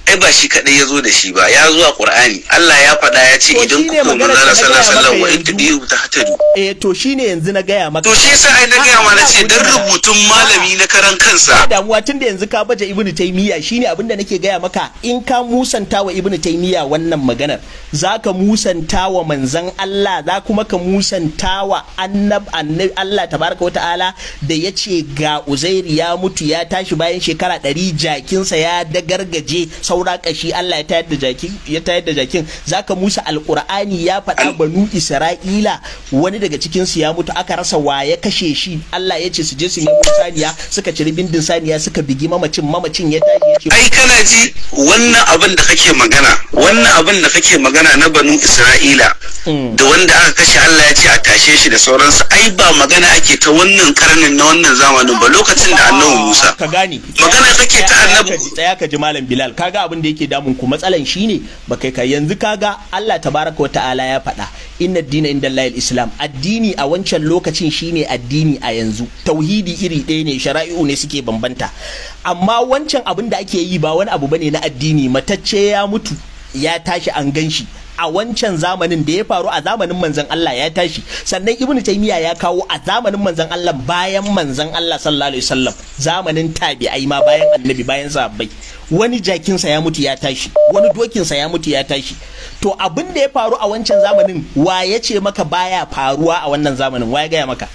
ai ba shi kadai ya zo da shi ba ya zuwa a qur'ani Allah ya faɗa ya ce idan ku ko manzala sallallahu sallar wasallam wa in ta tahtadu eh to shine yanzu na gaya maka to shi yasa ai na gaya ma na ce dan rubutun malami na karan kansa damuwa tunda yanzu ka baje ibnu taymiya shine abin da nake gaya maka in ka musanta wa ibnu taymiya wannan maganar zaka musanta wa manzon Allah za kuma ka musanta wa annab annabi Allah tabaraka wa ta'ala da yace ga Uzairi ya mutu ya tashi bayan shekara ɗari jakinsa ya dagargaje sau saura kashi Allah ya tayar da jakin ya tayar da jakin zaka musa alqur'ani ya faɗa banu isra'ila wani daga cikin su ya mutu aka rasa wa ya kashe shi Allah ya ce su je su nemo saniya suka ciri bindin saniya suka bigi mamacin mamacin ya tashi ya ce ai kana ji wannan abin da kake magana wannan abin da kake magana na banu isra'ila mm. da wanda aka kashe Allah ya ce a tashe shi da sauransu ai ba magana ake ta wannan karnin na wannan zamanin ba lokacin da annabi Musa ka gane magana take ta annabi tsaya ka ji malam Bilal kaga abin da yake damun ku matsalan shine ba kai ka yanzu ka ga Allah tabaraka wa ta'ala ya faɗa inna dina inda Allah islam addini a wancan lokacin shine addini a yanzu tauhidi iri ɗaya ne shari'u ne suke bambanta amma wancan abin da ake yi ba wani abu bane na addini matacce ya mutu ya tashi an gan shi a wancan zamanin da ya faru a zamanin manzon Allah ya tashi sannan ibnu taymiya ya kawo a zamanin manzon Allah bayan manzon Allah sallallahu alaihi wasallam zamanin tabi'ai ma bayan annabi bayan sahabbai wani jakinsa ya mutu ya tashi wani dokinsa ya mutu ya tashi to abin da ya faru a wancan zamanin wa ya ce maka baya faruwa a wannan zamanin wa ya gaya maka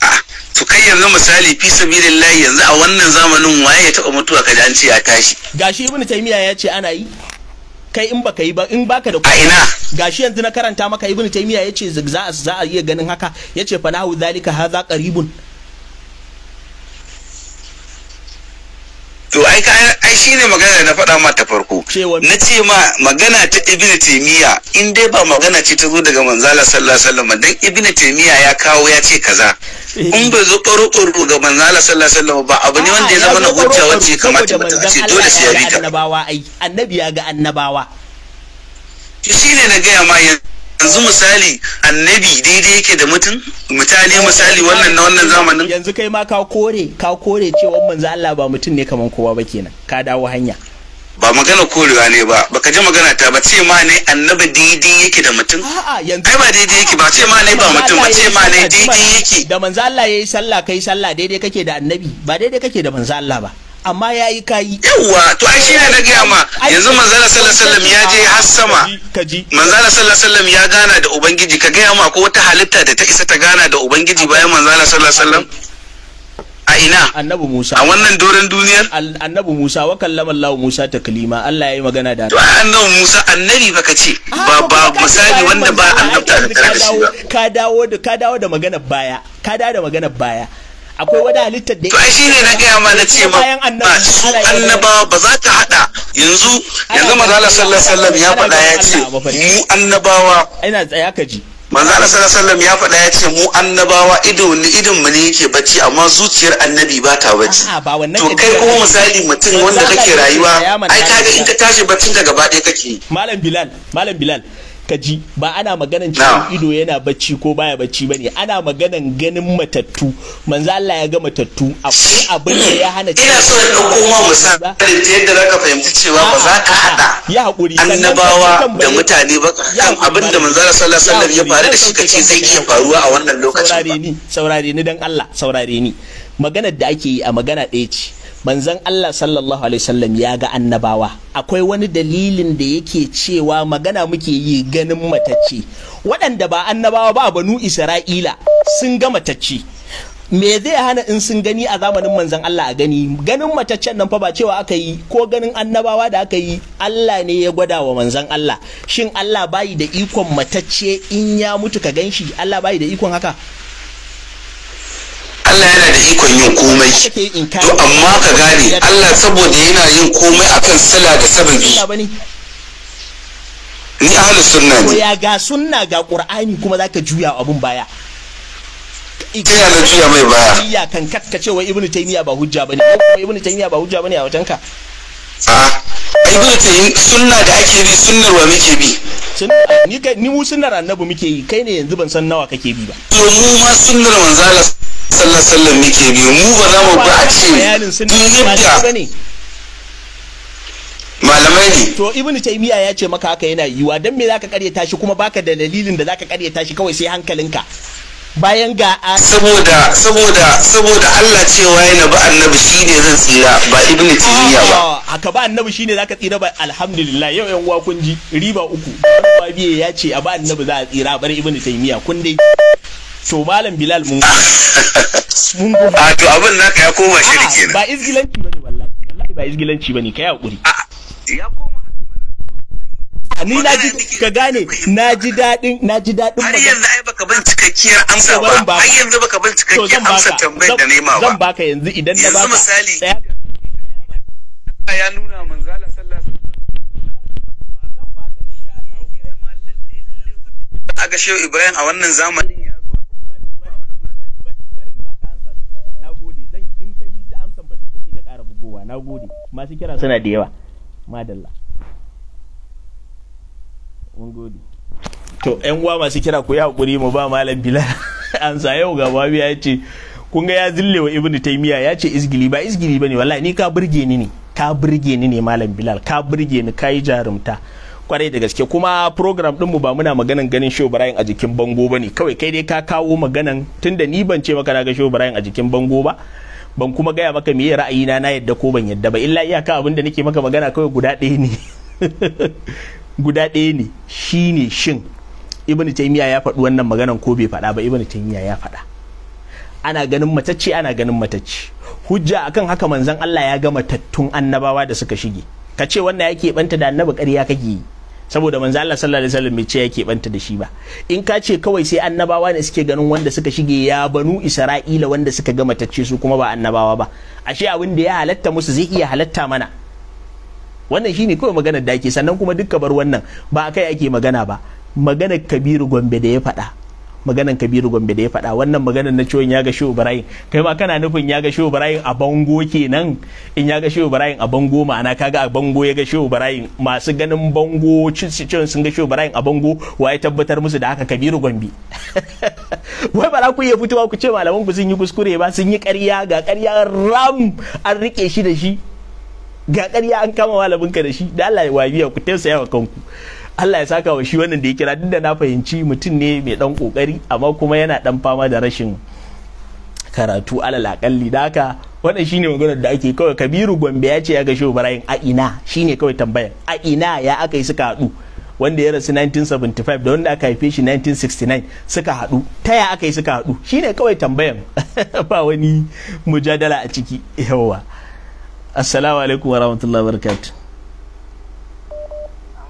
ah, to kai yanzu misali fi sabilillah yanzu a wannan zamanin waye ya taba mutuwa kaji an ce a tashi gashi ibnu taymiya ya ce ana yi kai in baka yi ba in baka da a ina gashi yanzu na karanta maka ibn taymiya yace za za a iya ganin haka yace fa nahu zalika hadha qaribun to ai ai shine magana da na faɗa ma ta farko na ce ma magana ta ibn taymiya in dai ba magana ce ta zo daga manzala sallallahu alaihi wasallam dan ibn taymiya ya kawo ya ce kaza in bai zo ɓaro-ɓaro ga manzo Allah sallallahu alaihi wasallam ba abu ne wanda ya zama na hujja wacce kamata mutum ce dole sai ya bi ta annabawa ai annabi ya ga annabawa shi ne na gaya ma yanzu misali annabi daidai yake da mutum mutane eh, misali wannan na wannan zamanin yanzu kai ma ka kore ka kore cewa manzo Allah ba mutum ne kaman kowa ba kenan ka dawo hanya ba magana korewa ne ba baka ji magana ta ba ce ma ne annabi daidai yake da mutum ai ba daidai yake ba ce ma ne ba mutum ba ce ma ne daidai yake da manzo Allah yayi sallah kai sallah daidai kake da annabi ba daidai kake da manzo Allah ba amma ya yi kayi yawwa to ai ne na gaya ma yanzu manzala sallallahu alaihi ya je har sama manzala sallallahu alaihi ya gana da ubangiji ka gaya ma ko wata halitta da ta isa ta gana da ubangiji bayan manzala sallallahu alaihi a ina annabi Musa a wannan doren duniyar annabi Musa wa kallama Allah Musa ta kalima Allah ya yi magana da to annabi Musa annabi baka ce ah, ba ba misali wanda ba annabta da shi ba ka dawo da ka dawo da magana baya ka dawo da magana baya akwai wani halittar da ya shi ne na gaya ma na ce ma su annaba ba za ta hada yanzu yanzu manzo Allah sallallahu alaihi wasallam ya faɗa ya ce mu annabawa ina tsaya ka ji manzo Allah sallallahu alaihi wasallam ya faɗa ya ce mu annabawa ido ni idin mu ne yake bacci amma zuciyar annabi ba ta bacci to kai kuma misali mutum wanda kake rayuwa ai kaga in ka tashi baccin ka gaba ɗaya kake malam bilal malam bilal ka ji ba ana maganan cewa ido yana bacci ko baya bacci bane ana maganan ganin matattu manzo Allah ya ga matattu akwai abin da ya hana ina so in dauko ma misali ta yadda zaka fahimci cewa ba za ka hada ya hakuri annabawa da mutane ba kan abin da manzo Allah sallallahu alaihi wasallam ya faru da shi kace zai iya faruwa a wannan lokacin saurare ni saurare ni dan Allah saurare ni maganar da ake yi a magana ɗaya ce manzon Allah sallallahu alaihi wasallam ya ga annabawa akwai wani dalilin da yake cewa magana muke yi ganin matacce waɗanda ba annabawa ba banu Isra'ila sun ga matacce me zai hana in sun gani a zamanin manzon Allah a gani ganin mataccen nan fa ba cewa aka yi ko ganin annabawa da aka yi Allah ne ya gwada wa manzon Allah shin Allah bayi da ikon matacce in ya mutu ka ganshi Allah bayi da ikon haka Allah yana da ikon yin komai to amma ka gane Allah saboda yana yin komai akan sala da sababi ni ahlus sunna ne ya ga sunna ga qur'ani kuma zaka juya abun baya ta yana juya mai baya ya kan kakkace wa ibnu taymiya ba hujja bane ko kuma ibnu taymiya ba hujja bane a ka a ibnu taymiya sunna da ake bi sunnar wa muke bi ni mu sunnar annabi muke yi kai ne yanzu ban san nawa kake bi ba to mu ma sunnar manzo sallar sallar nake biyu, mu ba za mu ba a ce duk malamai ne to ibn taymiya ya ce maka haka yana yiwa dan me zaka karyata shi kuma baka da dalilin da zaka karyata shi kawai sai hankalinka bayan ga saboda saboda saboda Allah cewa yana ba annabi shine zan tsira ba ibn taymiya ba haka ba annabi shine zaka tsira ba alhamdulillah yau yan uwa kun ji riba uku babiye ya ce a ba annabi za a tsira bar ibn taymiya kun dai to malam bilal mun mun go a ah, to abin naka ya koma shiri kenan ba izgilanci bane wallahi wallahi ba izgilanci bane kai hakuri ah, ya koma ni naji ka gane naji dadin naji dadin har yanzu ai baka ban cikakkiyar amsa ba har yanzu baka ban cikakkiyar amsa tambayar da nema ba zan baka yanzu idan na baka misali ya nuna manzala sallallahu alaihi wasallam zan baka insha Allah ma lalle lalle a ga shehu ibrahim a wannan zamanin na gode masu kira suna da yawa madalla mun gode to yan uwa masu kira ku yi hakuri mu ba malam bilal an sa yau ga babu ya ce kun ga ya zille wa ibnu taymiya ya ce isgili ba isgili bane wallahi ni ka burge ni ne ka burge ni ne malam bilal ka burge ni kai jarumta kwarai da gaske kuma program ɗinmu ba muna maganan ganin show Brian a jikin bango bane kawai kai dai ka kawo maganan tunda ni ban ce maka na ga show Brian a jikin bango ba ban kuma gaya maka me ra'ayi na na yadda ko ban yadda ba illa iyaka abin da nake maka magana kawai guda ɗaya ne guda ɗaya ne shine shin ibn taymiya ya faɗi wannan maganan ko bai faɗa ba ibn taymiya ya faɗa ana ganin matacce ana ganin matacce hujja akan haka manzon Allah ya gama tattun annabawa da suka shige kace ce wannan yake banta da annabi ƙarya kake yi saboda manzo Allah sallallahu alaihi wasallam bai ce yake banta da shi ba in ka ce kawai sai annabawa ne suke ganin wanda suka shige ya banu isra'ila wanda suka ga matacce su kuma ba annabawa ba ashe abin da ya halatta musu zai iya halatta mana wannan shine kawai maganar da ake sannan kuma duka bar wannan ba kai ake magana ba maganar kabiru gombe da ya faɗa maganan kabiru gombe da ya faɗa wannan maganan na ciwon ya ga shehu kai ma kana nufin ya ga shehu a bango kenan in ya ga shehu a bango ma'ana kaga a bango ya ga shehu ibrahim masu ganin bango ciwon sun ga shehu ibrahim a bango wa ya tabbatar musu da haka kabiru gombe wai ba ku iya fitowa ku ce malaman ku sun yi kuskure ba sun yi ƙarya ga ƙarya ram an rike shi da shi ga karya an kama malamin ka da shi da Allah ya wabiya ku tausaya wa kanku Allah ya saka wa shi wannan da ya kira duk da na fahimci mutum ne mai dan kokari amma kuma yana dan fama da rashin karatu alal akalli da haka wannan shine maganar da ake kawai Kabiru Gombe ya ce ya ga Shehu Ibrahim a ina shine kawai tambayar a ina ya aka yi suka haɗu wanda ya rasu 1975 da wanda aka haife shi 1969 suka haɗu ta ya aka yi suka haɗu shine kawai tambayan ba wani mujadala a ciki yawa assalamu alaikum warahmatullahi wabarakatuh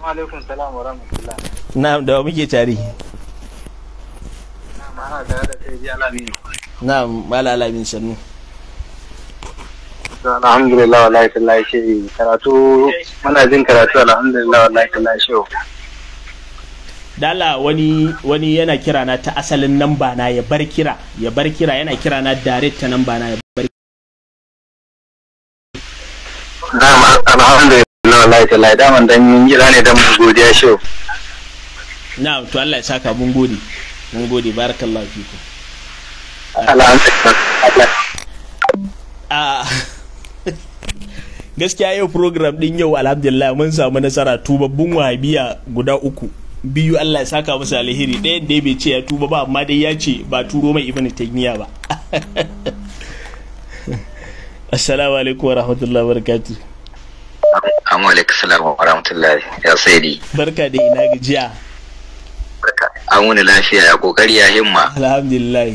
alaikum salam wa rahmatullah na'am da muke tare na'am ana alamin na'am mala alamin shannu alhamdulillah jin karatu alhamdulillah wallahi tallahi shehu dala wani wani yana kira na ta asalin ba na ya bar kira ya bar kira yana kira na direct ta ba na ya bar kira wallahi daman dan yin ne dan mu godiya to Allah ya saka mun gode mun gode barakallahu fiku Allah ah. gaskiya yau program din yau alhamdulillah mun samu nasara tubabbin wahabiya guda uku biyu Allah ya saka masa alheri ɗayan da bai ce ya tuba ba amma dai ya ce ba turo mai ibn taymiya ba assalamu alaikum wa rahmatullahi wa barakatuh Assalamu alaikum salam wa rahmatullahi ya sayyidi. Barka da ina gajiya. Barka. An wani lafiya ya kokari ya himma. Alhamdulillah.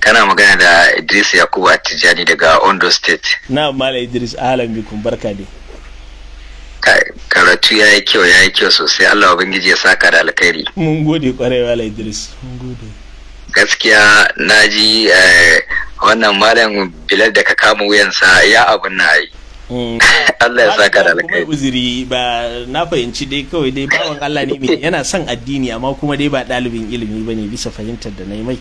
Kana magana da Idris Yakubu Tijjani daga Ondo State. Na Mala Idris ahlan bikum barka dai. Karatu ya yi kyau ya yi kyau sosai Allah Ubangiji ya saka da alkhairi. Mun gode kwarai Mala Idris. Mun gode. Gaskiya na ji eh, wannan malam Bilal da ka kama wuyansa ya abin na yi. Mm. Allah ya saka da alkai kuma uzuri ba na fahimci dai kawai dai bawan Allah ne mai yana son addini amma kuma dai ba ɗalibin ilimi bane bisa fahimtar da na yi mai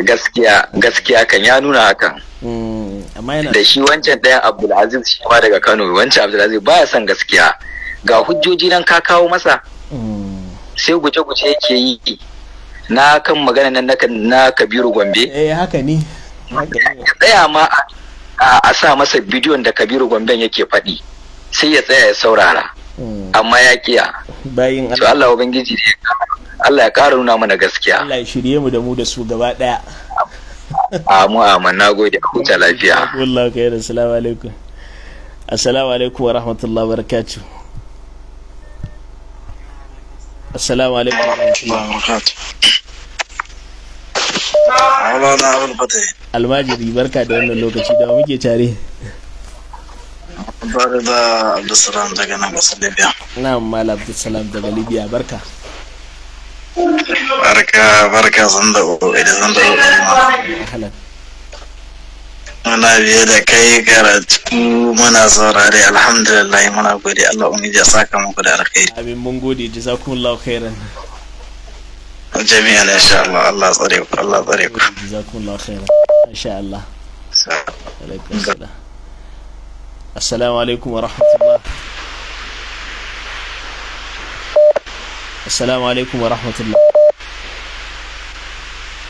gaskiya gaskiya kan ya nuna hakan mm, da shi wancan ɗayan Abdulaziz shi ma daga Kano wancan Abdulaziz baya son gaskiya ga hujjoji nan ka kawo masa mm. sai guje-guje yake yi na kan magana nan na Kabiru Gombe eh haka ne tsaya ma a a sa masa bidiyon da kabiru gomben yake faɗi sai ya tsaya ya saurara hmm. amma ya kiya bayin Allah ubangiji ne Allah ya ƙara nuna mana gaskiya Allah ya shirye mu da mu da su gaba daya amu amin nagode huta lafiya wallahi kai da assalamu alaikum assalamu alaikum wa rahmatullahi wa barakatuh assalamu alaikum wa rahmatullahi wa barakatuh Maulana Abul Fatai. Almajiri barka da wannan lokaci da muke tare. Bari da Abdulsalam daga nan ƙasar Libya. Na'am Malam Abdulsalam daga Libya barka. Barka barka san da kokari san da uku. Muna biye da kai karatu muna saurari alhamdulillah muna gode Allah ubangiji ya saka muku da alkhairi. Amin mun gode jazakumullahu khairan. جميعا ان شاء الله الله طريق الله طريق جزاكم الله خيرا ان شاء الله عليكم السلام السلام عليكم ورحمه الله السلام عليكم ورحمه الله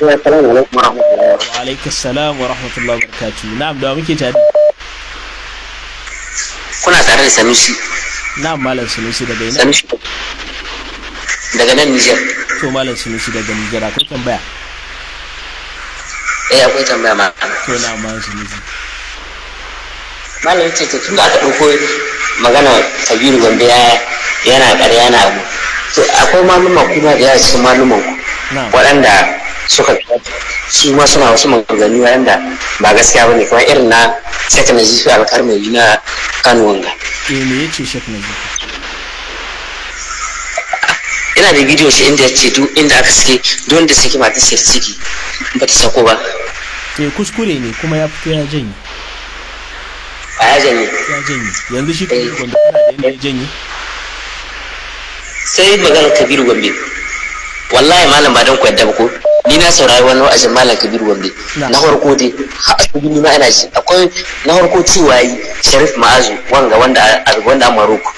السلام عليكم ورحمه الله وعليك السلام ورحمه الله وبركاته نعم دوامك muke كنا kuna tare سنوسي. نعم na'am malam سنوسي da daga nan Nijar. To Malam Sunusi daga Nijar akwai tambaya? Eh akwai tambaya ma. To na Malam Sunusi. Malam ce tun da aka ɗauko magana Kabiru Gombe yana ƙarya yana abu. To akwai maluma kuma da yawa cikin maluman ku. Waɗanda suka su ma suna wasu maganganu waɗanda ba gaskiya ba ne kuma irin na Sheikh Nazifi Alkarmari na Kano Wanga. Eh me yace Sheikh Nazifi? yana da bidiyo shi inda ya ce duk inda aka suke don da suke mata siyar ciki ba ta sako ba ke eh, kuskure ne kuma ya fito ya janye a ya janye ya janye yanzu shi kabiru gwambe kuna da ya janye sai magana kabiru Gombe, wallahi malam ba don ku yadda ba ko ni na saurari wani wa'azin malam kabiru Gombe, na farko dai A asibiti ni ma ana shi akwai na farko ciwayi sharif ma'azu wanga wanda a wanda a maroko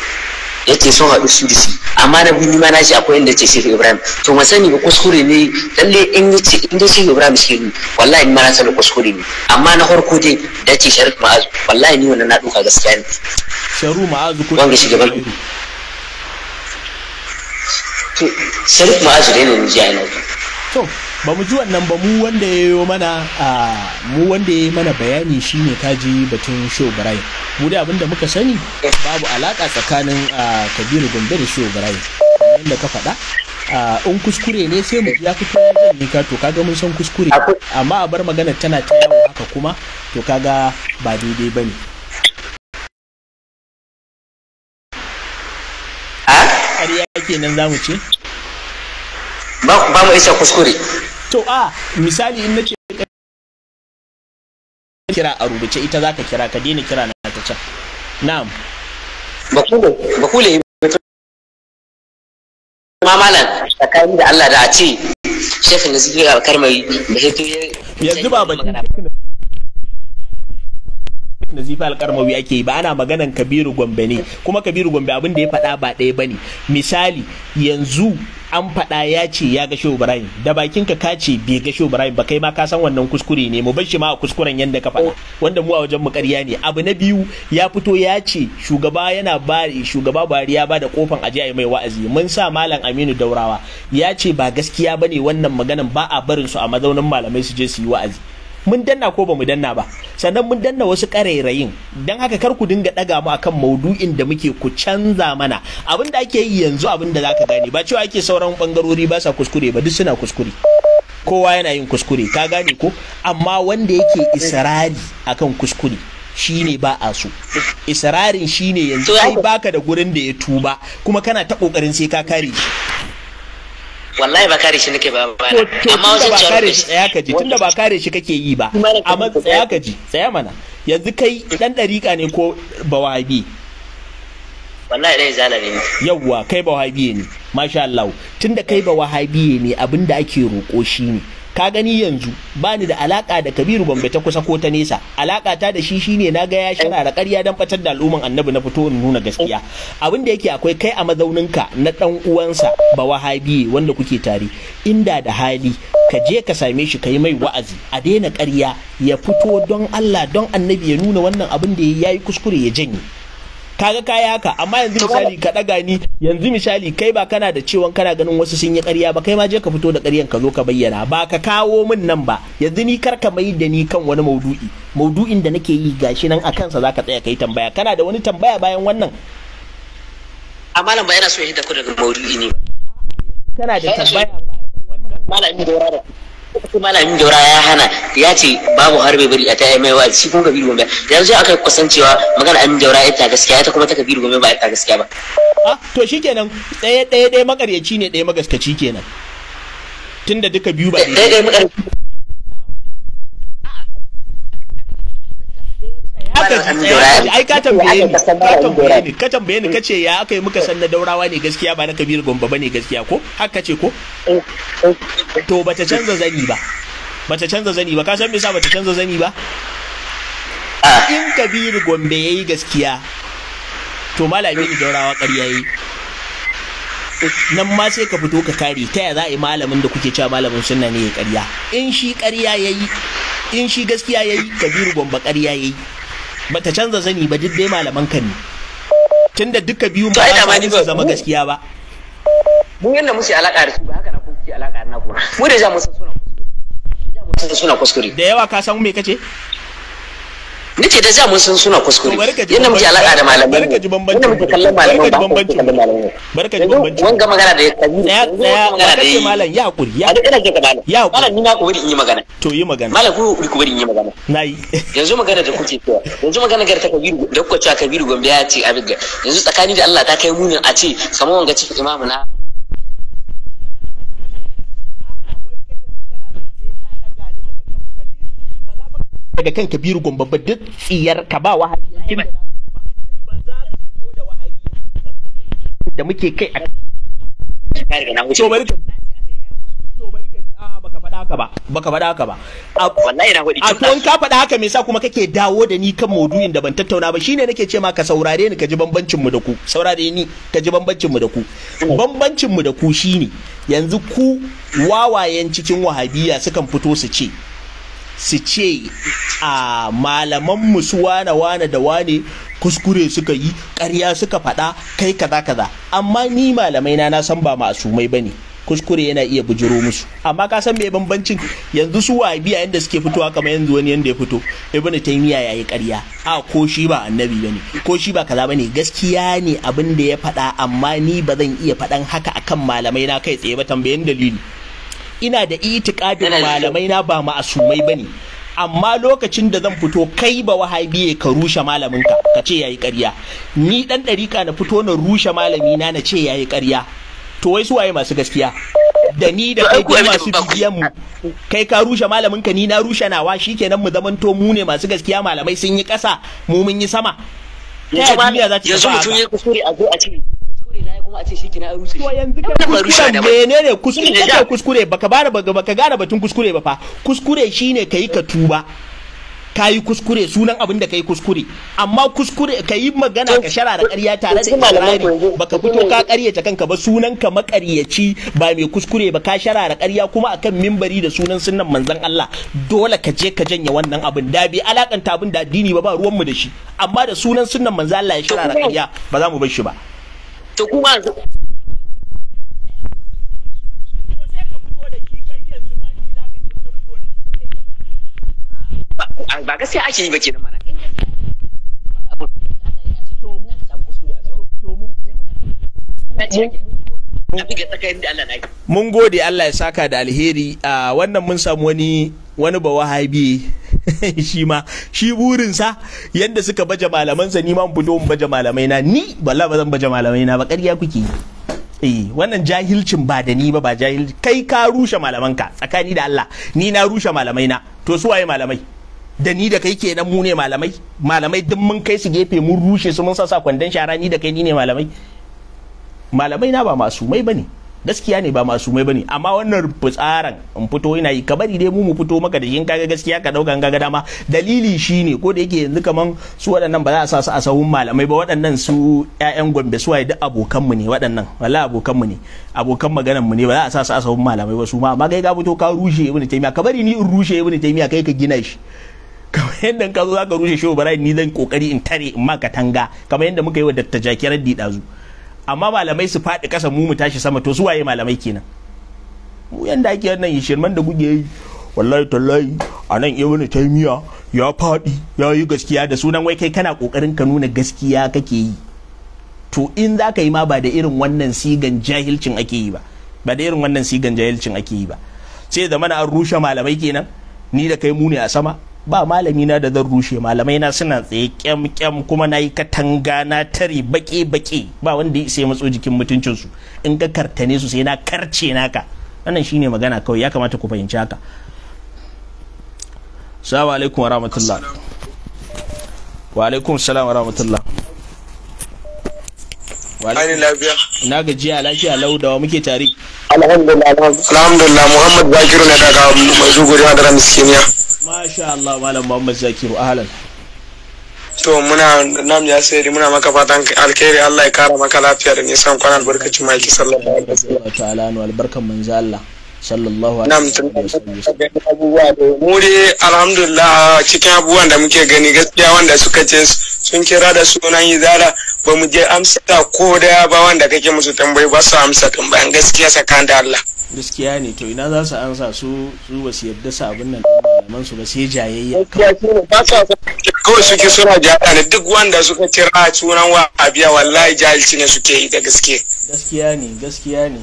yace sun haɗu sudisi amma na bi ma na shi akwai inda ce shehu ibrahim to ma sani ba kuskure ne lalle in ya in inda shehu ibrahim ne wallahi ni ma na sani kuskure ne amma na farko dai da ce sharif ma'azu wallahi ni wannan na duka gaskiya ne sharu ma'azu ko wanda shugaban sharif ma'azu dai ne ni ji ai na to ba mu ji wannan ba mu wanda ya yi mana a mu wanda ya yi mana bayani shine kaji batun show birai mu da abinda muka sani babu alaka tsakanin kabiru gombe da show birai kamar yadda ka faɗa in kuskure ne sai mu ya fito zan yi to kaga mun san kuskure amma a bar magana tana ta yawo haka kuma to kaga ba daidai ba ne ah? ƙarya kenan za mu ce ba mu isa kuskure to a misali in nace kira a rubuce ita za ka kira ka daina kira na ta can na'am bakule ma malam tsakanin da Allah da a ce shekhin nazirin alkar mai bahito ya yanzu ba ba nazifa alkarmawi ake yi ba ana maganan kabiru gombe ne kuma kabiru gombe abin da ya faɗa ba ɗaya ba ne misali yanzu an faɗa ya ce ya ga Shehu da bakin ka kace bai ga Shehu ba kai ma ka san wannan kuskure ne mu bar shi ma a kuskuren yanda ka faɗa wanda mu a wajen mu ƙarya ne abu na biyu ya fito ya ce shugaba yana ba shugaba Buhari ya ba da kofan aje a mai wa'azi mun sa malam Aminu Daurawa ya ce ba gaskiya bane wannan maganan ba a barin su a mazaunin malamai su je su yi wa'azi mun danna ko ba mu danna ba sannan mun danna wasu ƙarairayin don haka kar ku dinga ɗaga mu akan maudu'in da muke ku canza mana abin da ake yi yanzu abin da zaka gane ba cewa ake sauran bangarori ba sa kuskure ba duk suna kuskure kowa yana yin kuskure ka gane ko amma wanda yake israri akan kuskure shine ba a so israrin shine yanzu ai baka da gurin da ya tuba kuma kana ta kokarin sai ka kare shi wallahi ba kare shi nake ba amma wasu ba kare shi tsaya ka ji tunda ba kare shi kake yi ba amma tsaya ka ji tsaya mana yanzu kai dan dariƙa ne ko bawabi wallahi dai zalare ne yawwa kai bawabi ne masha Allah tunda kai bawabi ne abinda ake roƙo shi ne ka gani yanzu ba ni da alaka da kabiru gombe ta kusa ko ta nesa alaka ta da shi shine na ga ya sharara ƙarya dan fatar da al'umman annabi na fito in nuna gaskiya abin da yake akwai kai a mazauninka na dan uwansa ba wahabi wanda kuke tare inda da hali ka je ka same shi ka yi mai wa'azi a daina ƙarya ya fito don Allah don annabi ya nuna wannan abin da ya yi kuskure ya janye kaga kaya haka amma yanzu misali ka daga ni yanzu misali kai ba kana da cewa kana ganin wasu sun yi ƙarya ba kai ma je ka fito da ƙaryan ka zo ka bayyana ba ka kawo min nan ba yanzu ni kar ka mai da ni kan wani maudu'i maudu'in da nake yi gashi nan akan sa zaka tsaya kai tambaya kana da wani tambaya bayan wannan amma nan ba yana so ya hidda ku daga maudu'i ne kana da tambaya bayan wannan malami da ce malamin jaura ya hana ya ce babu harbe bari a ta yi mai wa'azi shi kuma kabiru gombe yanzu aka kusancewa magana amin jaura ya ta gaskiya kuma ta kabiru gombe ba ya ta gaskiya ba ah to shikenan ɗaya ɗaya ɗaya makaryaci ne ɗaya magaskaci kenan tunda duka biyu ba ɗaya ɗaya makaryaci aka ai ka tambaye ni ka tambaye ni ka tambaye ni kace ya aka yi muka san na daurawa ne gaskiya ba na kabir gombe bane gaskiya ko haka ce ko to bata canza zani ba bata canza zani ba ka san me yasa bata canza zani ba ah. in kabir gombe yayi gaskiya to malami ni daurawa ƙarya yayi nan ma sai ka fito ka kare ta za a yi malamin da kuke cewa malamin sunna ne ya ƙarya in shi ƙarya yayi in shi gaskiya yayi kabiru gombe ƙarya yayi bata canza zani ba duk dai malaman ka ne tunda duka biyu ba za su zama gaskiya ba mu yanda musu alaka da su ba haka na kuke alaka na kuma mu da ja mu san suna kuskure da yawa ka san me kace nace da jamun sun suna kuskure yadda muke alaka da malamai barka ji bambanci muke kallon malamai ba muke kallon malamai barka ji bambanci wanga magana da kaji tsaya tsaya barka ji malam ya hakuri ya duk ina jin malam ya hakuri malam ni na kokari in yi magana to yi magana malam ku ku bari in yi magana nayi yanzu magana da kuke cewa yanzu magana gar ta kabiru da kuka cewa kabiru gombe ya ce abin yanzu tsakani da Allah ta kai munin a ce kamar wanga cikin imamu na daga kan kabiru gombe ba duk tsiyar ka ba wahabi da muke kai a ka baka faɗa haka ba faɗi a ka faɗa haka me yasa kuma kake dawo da ni kan maudu'in da ban tattauna ba shine nake ce ma ka saurare ni ka ji bambancin mu da ku saurare ni ka ji bambancin mu da ku bambancin mu da ku shine yanzu ku wawayen cikin wahabiya sukan fito su ce su ce a malaman su wane wane da wane kuskure suka yi karya suka faɗa kai kaza kaza amma ni malamai na san ba mai bane kuskure yana iya bujiro musu amma ka san me bambancin yanzu su wa biya yanda suke fitowa kamar yanzu wani yanda ya fito ibnu taymiya yayi ƙarya a ko shi ba annabi bane ko shi ba kaza bane gaskiya ne abin da ya faɗa amma ni ba zan iya faɗan haka akan malamai na kai tsaye ba tambayen dalili ina da itikadin malamai na ba ma'asumai ba ne. amma lokacin da zan fito kai ba wahabiye ka rushe malaminka ka ce yayi karya. ni dan ɗarika na fito na rushe malami na na ce yayi karya. to wai su waye masu gaskiya da ni da kai ko masu bibiyan mu kai ka rushe malaminka ni na rushe nawa shikenan mu zamanto mu ne masu gaskiya malamai sun yi ƙasa mu mun yi sama ta yaya duniya za ta yanzu mutum ya kusuri a zo a ce kuskure na kuma a ce shi kina kuskure menene kuskure kuskure baka gane batun kuskure ba fa kuskure shine kai ka tuba kayi kuskure sunan abin da kayi kuskure amma kuskure kayi magana ka shara da ƙarya tare da ikirari baka fito ka ƙaryata kanka ba sunan ka maƙaryaci ba mai kuskure ba ka shara da ƙarya kuma akan mimbari da sunan sunan manzon Allah dole ka je ka janye wannan abin da bi alakanta abin da addini ba ba ruwan da shi amma da sunan sunan manzon Allah ya shara da ƙarya ba za mu bar shi ba to kuma ba gaskiya ake yi ba kenan mana mun gode Allah ya saka da alheri a ah, wannan mun samu wani wani haibi. shi ma shi burinsa yadda suka baje malamansa ni ma fito mu baje malamai na ni balla ba zan baje malamai na ba ƙarya kuke eh wannan jahilcin ba da ni ba ba jahil kai ka rushe malamanka tsakani da Allah ni na rushe malamai na to su waye malamai da ni da kai kenan mu ne malamai malamai duk mun kai su gefe mun rushe su mun sa sa kwandon shara ni da kai ni ne malamai malamai na ba masu mai bane gaskiya ne ba masu mai bane amma wannan fitsaran in fito ina yi ka bari dai mu mu fito maka da shin kaga gaskiya ka dauka kaga dama dalili shine ko da yake yanzu kaman su waɗannan ba za a sa su a sahun malamai ba waɗannan su ƴaƴan Gombe su waye duk abokan mu ne waɗannan wala abokan mu ne abokan maganan mu ne ba za a sa su a sahun malamai ba su ma amma kai ka fito ka rushe ibn taymiya ka bari ni in rushe ibn taymiya kai ka gina shi kamar yadda ka zo za ka rushe shi bara ni zan kokari in tare in ma katanga kamar yadda muka yi wa dakta jakirar dazu amma malamai su faɗi ƙasa mu mu tashi sama to su waye malamai kenan mu yanda ake wannan shirman da guge yi wallahi tallahi a nan ibnu taymiya ya faɗi ya yi gaskiya da sunan wai kai kana ƙoƙarin ka nuna gaskiya kake yi to in za ka yi ma ba da irin wannan sigan jahilcin ake yi ba ba da irin wannan sigan jahilcin ake yi ba sai da mana an rushe malamai kenan ni da kai mu ne a sama ba malami na da zan rushe malamai na suna tsaye kyam kyam kuma na yi katanga na tare baƙe baƙe ba wanda ya isa matso jikin mutuncinsu in ka kartane su sai na karce naka wannan shine magana kawai ya kamata ku fahimci haka assalamu alaikum wa rahmatullah wa alaikum assalam wa rahmatullah Ani lafiya. Na gajiya lafiya laudawa muke tare. Alhamdulillah. Alhamdulillah Muhammad Bakiru ne daga Maiduguri Hadara Miskiniya. Masha Allah Malam Muhammad Zakiru ahlan. To muna nam ya sayari muna maka fatan alkhairi Allah ya kara maka lafiya da nisan kwana albarkacin maki sallallahu alaihi wasallam. Ta'ala nu albarkan manzo Allah. sallallahu alaihi mu dai alhamdulillah cikin abubuwan da muke gani gaskiya wanda suka ce sun kira da sunan izara ba mu je amsa ko da ba wanda kake musu tambayi ba su amsa tambayan gaskiya sakan da Allah gaskiya ne to ina za su amsa su su ba su yarda sabon nan malaman su ba sai jayayya kawai suke suna jaya ne duk wanda suka kira sunan wa abiya wallahi jahilci ne suke yi da gaske gaskiya ne gaskiya ne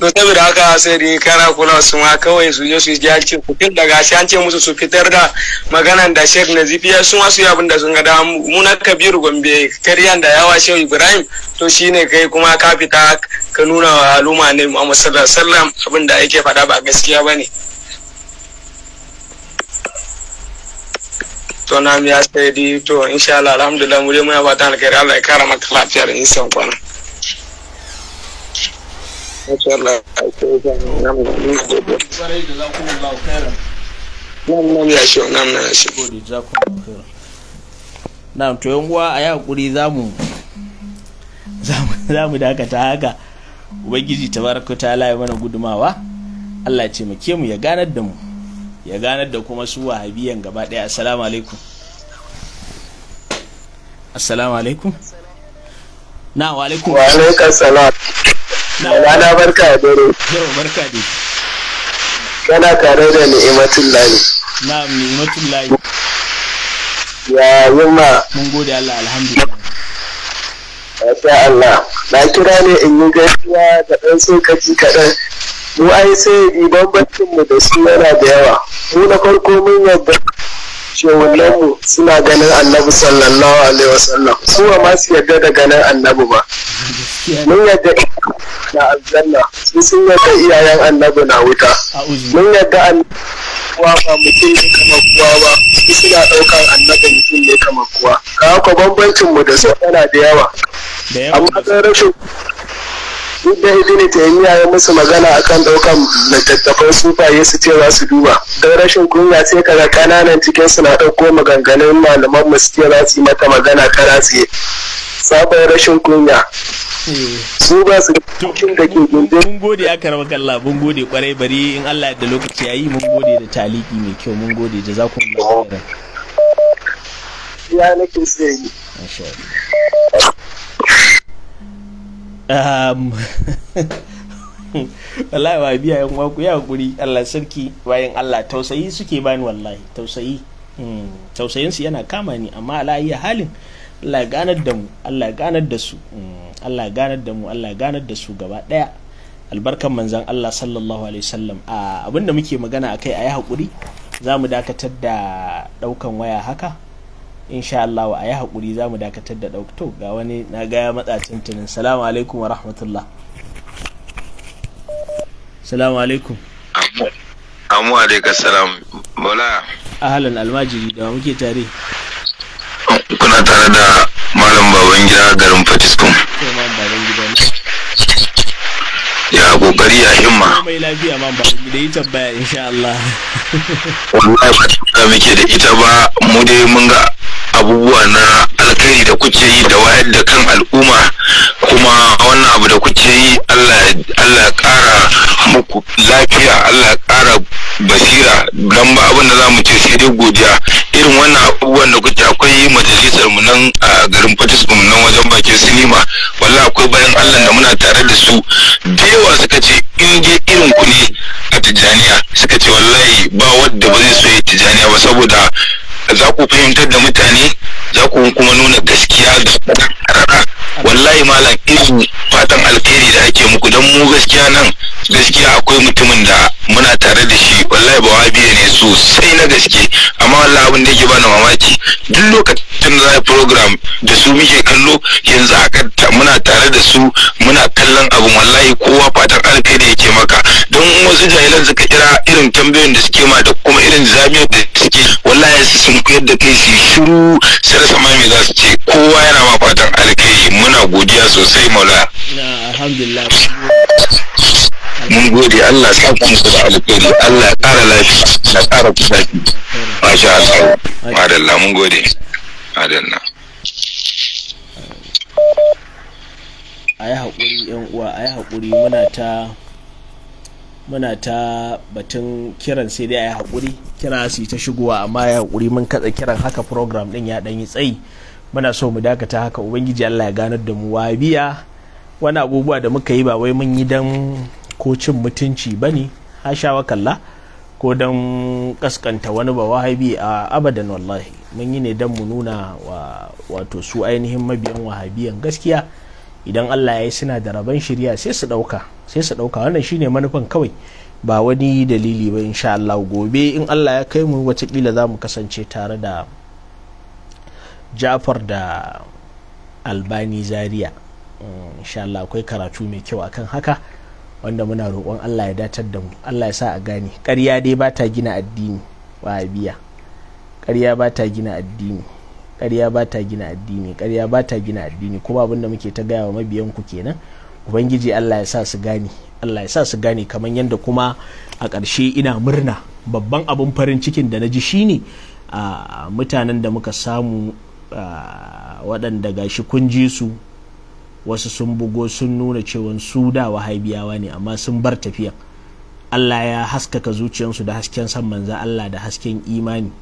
to saboda haka sai dai kana kula su ma kawai su je su jahilci ku tun daga shi an ce musu su fitar da maganan da Sheikh Nazifi ya sun wasu abin da sun ga mu na kabiru Gombe karyan da yawa Shehu Ibrahim to shine kai kuma ka fita ka nuna wa al'umma ne Muhammad sallallahu alaihi wasallam abin da yake faɗa ba gaskiya ne. to na mi ya sai di to insha Allah alhamdulillah mu dai muna fatan alkhairi Allah ya kara maka lafiya da nisan kwana insha Allah nam nam ya shi nam na shi na'am to yan uwa a yi hakuri zamu zamu dakata haka ubangiji tabaraka ta laye mana gudumawa Allah ya ce mu ya ganar da mu ya ganar da kuma su wahabiyan gaba daya assalamu alaikum assalamu alaikum na wa alaikum wa alaikum salam na barka da dare yau barka da kana tare da ni'imatul lahi na ni'imatul lahi ya yamma mun gode Allah alhamdulillah Masha Allah, na kira ne in yi gaskiya da ɗan tsokaci kaɗan mu ai sai idan baccin mu da su yana da yawa mu na farko mun yadda shehullan mu suna ganin annabi sallallahu alaihi wasallam su ba ma su yadda da ganin annabi ba mun yadda na aljanna su sun yadda iyayen annabi na wuta mun yadda annabuwa ba mutum ne kama kuwa ba su suna ɗaukar annabi mutum ne kama kuwa ka haka bambancin mu da su yana da yawa amma don rashin da ta yi ya musu magana a kan daukan littattafan sufaye su ce za su duba don rashin kunya sai kaga kananan cikin su na dauko maganganun malaman mu su ce za su yi mata magana kara tsaye sabon rashin kunya eh. su ba su cikin da ke gindin mun gode aka rama kalla mun gode kwarai bari in Allah da lokaci yi mun gode da taliki mai kyau mun gode da zaku mun ya nake sai Um, wallahi ba biya yan waku ya guri Allah sarki bayan Allah tausayi suke bani wallahi tausayi hmm, tausayin su yana kama ni amma ala iya halin Allah ganar da mu Allah ganar da su hmm, Allah ganar da mu Allah ganar da su gaba daya albarkan manzan Allah sallallahu alaihi wasallam ah, abinda muke magana akai ayi hakuri za mu dakatar da daukan waya haka insha Allah a yi haƙuri za mu dakatar da ɗauk to ga wani na gaya matsa tuntunin salamu alaikum wa rahmatullah salamu alaikum amu alaikum salam bola ahalan almajiri da muke tare kuna tare da malam baban gida garin fatiskum ya kokari ya himma mai lafiya ma ba mu da ita ba insha Allah wallahi ba ta muke da ita ba mu dai mun ga abubuwa na alkhairi da kuke yi da wayar da kan al'umma kuma wannan abu da kuke yi Allah ya kara muku lafiya Allah ya kara basira don ba abin da za mu ce sai dai godiya irin wannan abubuwan da kuke akwai majalisar mu nan a garin mu nan wajen bakin sinima wallahi akwai bayan Allah da muna tare da su da yawa suka ce in je irin ku ne a tijaniya suka ce wallahi ba wanda ba zai so ya Tijjaniya ba saboda za ku fahimtar da mutane za ku kuma nuna gaskiya ga wallahi malam izu fatan alkhairi da ake muku don mu gaskiya nan gaskiya akwai mutumin da muna tare da shi wallahi ba wabiya ne sosai na gaske wallah abin da yake bani mamaki duk lokacin da za program da su muke kallo yanzu aka muna tare da su muna kallon abu wallahi kowa fatan alkhairi yake maka don wasu jahilan suka kira irin tambayoyin da suke ma da kuma irin zamiyar da suke wallahi su sun koyar da kai su shiru sai da mai za su ce kowa yana ma fatan alkhairi muna godiya sosai maula alhamdulillah mun gode Allah sa ku musu da alƙairi Allah kara lafiya na kara kuzari masha Allah madalla mun gode madalla a yi haƙuri yan uwa a yi haƙuri muna ta muna ta batun kiran sai dai a yi haƙuri kira su ta shigowa amma ya haƙuri mun katsa kiran haka program ɗin ya ɗan yi tsayi muna so mu dakata haka ubangiji Allah ya ganar da mu wabiya wani abubuwa da muka yi ba wai mun yi dan ko cin mutunci ba ne shawa kalla ko don kaskanta wani ba wahabi a abadan wallahi mun yi ne don mu nuna wato su ainihin mabiyan wahabiyan gaskiya idan allah ya yi suna da rabon shirya sai su ɗauka sai su dauka wannan shine manufan kawai ba wani dalili ba insha allah gobe in allah ya kai mu watakila za mu kasance tare da jafar da albani zaria mm, insha allah akwai karatu mai kyau akan haka wanda muna roƙon Allah ya datar da mu Allah ya sa a gane ƙarya dai ba ta gina addini wahabiya ƙarya ba ta gina addini ƙarya ba ta gina addini ƙarya ba ta gina addini kuma abin da muke ta gaya wa mabiyan ku kenan ubangiji Allah ya sa su gane Allah ya sa su gane kamar yadda kuma a ƙarshe ina murna babban abun farin cikin da na ji shine a ah, mutanen da muka samu ah, waɗanda gashi kun ji su wasu sun bugo sun nuna cewa su da wahabiyawa ne amma sun bar tafiya Allah ya haskaka zuciyarsu da hasken san manza Allah da hasken imani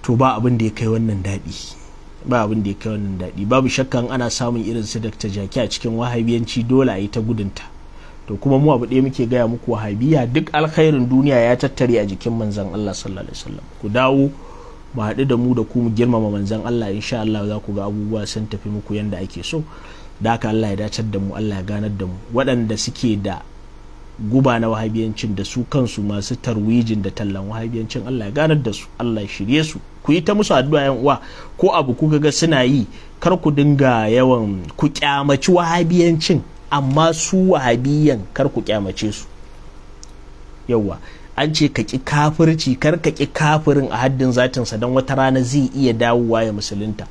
to ba abin da ya kai wannan daɗi ba abin da ya kai wannan daɗi babu shakkan ana samun irin su Dr. Jaki a cikin wahabiyanci dole a yi ta gudunta to kuma mu abu ɗaya muke gaya muku wahabiya duk alkhairin duniya ya tattare a jikin manzan Allah sallallahu alaihi wasallam ku dawo mu haɗu da mu da ku mu girmama manzan Allah insha Allah za ku ga abubuwa sun tafi muku yanda ake so da haka Allah ya dacar da mu Allah ya ganar da mu waɗanda suke da guba na wahabiyancin da su kansu masu tarwijin da tallan wahabiyancin Allah ya ganar da su Allah ya shirye su ku yi ta musu addu'a yan uwa ko abu ku ga suna yi kar ku dinga yawan ku kyamaci wahabiyancin amma su wahabiyan kar ku kyamace su yawwa an ce ka ƙi kafirci kar ka ƙi kafirin a haddin zatinsa don wata rana zai iya dawowa ya musulunta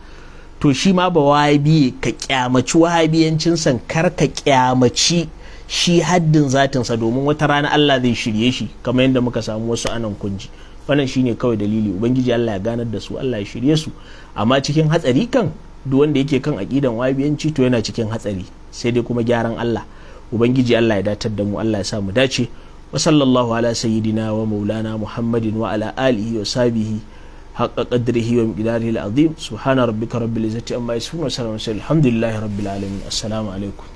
to shi ma ba wahabi ka ƙyamaci wabiyancinsa kar ka ƙyamaci shi haddin zatinsa domin wata rana Allah zai shirye shi kamar yadda muka samu wasu anan kunji wannan shine kawai dalili ubangiji Allah ya ganar da su Allah ya shirye su amma cikin hatsari kan duk wanda yake kan aqidan wahabiyanci to yana cikin hatsari sai dai kuma gyaran Allah ubangiji Allah ya datar da mu Allah ya sa mu dace wa sallallahu ala sayyidina wa maulana muhammadin wa ala alihi wa sabihi haqqa qadrihi wa miqdarihi al-azim subhana rabbika rabbil izzati amma yasifun wa salamun alhamdulillahi rabbil alamin assalamu alaikum